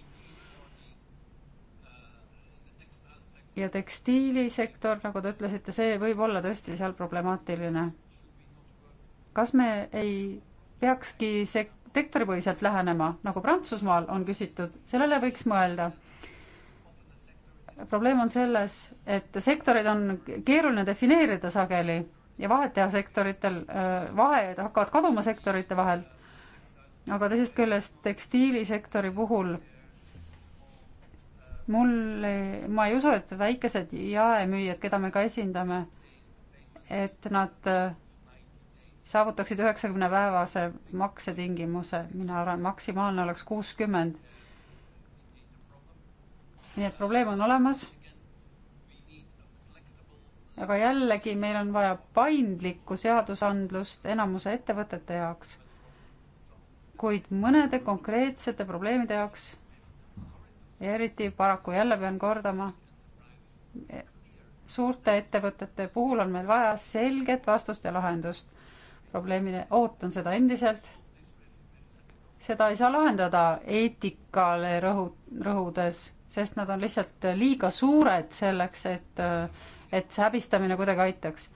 ja tekstiilisektor, nagu te ütlesite, see võib olla tõesti seal problemaatiline kas me ei peakski sek-, sektoripõhiselt lähenema, nagu Prantsusmaal on küsitud, sellele võiks mõelda. probleem on selles, et sektoreid on keeruline defineerida sageli ja vahet teha sektoritel, vahed hakkavad kaduma sektorite vahelt. aga teisest küljest tekstiilisektori puhul mul, ma ei usu, et väikesed jaemüüjad, keda me ka esindame, et nad saavutaksid üheksakümne päevase maksetingimuse, mina arvan, maksimaalne oleks kuuskümmend. nii et probleem on olemas. aga jällegi, meil on vaja paindlikku seadusandlust enamuse ettevõtete jaoks, kuid mõnede konkreetsete probleemide jaoks ja eriti paraku jälle pean kordama, suurte ettevõtete puhul on meil vaja selget vastust ja lahendust probleemile, ootan seda endiselt. seda ei saa lahendada eetikale rõhu, rõhudes, sest nad on lihtsalt liiga suured selleks, et, et see häbistamine kuidagi aitaks.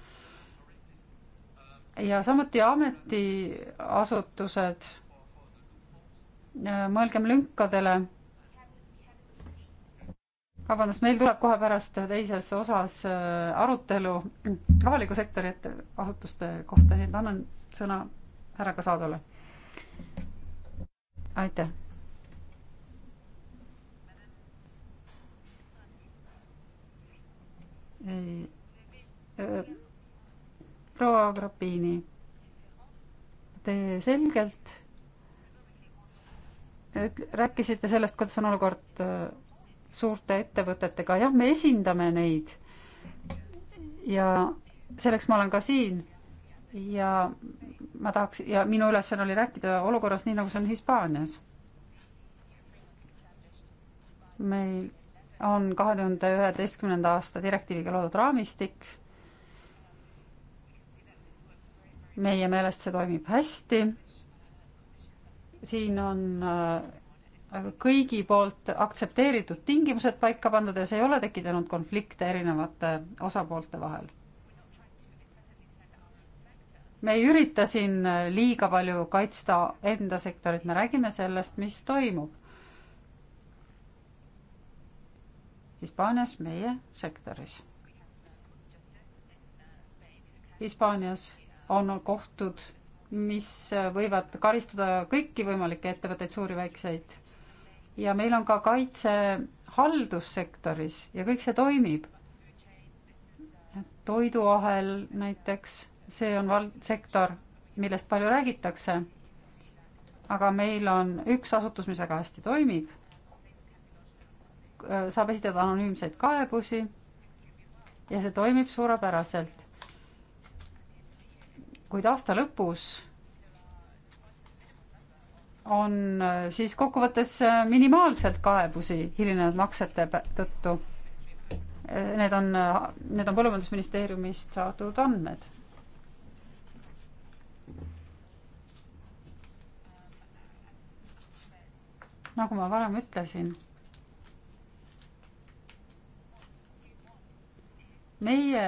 ja samuti ametiasutused, mõelgem lünkadele vabandust, meil tuleb kohe pärast teises osas äh, arutelu avaliku sektori asutuste kohta, nii et annan sõna härra Kasadole. aitäh. Äh, proua Grapini, te selgelt äh, rääkisite sellest, kuidas on olukord suurte ettevõtetega, jah, me esindame neid. ja selleks ma olen ka siin. ja ma tahaks ja minu ülesanne oli rääkida olukorrast nii, nagu see on Hispaanias. meil on kahe tuhande üheteistkümnenda aasta direktiiviga loodud raamistik. meie meelest see toimib hästi. siin on äh, Äh, kõigi poolt aktsepteeritud tingimused paika pandud ja see ei ole tekitanud konflikte erinevate osapoolte vahel. me ei ürita siin äh, liiga palju kaitsta enda sektorit, me räägime sellest, mis toimub. Hispaanias meie sektoris. Hispaanias on kohtud mis võivad karistada kõiki võimalikke ettevõtteid, suuri, väikseid ja meil on ka kaitse haldussektoris ja kõik see toimib. toiduahel näiteks, see on val-, sektor, millest palju räägitakse. aga meil on üks asutus, mis väga hästi toimib. saab esitada anonüümseid kaebusi ja see toimib suurepäraselt. kuid aasta lõpus on äh, siis kokkuvõttes äh, minimaalselt kaebusi hilinenud maksete tõttu. Äh, need on, need on Põllumajandusministeeriumist saadud andmed. nagu ma varem ütlesin, meie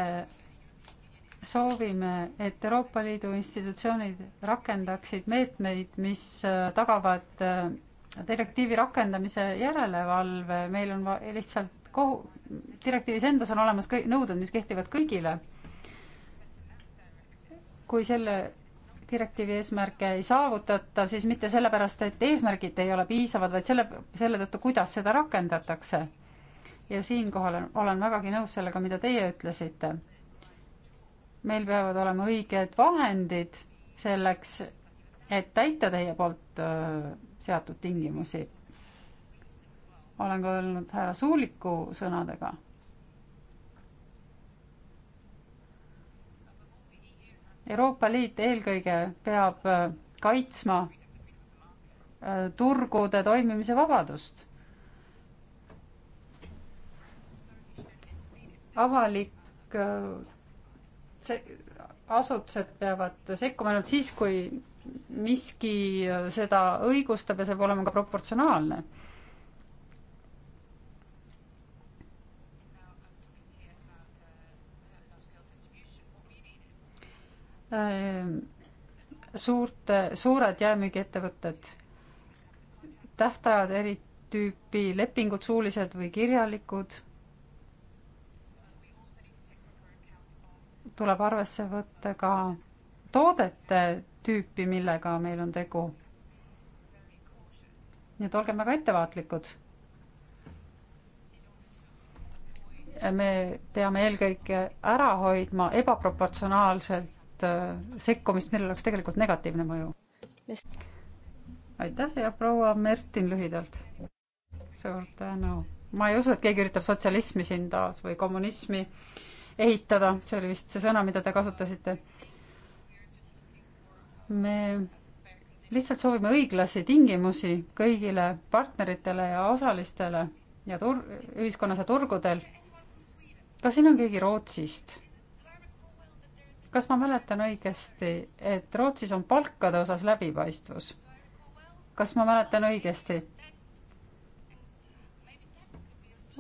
soovime, et Euroopa Liidu institutsioonid rakendaksid meetmeid, mis äh, tagavad äh, direktiivi rakendamise järelevalve, meil on lihtsalt kohu-, direktiivis endas on olemas kõik nõuded, mis kehtivad kõigile. kui selle direktiivi eesmärke ei saavutata, siis mitte sellepärast, et eesmärgid ei ole piisavad, vaid selle, selle tõttu, kuidas seda rakendatakse. ja siinkohal olen vägagi nõus sellega, mida teie ütlesite meil peavad olema õiged vahendid selleks, et täita teie poolt seatud tingimusi. olen ka öelnud härra Suuliku sõnadega. Euroopa Liit eelkõige peab kaitsma turgude toimimise vabadust. avalik see, asutused peavad sekkuma ainult siis, kui miski seda õigustab ja see peab olema ka proportsionaalne. Äh, suurte, suured jaemüügiettevõtted, tähtajad eri tüüpi lepingud, suulised või kirjalikud tuleb arvesse võtta ka toodete tüüpi, millega meil on tegu. nii et olgem väga ettevaatlikud. me peame eelkõige ära hoidma ebaproportsionaalselt äh, sekkumist, millel oleks tegelikult negatiivne mõju. aitäh ja proua Mertin lühidalt. suur tänu. ma ei usu, et keegi üritab sotsialismi siin taas või kommunismi äh, ehitada, see oli vist see sõna, mida te kasutasite. me lihtsalt soovime õiglasi tingimusi kõigile partneritele ja osalistele ja tur-, ühiskonnas ja turgudel. kas siin on keegi Rootsist? kas ma mäletan õigesti, et Rootsis on palkade osas läbipaistvus? kas ma mäletan õigesti?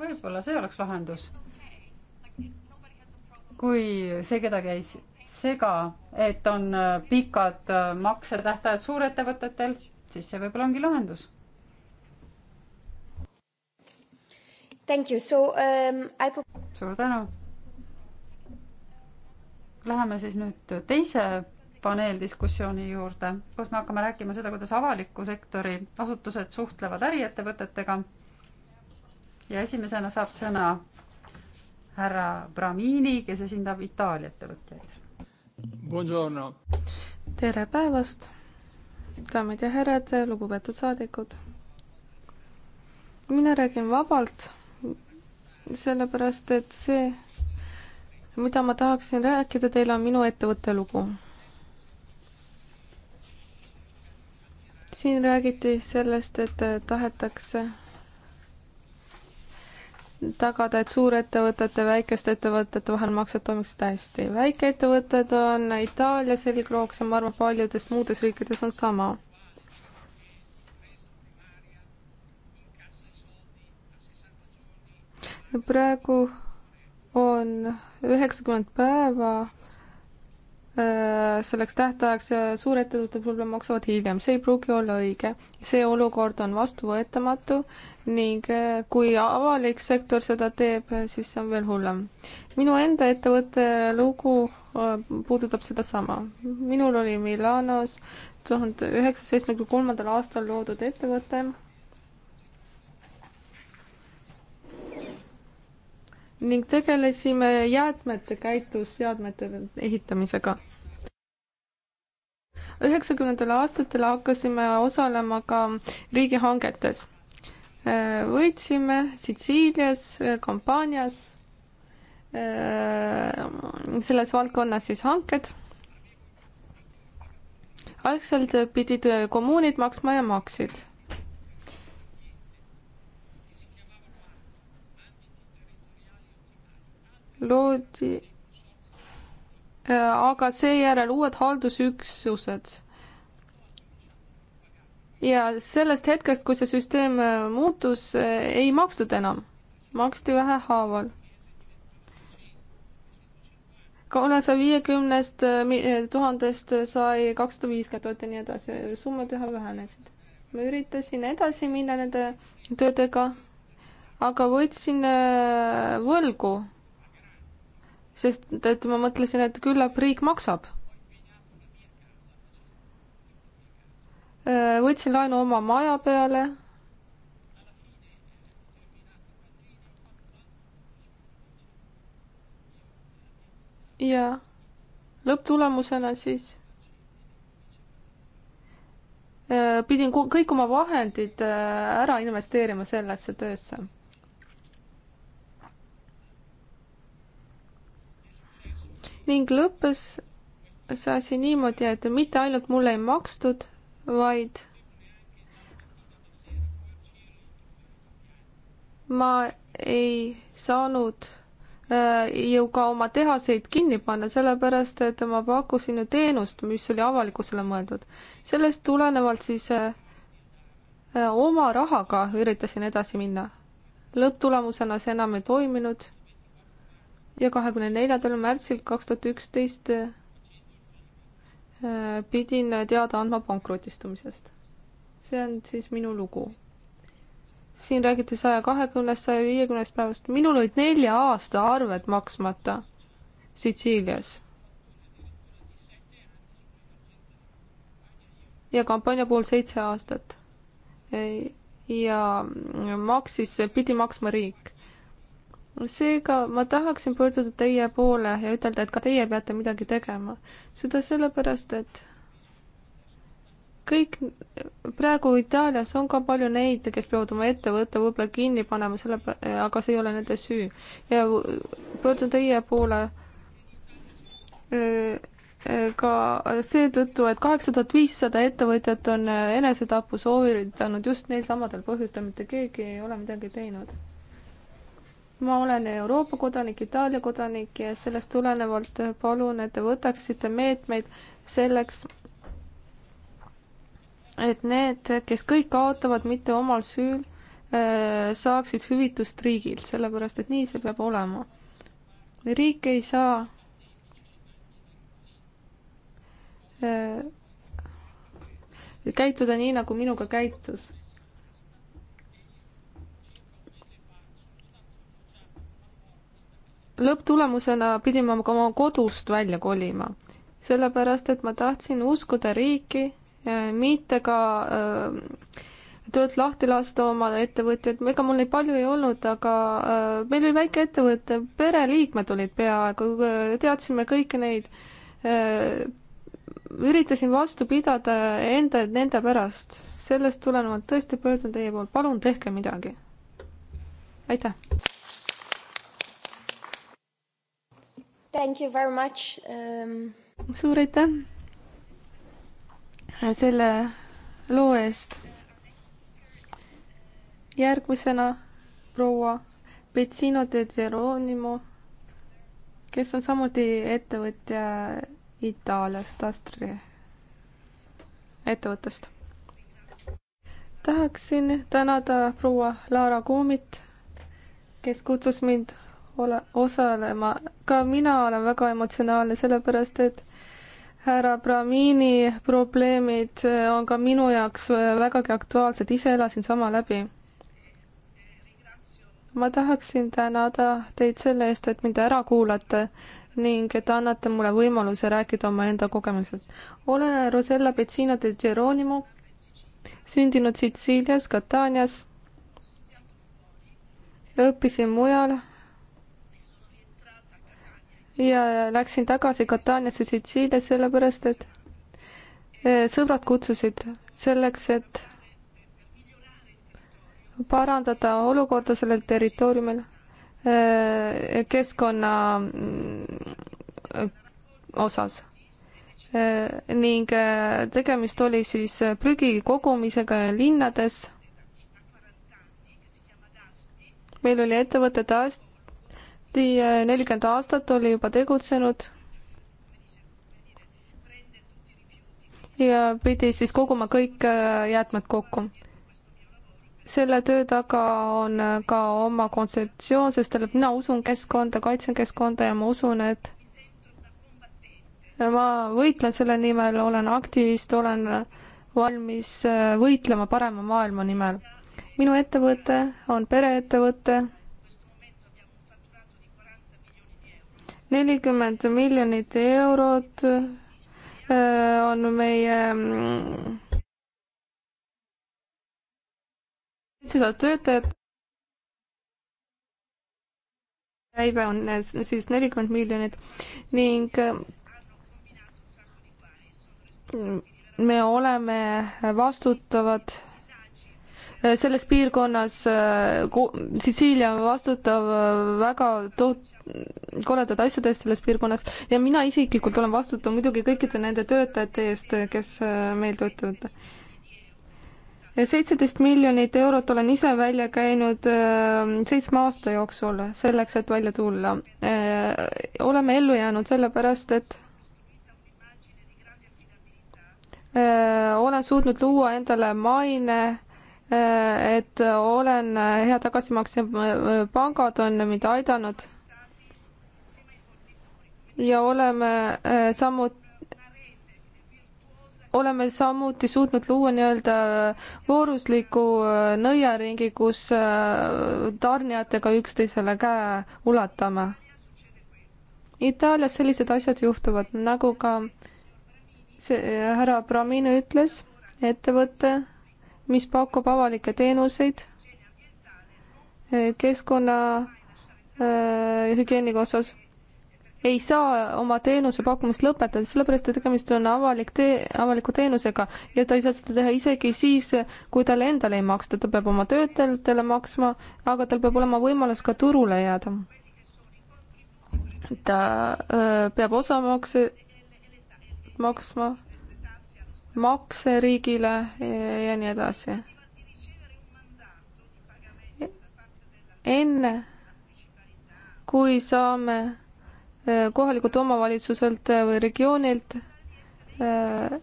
võib-olla see oleks lahendus kui see kedagi ei sega, et on äh, pikad äh, maksetähtajad suurettevõtetel, siis see võib-olla ongi lahendus. Thank you, so um, I. suur tänu. Läheme siis nüüd teise paneeldiskussiooni juurde, kus me hakkame rääkima seda, kuidas avaliku sektori asutused suhtlevad äriettevõtetega. ja esimesena saab sõna härra Bramini, kes esindab Itaalia ettevõtjaid. tere päevast, daamid ja härrad, lugupeetud saadikud. mina räägin vabalt, sellepärast et see, mida ma tahaksin rääkida teile, on minu ettevõtte lugu siin räägiti sellest, et tahetakse tagada, et suurettevõtete, väikeste ettevõtete vahel maksed toimiksid hästi. väikeettevõtted on Itaalias selgrooks ja ma arvan, paljudes muudes riikides on sama. praegu on üheksakümmend päeva Äh, selleks tähtajaks suurettevõtete võib-olla maksavad hiljem, see ei pruugi olla õige. see olukord on vastuvõetamatu ning äh, kui avalik sektor seda teeb, äh, siis see on veel hullem. minu enda ettevõtte lugu puudutab sedasama. minul oli Milanos tuhande üheksasaja seitsmekümne kolmandal aastal loodud ettevõte ning tegelesime jäätmete käitusseadmete ehitamisega. üheksakümnendatel aastatel hakkasime osalema ka riigihangetes. võitsime Sitsiilias, kampaanias, äh, selles valdkonnas siis hanked. algselt pidid kommuunid maksma ja maksid loodi äh, aga seejärel uued haldusüksused. ja sellest hetkest, kui see süsteem äh, muutus, äh, ei makstud enam, maksti vähehaaval kolmesaja viiekümnest tuhandest sai kakssada viiskümmend tuhat ja nii edasi, summad üha vähenesid. ma üritasin edasi minna nende töödega, aga võtsin võlgu sest et ma mõtlesin, et küllap riik maksab. Äh, võtsin laenu oma maja peale. ja lõpptulemusena siis äh, pidin kõik oma vahendid äh, ära investeerima sellesse töösse ning lõppes see asi niimoodi, et mitte ainult mulle ei makstud, vaid ma ei saanud äh, ju ka oma tehaseid kinni panna, sellepärast et ma pakkusin ju teenust, mis oli avalikkusele mõeldud. sellest tulenevalt siis äh, äh, oma rahaga üritasin edasi minna. lõpptulemusena see enam ei toiminud ja kahekümne neljandal märtsil kaks tuhat üksteist äh, pidin teada andma pankrotistumisest. see on siis minu lugu. siin räägiti saja kahekümnest, saja viiekümnest päevast, minul olid nelja aasta arved maksmata Sitsiilias. ja kampaania puhul seitse aastat. ja maksis, pidi maksma riik seega ma tahaksin pöörduda teie poole ja ütelda, et ka teie peate midagi tegema. seda sellepärast, et kõik praegu Itaalias on ka palju neid, kes peavad oma ettevõtte võib-olla kinni panema, selle, aga see ei ole nende süü. ja pöördun teie poole ka seetõttu, et kaheksa tuhat viissada ettevõtjat on äh, enesetapu sooritanud just neil samadel põhjustel, mitte keegi ei ole midagi teinud ma olen Euroopa kodanik, Itaalia kodanik ja sellest tulenevalt palun, et te võtaksite meetmeid selleks, et need, kes kõik kaotavad mitte omal süül, äh, saaksid hüvitust riigilt, sellepärast et nii see peab olema. riik ei saa äh, käituda nii, nagu minuga käitus lõpptulemusena pidin ma ka oma kodust välja kolima, sellepärast et ma tahtsin uskuda riiki, eh, mitte ka äh, eh, töölt lahti lasta oma ettevõtjaid, ega mul neid palju ei olnud, aga äh, meil oli väike ettevõte, pereliikmed olid peaaegu, teadsime kõiki neid äh,. üritasin vastu pidada enda, nende pärast, sellest tulenevalt tõesti pöördun teie poolt, palun tehke midagi. aitäh! Thank you very much um.... suur aitäh äh, selle loo eest. järgmisena proua Betsino de Geronimo, kes on samuti ettevõtja Itaaliast, Astri ettevõttest. tahaksin tänada proua Laara Koomit, kes kutsus mind ole, osalema. ka mina olen väga emotsionaalne, sellepärast et härra Brahmini probleemid äh, on ka minu jaoks äh, vägagi aktuaalsed, ise elasin sama läbi. ma tahaksin tänada teid selle eest, et mind ära kuulate ning et annate mulle võimaluse rääkida omaenda kogemusest. olen Rosella Petsina de Geronimo, sündinud Sitsiilias, Katanias. õppisin mujal ja läksin tagasi Kataniasse Sitsiilia, sellepärast et eh, sõbrad kutsusid selleks, et parandada olukorda sellel territooriumil eh, keskkonna mm, osas. Eh, ning tegemist oli siis prügi kogumisega linnades. meil oli ettevõte Dust, samuti äh, nelikümmend aastat oli juba tegutsenud ja pidi siis koguma kõik äh, jäätmed kokku. selle töö taga on äh, ka oma kontseptsioon, sest tähendab, mina usun keskkonda, kaitsen keskkonda ja ma usun, et ma võitlen selle nimel, olen aktivist, olen valmis võitlema parema maailma nimel. minu ettevõte on pereettevõte nelikümmend miljonit eurot äh, on meie mm, seitsesada töötajat. käive on siis nelikümmend miljonit ning mm, me oleme vastutavad äh, selles piirkonnas, äh, Sitsiilia on vastutav väga tohutu koledad asjad eest selles piirkonnas ja mina isiklikult olen vastutav muidugi kõikide nende töötajate eest, kes äh, meil töötavad. seitseteist miljonit eurot olen ise välja käinud äh, seitsme aasta jooksul selleks, et välja tulla. Äh, oleme ellu jäänud sellepärast, et olen suutnud luua endale maine et olen hea tagasimaksja, pangad on mind aidanud ja oleme äh, samuti oleme samuti suutnud luua nii-öelda äh, voorusliku äh, nõiaringi, kus tarnijatega üksteisele käe ulatame. Itaalias sellised asjad juhtuvad, nagu ka see härra Bramino ütles, ettevõte, mis pakub avalikke teenuseid keskkonna hügieeniga osas ei saa oma teenuse pakkumist lõpetada, sellepärast et tegemist on avalik tee, avaliku teenusega ja ta ei saa seda teha isegi siis, kui talle endale ei maksta, ta peab oma töötajatele maksma, aga tal peab olema võimalus ka turule jääda. ta öö, peab osamakse maksma, makse riigile ja, ja nii edasi. enne kui saame Äh, kohalikult omavalitsuselt äh, või regioonilt äh,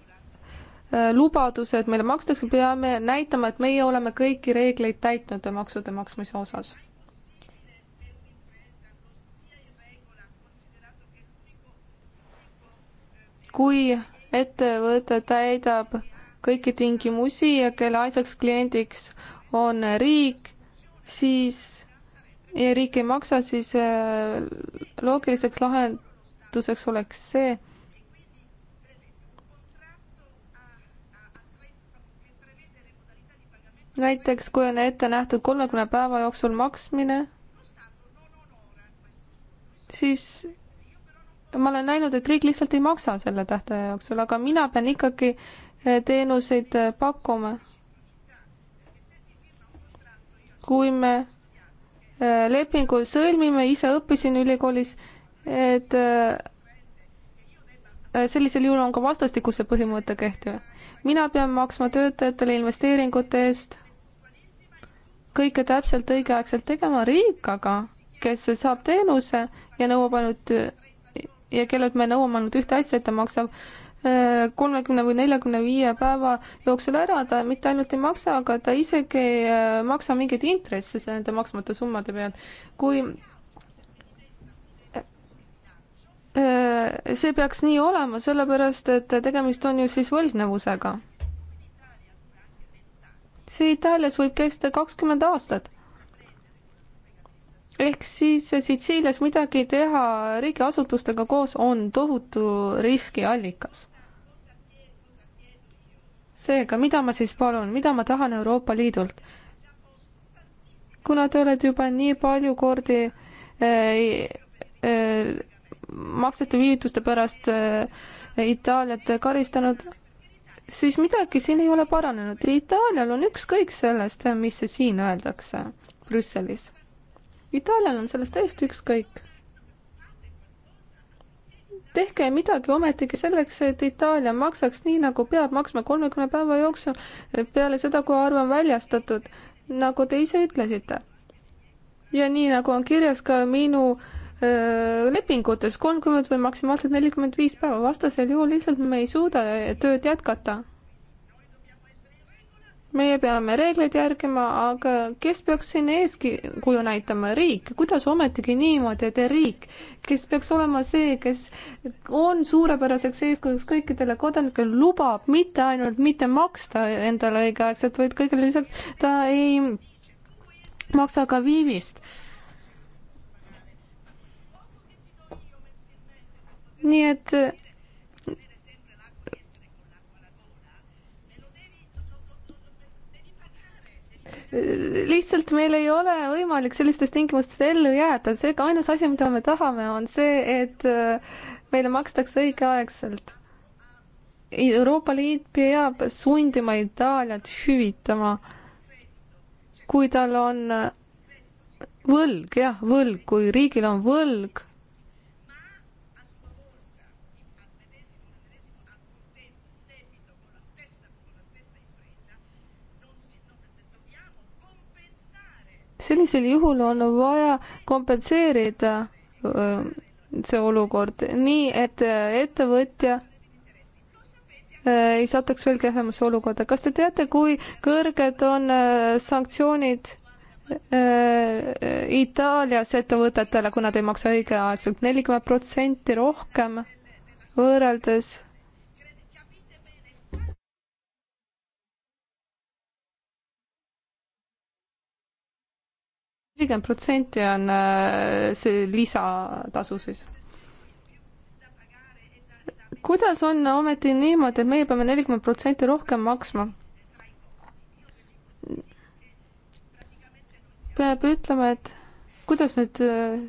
lubaduse, et meile makstakse, peame näitama, et meie oleme kõiki reegleid täitnud maksude maksmise osas. kui ettevõte täidab kõiki tingimusi ja kelle ainsaks kliendiks on riik, siis e-riik ei maksa, siis äh, loogiliseks lahenduseks oleks see, näiteks kui on ette nähtud kolmekümne päeva jooksul maksmine, siis ma olen näinud, et riik lihtsalt ei maksa selle tähtaja jooksul, aga mina pean ikkagi äh, teenuseid äh, pakkuma. kui me lepingu sõlmime, ise õppisin ülikoolis, et äh, sellisel juhul on ka vastastikuse põhimõte kehtiv. mina pean maksma töötajatele investeeringute eest kõike täpselt õigeaegselt tegema, riik aga, kes saab teenuse ja nõuab ainult ja kellelt me nõuame ainult ühte asja, et ta maksab äh, kolmekümne või neljakümne viie päeva jooksul ära, ta mitte ainult ei maksa, aga ta isegi ei äh, maksa mingeid intresse nende maksmata summade pealt. kui äh, see peaks nii olema, sellepärast et tegemist on ju siis võlgnevusega. see Itaalias võib kesta kakskümmend aastat ehk siis Sitsiilias midagi teha riigiasutustega koos on tohutu riskiallikas seega, mida ma siis palun, mida ma tahan Euroopa Liidult? kuna te olete juba nii palju kordi eh, eh, maksete viivituste pärast eh, Itaaliat karistanud, siis midagi siin ei ole paranenud. Itaalial on ükskõik sellest, mis siin öeldakse Brüsselis. Itaalial on sellest täiesti ükskõik tehke midagi ometigi selleks, et Itaalia maksaks nii, nagu peab maksma kolmekümne päeva jooksul peale seda, kui arve on väljastatud, nagu te ise ütlesite. ja nii, nagu on kirjas ka minu öö, lepingutes, kolmkümmend või maksimaalselt nelikümmend viis päeva, vastasel juhul lihtsalt me ei suuda tööd jätkata meie peame reegleid järgima, aga kes peaks siin eeskuju näitama, riik, kuidas ometigi niimoodi, et riik, kes peaks olema see, kes on suurepäraseks eeskujuks kõikidele kodanikele, lubab mitte ainult mitte maksta endale õigeaegselt, vaid kõigele lisaks ta ei maksa ka viivist nii et lihtsalt meil ei ole võimalik sellistes tingimustes ellu jääda, seega ainus asi, mida me tahame, on see, et äh, meile makstakse õigeaegselt. Euroopa Liit peab sundima Itaaliat hüvitama, kui tal on äh, võlg, jah, võlg, kui riigil on võlg sellisel juhul on vaja kompenseerida äh, see olukord nii, et äh, ettevõtja äh, ei satuks veel kehvemasse olukorda. kas te teate, kui kõrged on sanktsioonid Itaalias ettevõtetele, kui nad ei maksa õigeaegselt, nelikümmend protsenti rohkem võrreldes nelikümmend protsenti on äh, see lisatasu siis. kuidas on ometi niimoodi, et meie peame nelikümmend protsenti rohkem maksma? peab ütlema, et kuidas nüüd äh,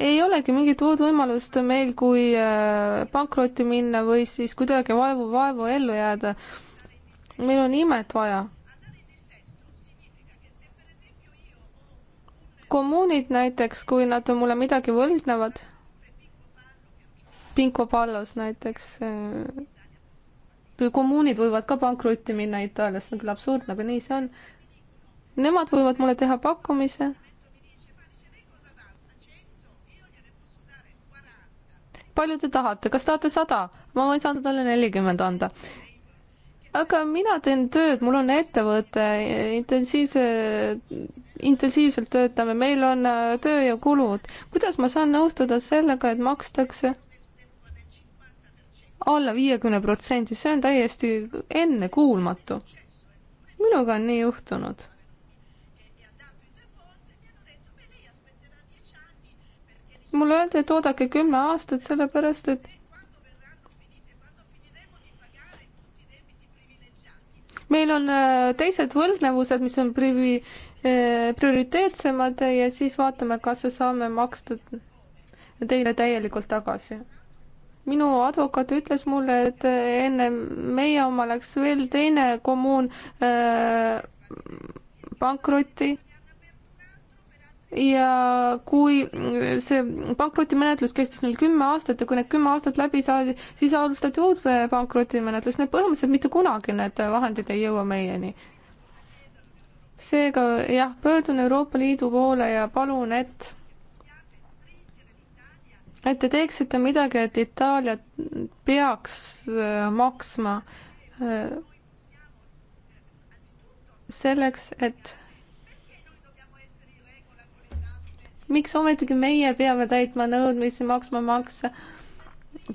ei olegi mingit muud võimalust meil, kui äh, pankrotti minna või siis kuidagi vaevu, vaevu ellu jääda. meil on imet vaja kommuunid näiteks, kui nad mulle midagi võlgnevad, Pinko Pallos näiteks, äh, kommuunid võivad ka pankrotti minna Itaalias, see on küll absurdne nagu, aga nii see on. Nemad võivad mulle teha pakkumise. palju te tahate, kas tahate sada? ma võin saada talle nelikümmend anda aga mina teen tööd, mul on ettevõte, intensiivse, intensiivselt töötame, meil on äh, tööjõukulud. kuidas ma saan nõustuda sellega, et makstakse alla viiekümne protsendi, see on täiesti ennekuulmatu. minuga on nii juhtunud mulle öeldi, et oodake kümme aastat, sellepärast et meil on äh, teised võlgnevused, mis on privi-, äh, prioriteetsemad ja siis vaatame, kas saame maksta teile täielikult tagasi. minu advokaat ütles mulle, et äh, enne meie oma läks veel teine kommuun pankrotti äh, ja kui see pankrotimenetlus kestis neil kümme aastat ja kui need kümme aastat läbi saadi, siis alustati uut pankrotimenetlust, nii et põhimõtteliselt mitte kunagi need vahendid ei jõua meieni. seega jah, pöördun Euroopa Liidu poole ja palun, et et te teeksite midagi, et Itaalia peaks äh, maksma äh, selleks, et miks ometigi meie peame täitma nõudmisi, maksma makse,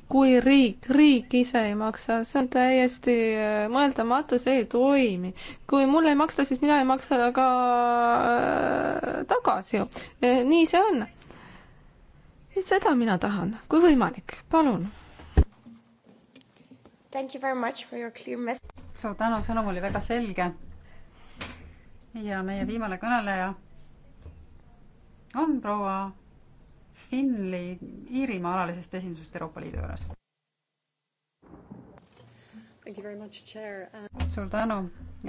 kui riik, riik ise ei maksa, see on täiesti äh, mõeldamatu, see ei toimi. kui mulle ei maksta, siis mina ei maksa ka äh, tagasi ju, äh, nii see on. seda mina tahan, kui võimalik, palun Thank you very much for your clear message. suur tänu, sõnum oli väga selge. ja meie viimane kõneleja on proua Finley Iirimaa alalisest esindusest Euroopa Liidu juures. Uh, suur tänu,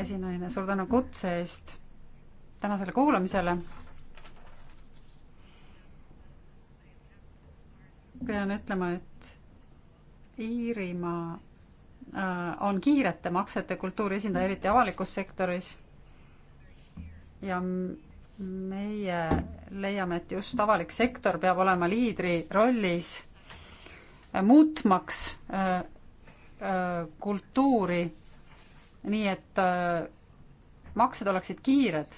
esinaine, suur tänu kutse eest tänasele kuulamisele. pean ütlema, et Iirimaa äh, on kiirete maksete kultuuri esindaja, eriti avalikus sektoris. ja meie leiame, et just avalik sektor peab olema liidri rollis, äh, muutmaks äh, äh, kultuuri nii, et maksed oleksid kiired.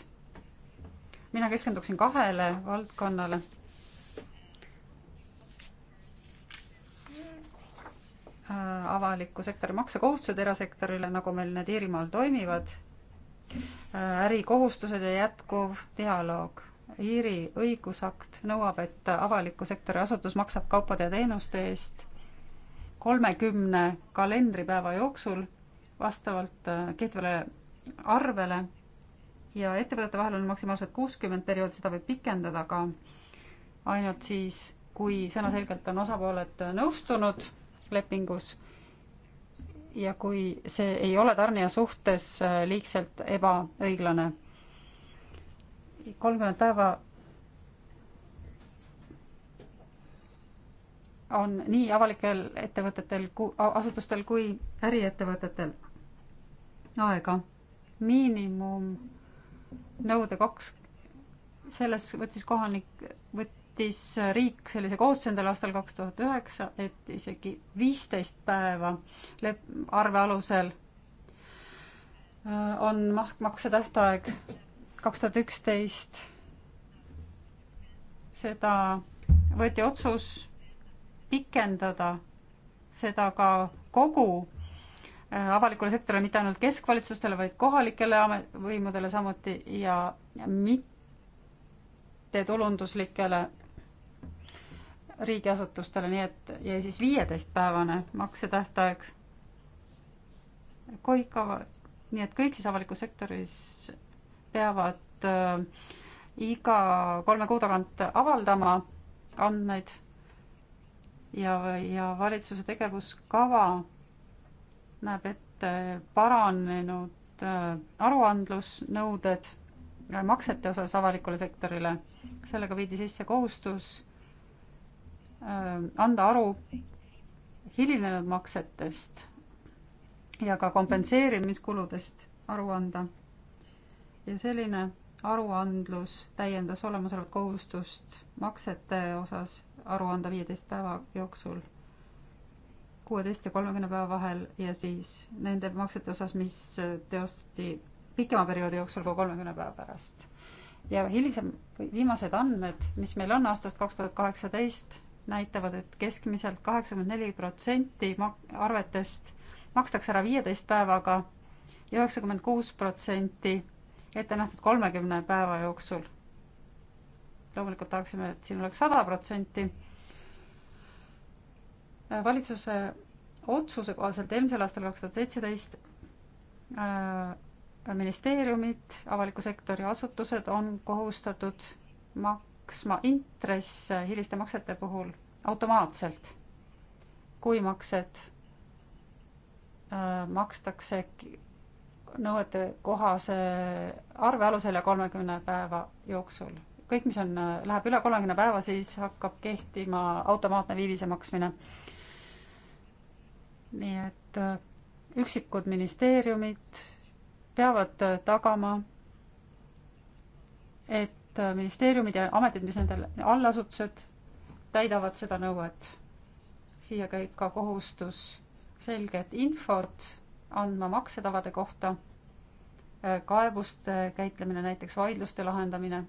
mina keskenduksin kahele valdkonnale. avaliku sektori maksekohustused erasektorile, nagu meil need Iirimaal toimivad Äh, ärikohustused ja jätkuv dialoog. Iiri õigusakt nõuab, et avaliku sektori asutus maksab kaupade ja teenuste eest kolmekümne kalendripäeva jooksul vastavalt äh, kehtivale arvele ja ettevõtete vahel on maksimaalselt kuuskümmend perioodi, seda võib pikendada ka ainult siis, kui sõnaselgelt on osapooled nõustunud lepingus ja kui see ei ole tarnija suhtes äh, liigselt ebaõiglane. kolmkümmend päeva on nii avalikel ettevõtetel, asutustel kui äriettevõtetel aega. miinimumnõude kaks, selles võttis kohanik, võt-, võttis riik sellise kohustuse endale aastal kaks tuhat üheksa, et isegi viisteist päeva lep-, arve alusel äh, on maht, maksetähtaeg kaks tuhat üksteist. seda võeti otsus pikendada seda ka kogu äh, avalikule sektorile, mitte ainult keskvalitsustele, vaid kohalikele võimudele samuti ja, ja mittetulunduslikele riigiasutustele, nii et ja siis viieteistpäevane maksetähtaeg. kõik, nii et kõik siis avalikus sektoris peavad äh, iga kolme kuu tagant avaldama andmeid ja, ja valitsuse tegevuskava näeb ette paranenud äh, aruandlusnõuded äh, maksete osas avalikule sektorile. sellega viidi sisse kohustus Äh, anda aru hilinenud maksetest ja ka kompenseerimiskuludest aru anda. ja selline aruandlus täiendas olemasolevat kohustust maksete osas aru anda viieteist päeva jooksul, kuueteist ja kolmekümne päeva vahel ja siis nende maksete osas, mis teostati pikema perioodi jooksul kui kolmekümne päeva pärast. ja hilisem, viimased andmed, mis meil on aastast kaks tuhat kaheksateist, näitavad, et keskmiselt kaheksakümmend neli protsenti arvetest makstakse ära viieteist päevaga ja üheksakümmend kuus protsenti ette nähtud kolmekümne päeva jooksul. loomulikult tahaksime, et siin oleks sada protsenti. valitsuse otsuse kohaselt eelmisel aastal kaks tuhat seitseteist äh, ministeeriumid, avaliku sektori asutused on kohustatud mak-, maksma intress hiliste maksete puhul automaatselt, kui maksed äh, makstakse nõuete kohase arve alusel ja kolmekümne päeva jooksul. kõik, mis on, äh, läheb üle kolmekümne päeva, siis hakkab kehtima automaatne viivise maksmine. nii et äh, üksikud ministeeriumid peavad tagama, et et äh, ministeeriumid ja ametid, mis nendel allasutused, täidavad seda nõuet. siia käib ka kohustus selget infot andma maksetavade kohta, äh, kaebuste käitlemine, näiteks vaidluste lahendamine,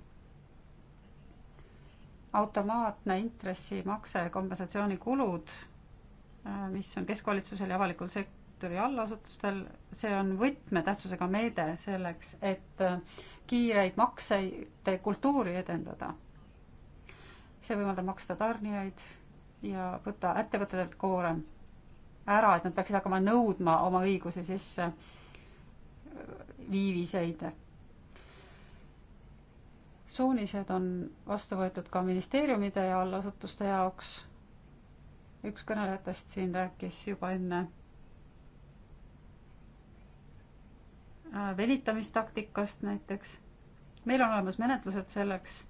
automaatne intressimakse kompensatsioonikulud, äh, mis on keskvalitsusel ja avalikul sek-, erasektori allasutustel, see on võtmetähtsusega meede selleks, et äh, kiireid makseid kultuuri edendada. see võimaldab maksta tarnijaid ja võtta ettevõtetelt koorem ära, et nad peaksid hakkama nõudma oma õigusi sisse äh, viiviseid. suunised on vastu võetud ka ministeeriumide ja allasutuste jaoks. üks kõnelejatest siin rääkis juba enne Äh, venitamistaktikast näiteks. meil on olemas menetlused selleks,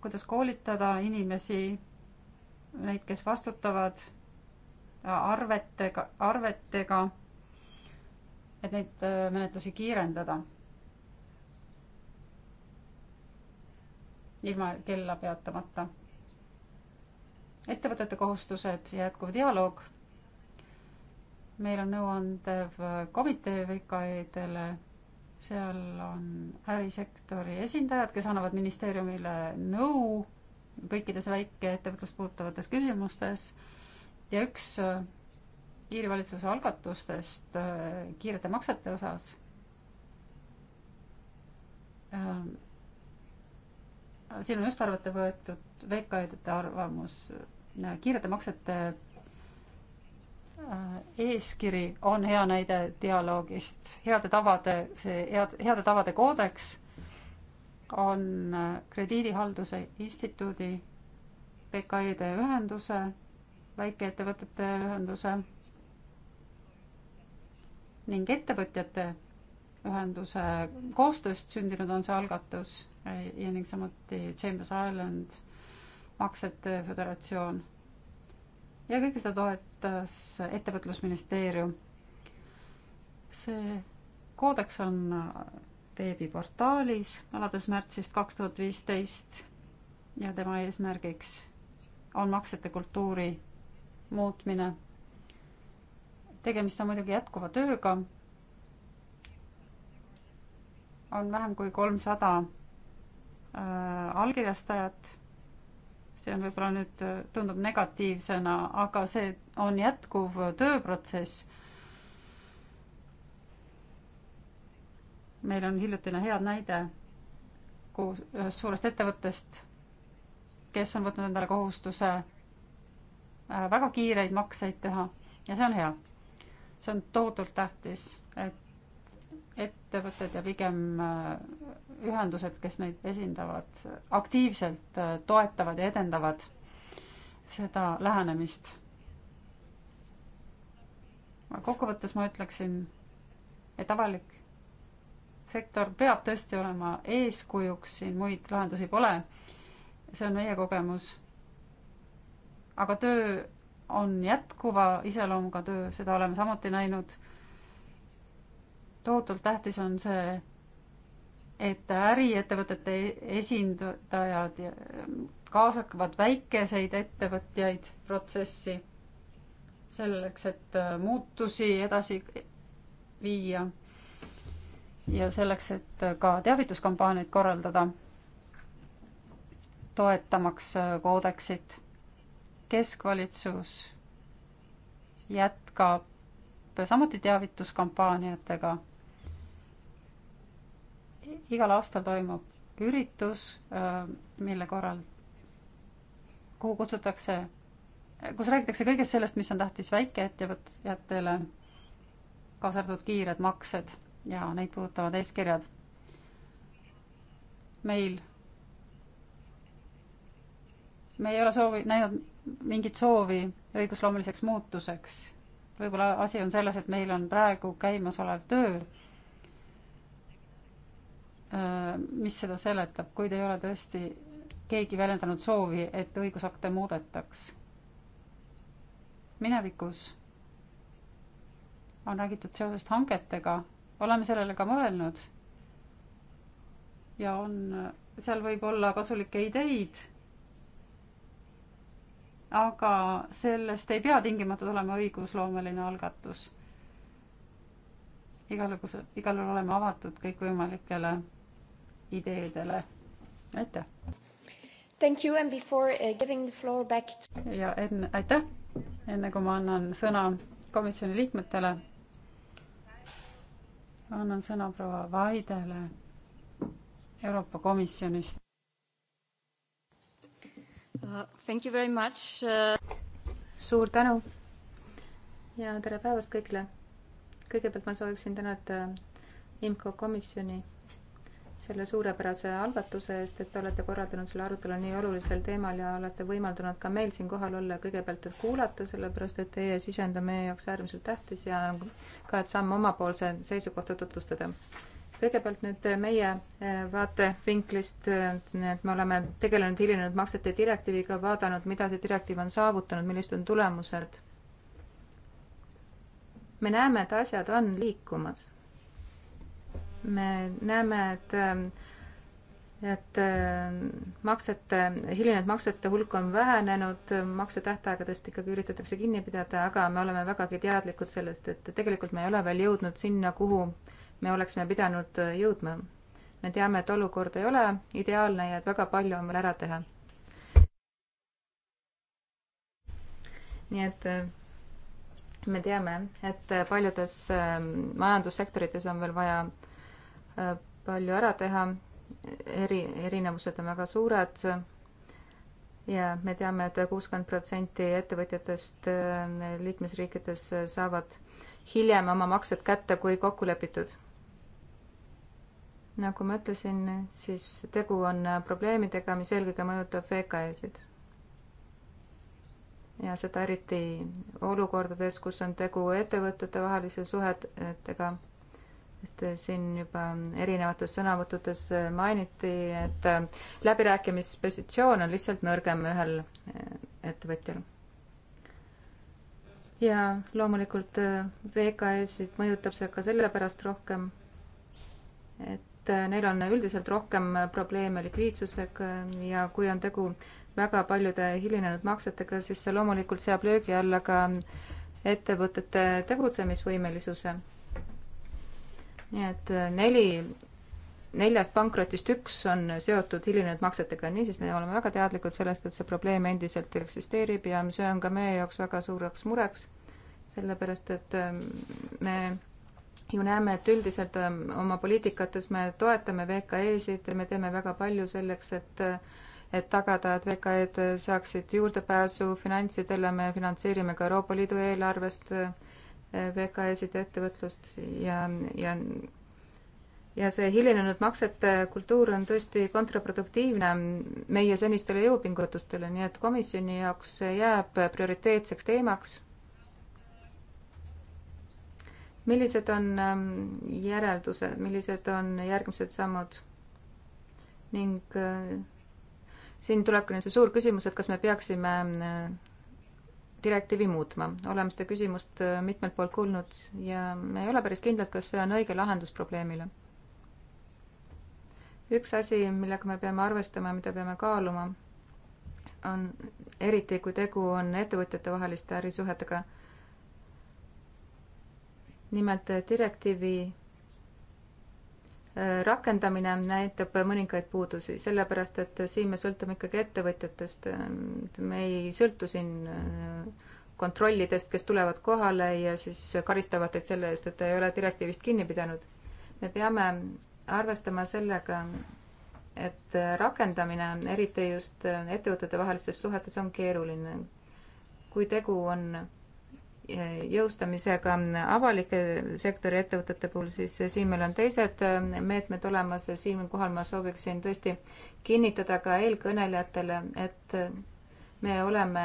kuidas koolitada inimesi, neid, kes vastutavad äh, arvetega, arvetega, et neid äh, menetlusi kiirendada. ilma kella peatamata. ettevõtete kohustused ja jätkuv dialoog meil on nõuandev komitee VKE-dele, seal on ärisektori esindajad, kes annavad ministeeriumile nõu kõikides väikeettevõtlust puudutavates küsimustes ja üks kiirvalitsuse äh, algatustest äh, kiirete maksete osas äh, siin on just arvete võetud VKE-de arvamus kiirete maksete Äh, eeskiri on hea näide dialoogist, heade tavade, see head, heade tavade koodeks on äh, Krediidihalduse Instituudi, PKE-de ühenduse, väikeettevõtete ühenduse ning ettevõtjate ühenduse koostööst sündinud on see algatus äh, ja ning samuti Chambers Island maksete föderatsioon ja kõike seda toetas Ettevõtlusministeerium. see koodeks on veebiportaalis alates märtsist kaks tuhat viisteist ja tema eesmärgiks on maksete kultuuri muutmine. tegemist on muidugi jätkuva tööga. on vähem kui kolmsada äh, allkirjastajat see on võib-olla nüüd, äh, tundub negatiivsena, aga see on jätkuv tööprotsess. meil on hiljutine hea näide kuhu, ühest suurest ettevõttest, kes on võtnud endale kohustuse äh, väga kiireid makseid teha ja see on hea. see on tohutult tähtis, et ettevõtted ja pigem äh, ühendused, kes neid esindavad, aktiivselt äh, toetavad ja edendavad seda lähenemist. kokkuvõttes ma ütleksin, et avalik sektor peab tõesti olema eeskujuks, siin muid lahendusi pole. see on meie kogemus. aga töö on jätkuva iseloomuga töö, seda oleme samuti näinud tohutult tähtis on see, et äriettevõtete esindajad ähm, kaasakavad väikeseid ettevõtjaid protsessi selleks, et äh, muutusi edasi viia ja selleks, et äh, ka teavituskampaaniaid korraldada, toetamaks koodeksit. Äh, keskvalitsus jätkab samuti teavituskampaaniatega igal aastal toimub üritus, äh, mille korral, kuhu kutsutakse, kus räägitakse kõigest sellest, mis on tähtis väikeettevõtjatele, kaasa arvatud kiired maksed ja neid puudutavad eeskirjad. meil, me ei ole soovi, näinud mingit soovi õigusloomeliseks muutuseks. võib-olla asi on selles, et meil on praegu käimasolev töö Äh, mis seda seletab, kuid ei ole tõesti keegi väljendanud soovi, et õigusakte muudetaks. minevikus on räägitud seosest hangetega, oleme sellele ka mõelnud. ja on, äh, seal võib olla kasulikke ideid. aga sellest ei pea tingimata tulema õigusloomeline algatus. igal juhul, igal juhul oleme avatud kõikvõimalikele ideedele. aitäh! Thank you and before uh, giving the floor back to... ja enne, aitäh, enne kui ma annan sõna komisjoni liikmetele, annan sõna proua Vaidele Euroopa Komisjonist uh,. Thank you very much uh.... suur tänu ja tere päevast kõigile. kõigepealt ma sooviksin tänada uh, IMCO komisjoni selle suurepärase algatuse eest, et olete korraldanud selle arutelu nii olulisel teemal ja olete võimaldanud ka meil siin kohal olla, kõigepealt, et kuulata, sellepärast et teie sisend on meie jaoks äärmiselt tähtis ja ka, et saame omapoolse seisukohta tutvustada. kõigepealt nüüd meie eh, vaatevinklist, eh, et me oleme tegelenud hilinenud maksete direktiiviga, vaadanud, mida see direktiiv on saavutanud, millised on tulemused. me näeme, et asjad on liikumas me näeme, et ähm, et ähm, maksete, hilinenud maksete hulk on vähenenud, maksetähtaegadest ikkagi üritatakse kinni pidada, aga me oleme vägagi teadlikud sellest, et tegelikult me ei ole veel jõudnud sinna, kuhu me oleksime pidanud äh, jõudma. me teame, et olukord ei ole ideaalne ja et väga palju on veel ära teha. nii et äh, me teame, et paljudes ähm, majandussektorites on veel vaja palju ära teha. eri, erinevused on väga suured. ja me teame et, et kuuskümmend protsenti ettevõtjatest äh, liikmesriikides äh, saavad hiljem oma maksed kätte, kui kokku lepitud. nagu ma ütlesin, siis tegu on äh, probleemidega, mis eelkõige mõjutab VKE-sid ja seda eriti olukordades, kus on tegu ettevõtete vahelise suhetega et sest äh, siin juba erinevates sõnavõttudes äh, mainiti, et äh, läbirääkimispositsioon on lihtsalt nõrgem ühel ettevõtjal. ja loomulikult VKS-id mõjutab see ka sellepärast rohkem, et neil on üldiselt rohkem probleeme likviidsusega ja kui on tegu väga paljude hilinenud maksetega, siis see loomulikult seab löögi alla ka ettevõtete tegutsemisvõimelisuse nii et äh, neli, neljast pankrotist üks on seotud hilinenud maksetega, niisiis me oleme väga teadlikud sellest, et see probleem endiselt eksisteerib ja see on ka meie jaoks väga suureks mureks, sellepärast et ähm, me ju näeme, et üldiselt ähm, oma poliitikates me toetame VKE-sid, me teeme väga palju selleks, et äh, et tagada, et VKE-d saaksid juurdepääsu finantsidele, me finantseerime ka Euroopa Liidu eelarvest äh, VKS-id, ettevõtlust ja, ja ja see hilinenud maksete kultuur on tõesti kontraproduktiivne meie senistele jõupingutustele, nii et komisjoni jaoks jääb prioriteetseks teemaks. millised on ähm, järeldused, millised on järgmised sammud? ning äh, siin tulebki nüüd see suur küsimus, et kas me peaksime äh, direktiivi muutma. oleme seda küsimust äh, mitmelt poolt kuulnud ja me ei ole päris kindlad, kas see on õige lahendus probleemile. üks asi, millega me peame arvestama, mida peame kaaluma, on eriti, kui tegu on ettevõtjatevaheliste ärisuhetega. nimelt äh, direktiivi rakendamine näitab mõningaid puudusi, sellepärast et siin me sõltume ikkagi ettevõtjatest. me ei sõltu siin äh, kontrollidest, kes tulevad kohale ja siis karistavad teid selle eest, et te ei ole direktiivist kinni pidanud. me peame arvestama sellega, et rakendamine, eriti just äh, ettevõtete vahelistes suhetes, on keeruline. kui tegu on jõustamisega avalike sektori ettevõtete puhul, siis siin meil on teised meetmed olemas, siinkohal ma sooviksin tõesti kinnitada ka eelkõnelejatele, et me oleme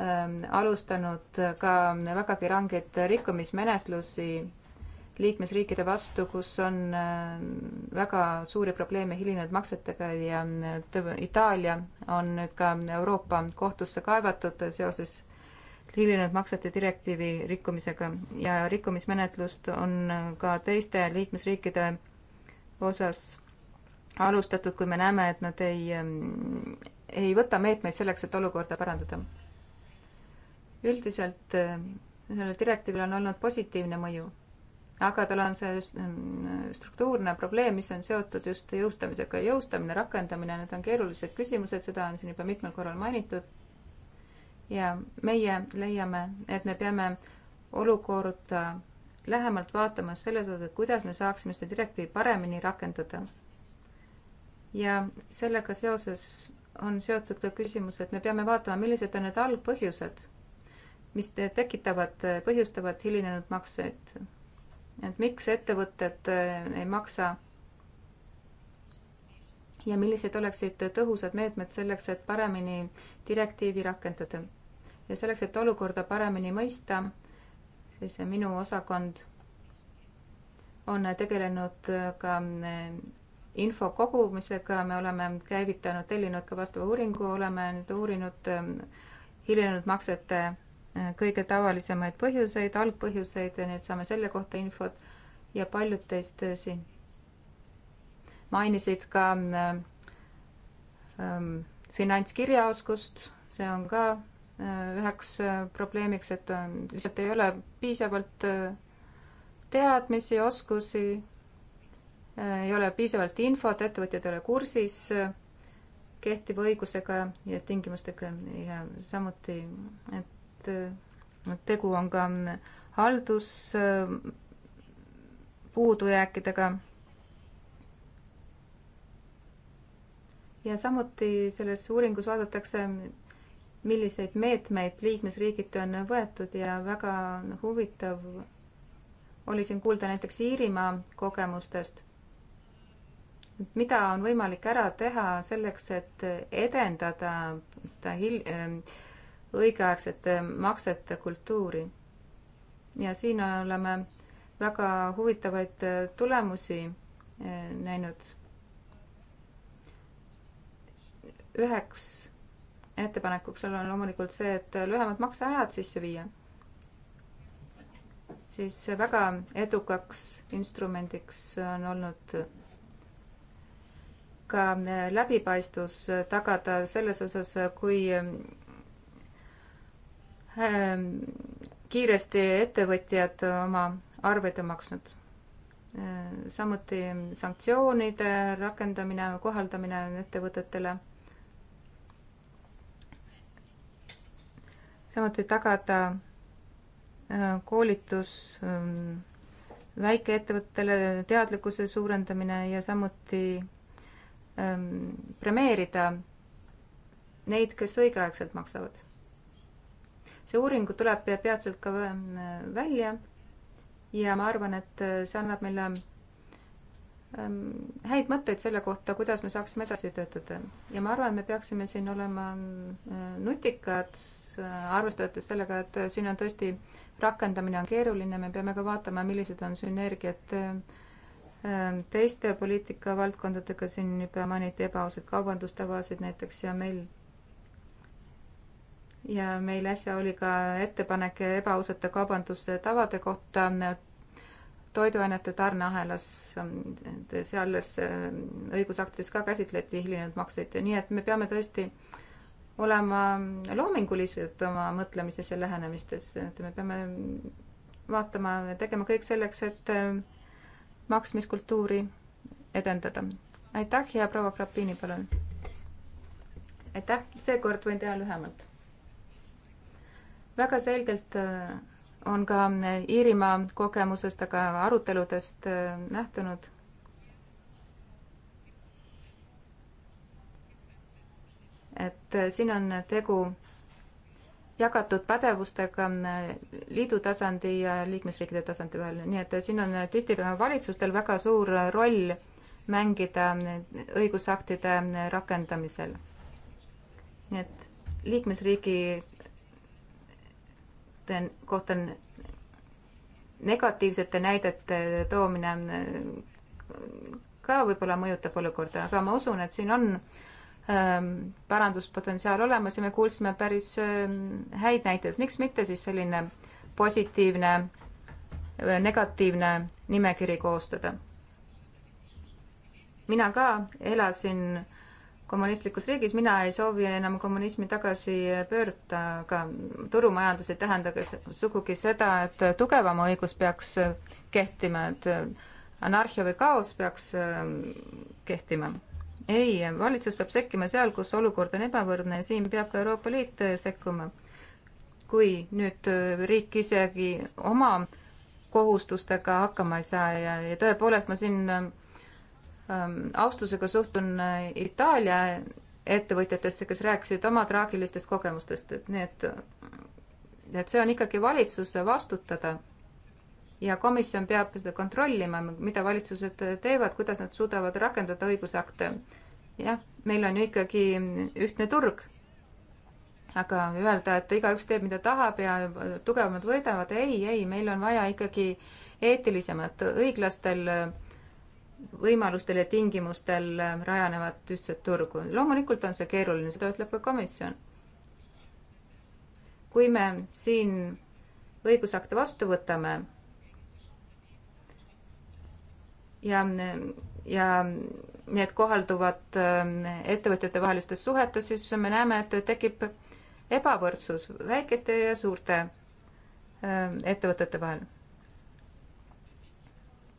ähm, alustanud ka vägagi rangeid rikkumismenetlusi liikmesriikide vastu, kus on äh, väga suuri probleeme hilinenud maksetega ja äh, Itaalia on nüüd ka Euroopa kohtusse kaevatud seoses hilinenud maksete direktiivi rikkumisega ja rikkumismenetlust on ka teiste liikmesriikide osas alustatud, kui me näeme, et nad ei, mm, ei võta meetmeid selleks, et olukorda parandada. üldiselt mm, sellel direktiivil on olnud positiivne mõju, aga tal on see mm, struktuurne probleem, mis on seotud just jõustamisega. jõustamine, rakendamine, need on keerulised küsimused, seda on siin juba mitmel korral mainitud ja meie leiame, et me peame olukorda lähemalt vaatama selles osas, et kuidas me saaksime seda direktiivi paremini rakendada. ja sellega seoses on seotud ka küsimus, et me peame vaatama, millised on need algpõhjused, mis tekitavad, põhjustavad hilinenud makseid. et miks ettevõtted eh, ei maksa ja millised oleksid tõhusad meetmed selleks, et paremini direktiivi rakendada ja selleks, et olukorda paremini mõista, siis minu osakond on tegelenud ka eh, info kogumisega, me oleme käivitanud, tellinud ka vastava uuringu, oleme nüüd uurinud eh, hilinenud maksete eh, kõige tavalisemaid põhjuseid, algpõhjuseid ja nii et saame selle kohta infot ja paljud teist siin mainisid ka ähm, finantskirjaoskust, see on ka Äh, üheks äh, probleemiks, et on, lihtsalt ei ole piisavalt äh, teadmisi, oskusi, ei ole piisavalt infot, ettevõtjad ei ole kursis kehtiva õigusega ja tingimustega ja samuti, et tegu on ka mm, halduspuudujääkidega. ja samuti selles uuringus vaadatakse milliseid meetmeid liikmesriigiti on võetud ja väga noh, huvitav oli siin kuulda näiteks Iirimaa kogemustest. et mida on võimalik ära teha selleks, et edendada seda hil-, ähm, õigeaegsete ähm, maksete kultuuri. ja siin oleme väga huvitavaid äh, tulemusi äh, näinud. üheks ettepanekuks on loomulikult see, et lühemad makseajad sisse viia, siis väga edukaks instrumendiks on olnud ka läbipaistvus tagada selles osas, kui ähm, kiiresti ettevõtjad oma arveid on maksnud. Äh, samuti sanktsioonide rakendamine, kohaldamine ettevõtetele samuti tagada äh, koolitus ähm, väikeettevõttele, teadlikkuse suurendamine ja samuti ähm, premeerida neid, kes õigeaegselt maksavad. see uuring tuleb peatselt ka äh, välja ja ma arvan, et äh, see annab meile Ehm, häid mõtteid selle kohta, kuidas me saaksime edasi töötada. ja ma arvan, et me peaksime siin olema äh, nutikad, äh, arvestades sellega, et äh, siin on tõesti rakendamine on keeruline, me peame ka vaatama, millised on sünergiad teiste poliitikavaldkondadega, siin juba mainiti ebaausaid kaubandustavasid näiteks ja meil ja meil äsja oli ka ettepanek ebaausate kaubandustavade kohta toiduainete tarneahelas, ähm, sealses ähm, õigusaktides ka käsitleti hilinenud makseid, nii et me peame tõesti olema loomingulised oma mõtlemises ja lähenemistes, et me peame vaatama ja tegema kõik selleks, et äh, maksmiskultuuri edendada. aitäh ja proua Krapini, palun. aitäh, seekord võin teha lühemalt. väga selgelt äh, on ka Iirimaa kogemusest, aga aruteludest äh, nähtunud. et äh, siin on tegu jagatud pädevustega äh, liidu tasandi ja liikmesriikide tasandi vahel, nii et siin on tihti ka valitsustel väga suur roll mängida õigusaktide rakendamisel. nii et liikmesriigi kohta negatiivsete näidete toomine ka võib-olla mõjutab olukorda, aga ma usun, et siin on ähm, paranduspotentsiaal olemas ja me kuulsime päris ähm, häid näiteid, miks mitte siis selline positiivne, äh, negatiivne nimekiri koostada. mina ka elasin kommunistlikus riigis, mina ei soovi enam kommunismi tagasi pöörata, aga turumajandus ei tähenda sugugi seda, et tugevama õigus peaks äh, kehtima, et äh, anarhia või kaos peaks äh, kehtima. ei, valitsus peab sekkima seal, kus olukord on ebavõrdne ja siin peab ka Euroopa Liit sekkuma. kui nüüd riik isegi oma kohustustega hakkama ei saa ja, ja tõepoolest ma siin Ähm, austusega suhtun äh, Itaalia ettevõtjatesse, kes rääkisid oma traagilistest kogemustest, et need, et see on ikkagi valitsuse vastutada ja komisjon peab seda kontrollima, mida valitsused teevad, kuidas nad suudavad rakendada õigusakte. jah, meil on ju ikkagi ühtne turg. aga öelda, et igaüks teeb, mida tahab ja tugevamad võidavad, ei, ei, meil on vaja ikkagi eetilisemat, õiglastel äh, võimalustel ja tingimustel rajanevat ühtset turgu. loomulikult on see keeruline, seda ütleb ka komisjon. kui me siin õigusakte vastu võtame ja, ja need kohalduvad äh, ettevõtjate vahelistes suhetes, siis me näeme, et tekib ebavõrdsus väikeste ja suurte äh, ettevõtete vahel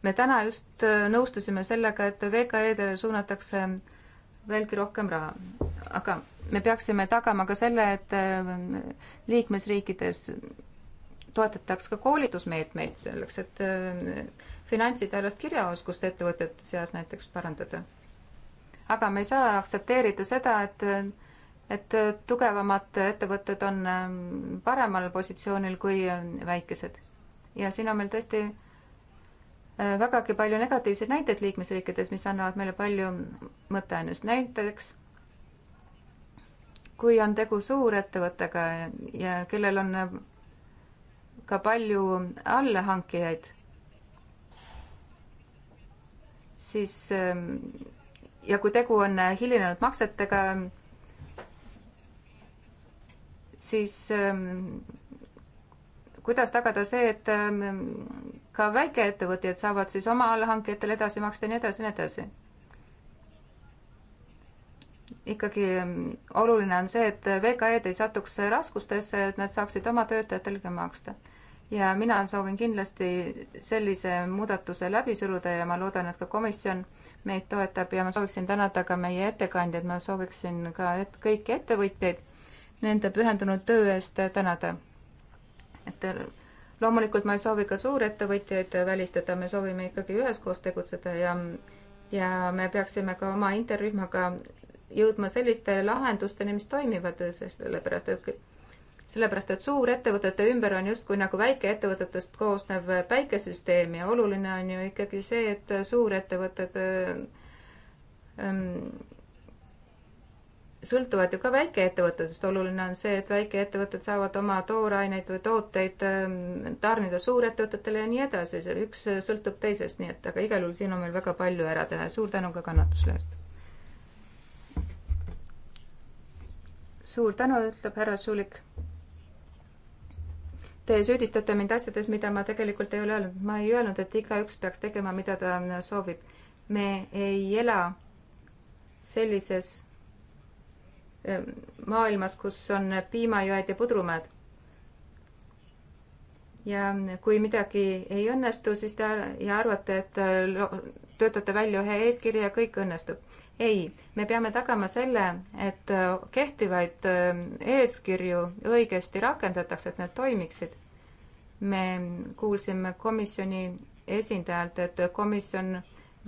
me täna just äh, nõustusime sellega, et VKE-dele suunatakse veelgi rohkem raha, aga me peaksime tagama ka selle, et äh, liikmesriikides toetataks ka koolitusmeetmeid selleks, et äh, finantsidealast kirjaoskust ettevõtete seas näiteks parandada. aga me ei saa aktsepteerida seda, et, et tugevamad ettevõtted on paremal positsioonil kui väikesed. ja siin on meil tõesti äh, Äh, vägagi palju negatiivseid näiteid liikmesriikides, mis annavad meile palju mõtteainest. näiteks kui on tegu suurettevõttega ja kellel on ka palju allahankijaid, siis äh, ja kui tegu on hilinenud maksetega, siis äh, kuidas tagada see, et ka väikeettevõtjad saavad siis oma allhankijatel edasi maksta ja nii edasi ja nii edasi. ikkagi mm, oluline on see, et VKE-d ei satuks raskustesse, et nad saaksid oma töötajatelgi maksta. ja mina soovin kindlasti sellise muudatuse läbi suruda ja ma loodan, et ka komisjon meid toetab ja ma sooviksin tänada ka meie ettekandjaid, ma sooviksin ka et kõiki ettevõtjaid nende pühendunud töö eest tänada. et loomulikult ma ei soovi ka suurettevõtjaid välistada, me soovime ikkagi üheskoos tegutseda ja, ja me peaksime ka oma interrühmaga jõudma selliste lahendusteni, mis toimivad, sellepärast et sellepärast, et suurettevõtete ümber on justkui nagu väikeettevõtetest koosnev päikesüsteem ja oluline on ju ikkagi see, et suurettevõtted ähm, sõltuvad ju ka väikeettevõtetest, oluline on see, et väikeettevõtted saavad oma tooraineid või tooteid ähm, tarnida suurettevõtetele ja nii edasi, üks sõltub teisest, nii et aga igal juhul siin on meil väga palju ära teha ja suur tänu ka kannatusele eest. suur tänu, ütleb härra Sulik. Te süüdistate mind asjades, mida ma tegelikult ei ole öelnud, ma ei öelnud, et igaüks peaks tegema, mida ta soovib. me ei ela sellises Ehm, maailmas, kus on piimajõed ja pudrumäed. ja kui midagi ei õnnestu, siis te ja arvate, et äh, töötate välja ühe eeskirja ja kõik õnnestub. ei, me peame tagama selle, et äh, kehtivaid ähm, eeskirju õigesti rakendatakse, et need toimiksid. me kuulsime komisjoni esindajalt, et komisjon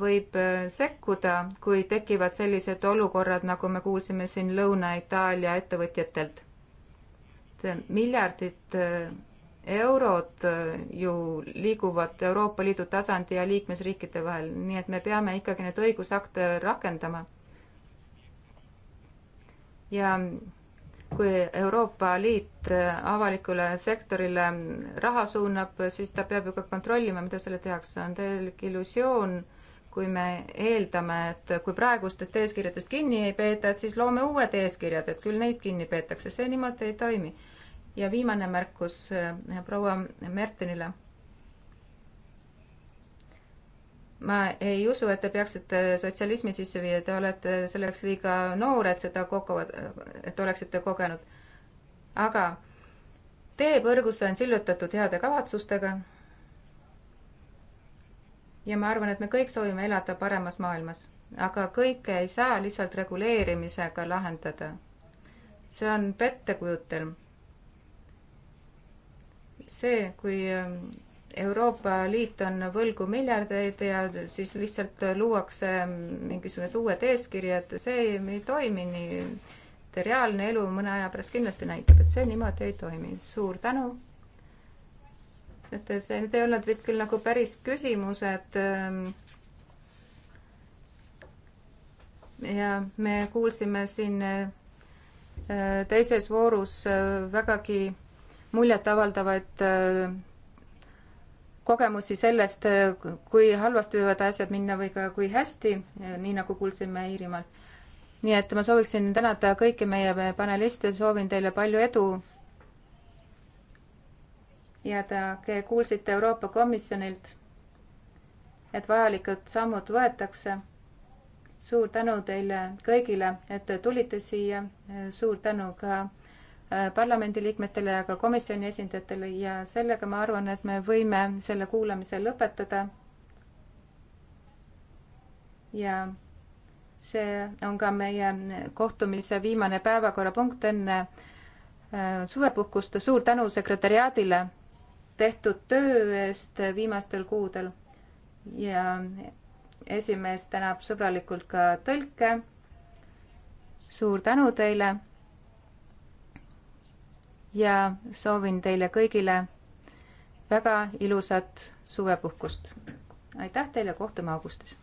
võib äh, sekkuda, kui tekivad sellised olukorrad, nagu me kuulsime siin Lõuna-Itaalia ettevõtjatelt. miljardid äh, eurod äh, ju liiguvad Euroopa Liidu tasandi ja liikmesriikide vahel, nii et me peame ikkagi neid õigusakte rakendama. ja kui Euroopa Liit avalikule sektorile raha suunab, siis ta peab ju ka kontrollima, mida selle tehakse, on täielik illusioon kui me eeldame, et kui praegustest eeskirjadest kinni ei peeta, et siis loome uued eeskirjad, et küll neist kinni peetakse, see niimoodi ei toimi. ja viimane märkus eh, proua Mertenile. ma ei usu, et te peaksite sotsialismi sisse viia, te olete selleks liiga noor, et seda kogevad, et oleksite kogenud. aga tee põrgusse on sillutatud heade kavatsustega ja ma arvan, et me kõik soovime elada paremas maailmas, aga kõike ei saa lihtsalt reguleerimisega lahendada. see on pettekujutelm. see, kui ähm, Euroopa Liit on võlgu miljardeid ja siis lihtsalt luuakse ähm, mingisugused uued eeskirjad, see ei toimi nii. reaalne elu mõne aja pärast kindlasti näitab, et see niimoodi ei toimi. suur tänu et see nüüd ei olnud vist küll nagu päris küsimus, et ähm, ja me kuulsime siin äh, teises voorus äh, vägagi muljetavaldavaid äh, kogemusi sellest, kui halvasti võivad asjad minna või ka kui hästi, nii nagu kuulsime Iirimaalt. nii et ma sooviksin tänada kõiki meie paneliste, soovin teile palju edu ja te kuulsite Euroopa Komisjonilt, et vajalikud sammud võetakse. suur tänu teile kõigile, et tulite siia, suur tänu ka äh, parlamendiliikmetele ja ka komisjoni esindajatele ja sellega ma arvan, et me võime selle kuulamise lõpetada. ja see on ka meie kohtumise viimane päevakorrapunkt enne äh, suvepuhkust. suur tänu sekretäriaadile tehtud töö eest viimastel kuudel ja esimees tänab sõbralikult ka tõlke. suur tänu teile. ja soovin teile kõigile väga ilusat suvepuhkust. aitäh teile, kohtume augustis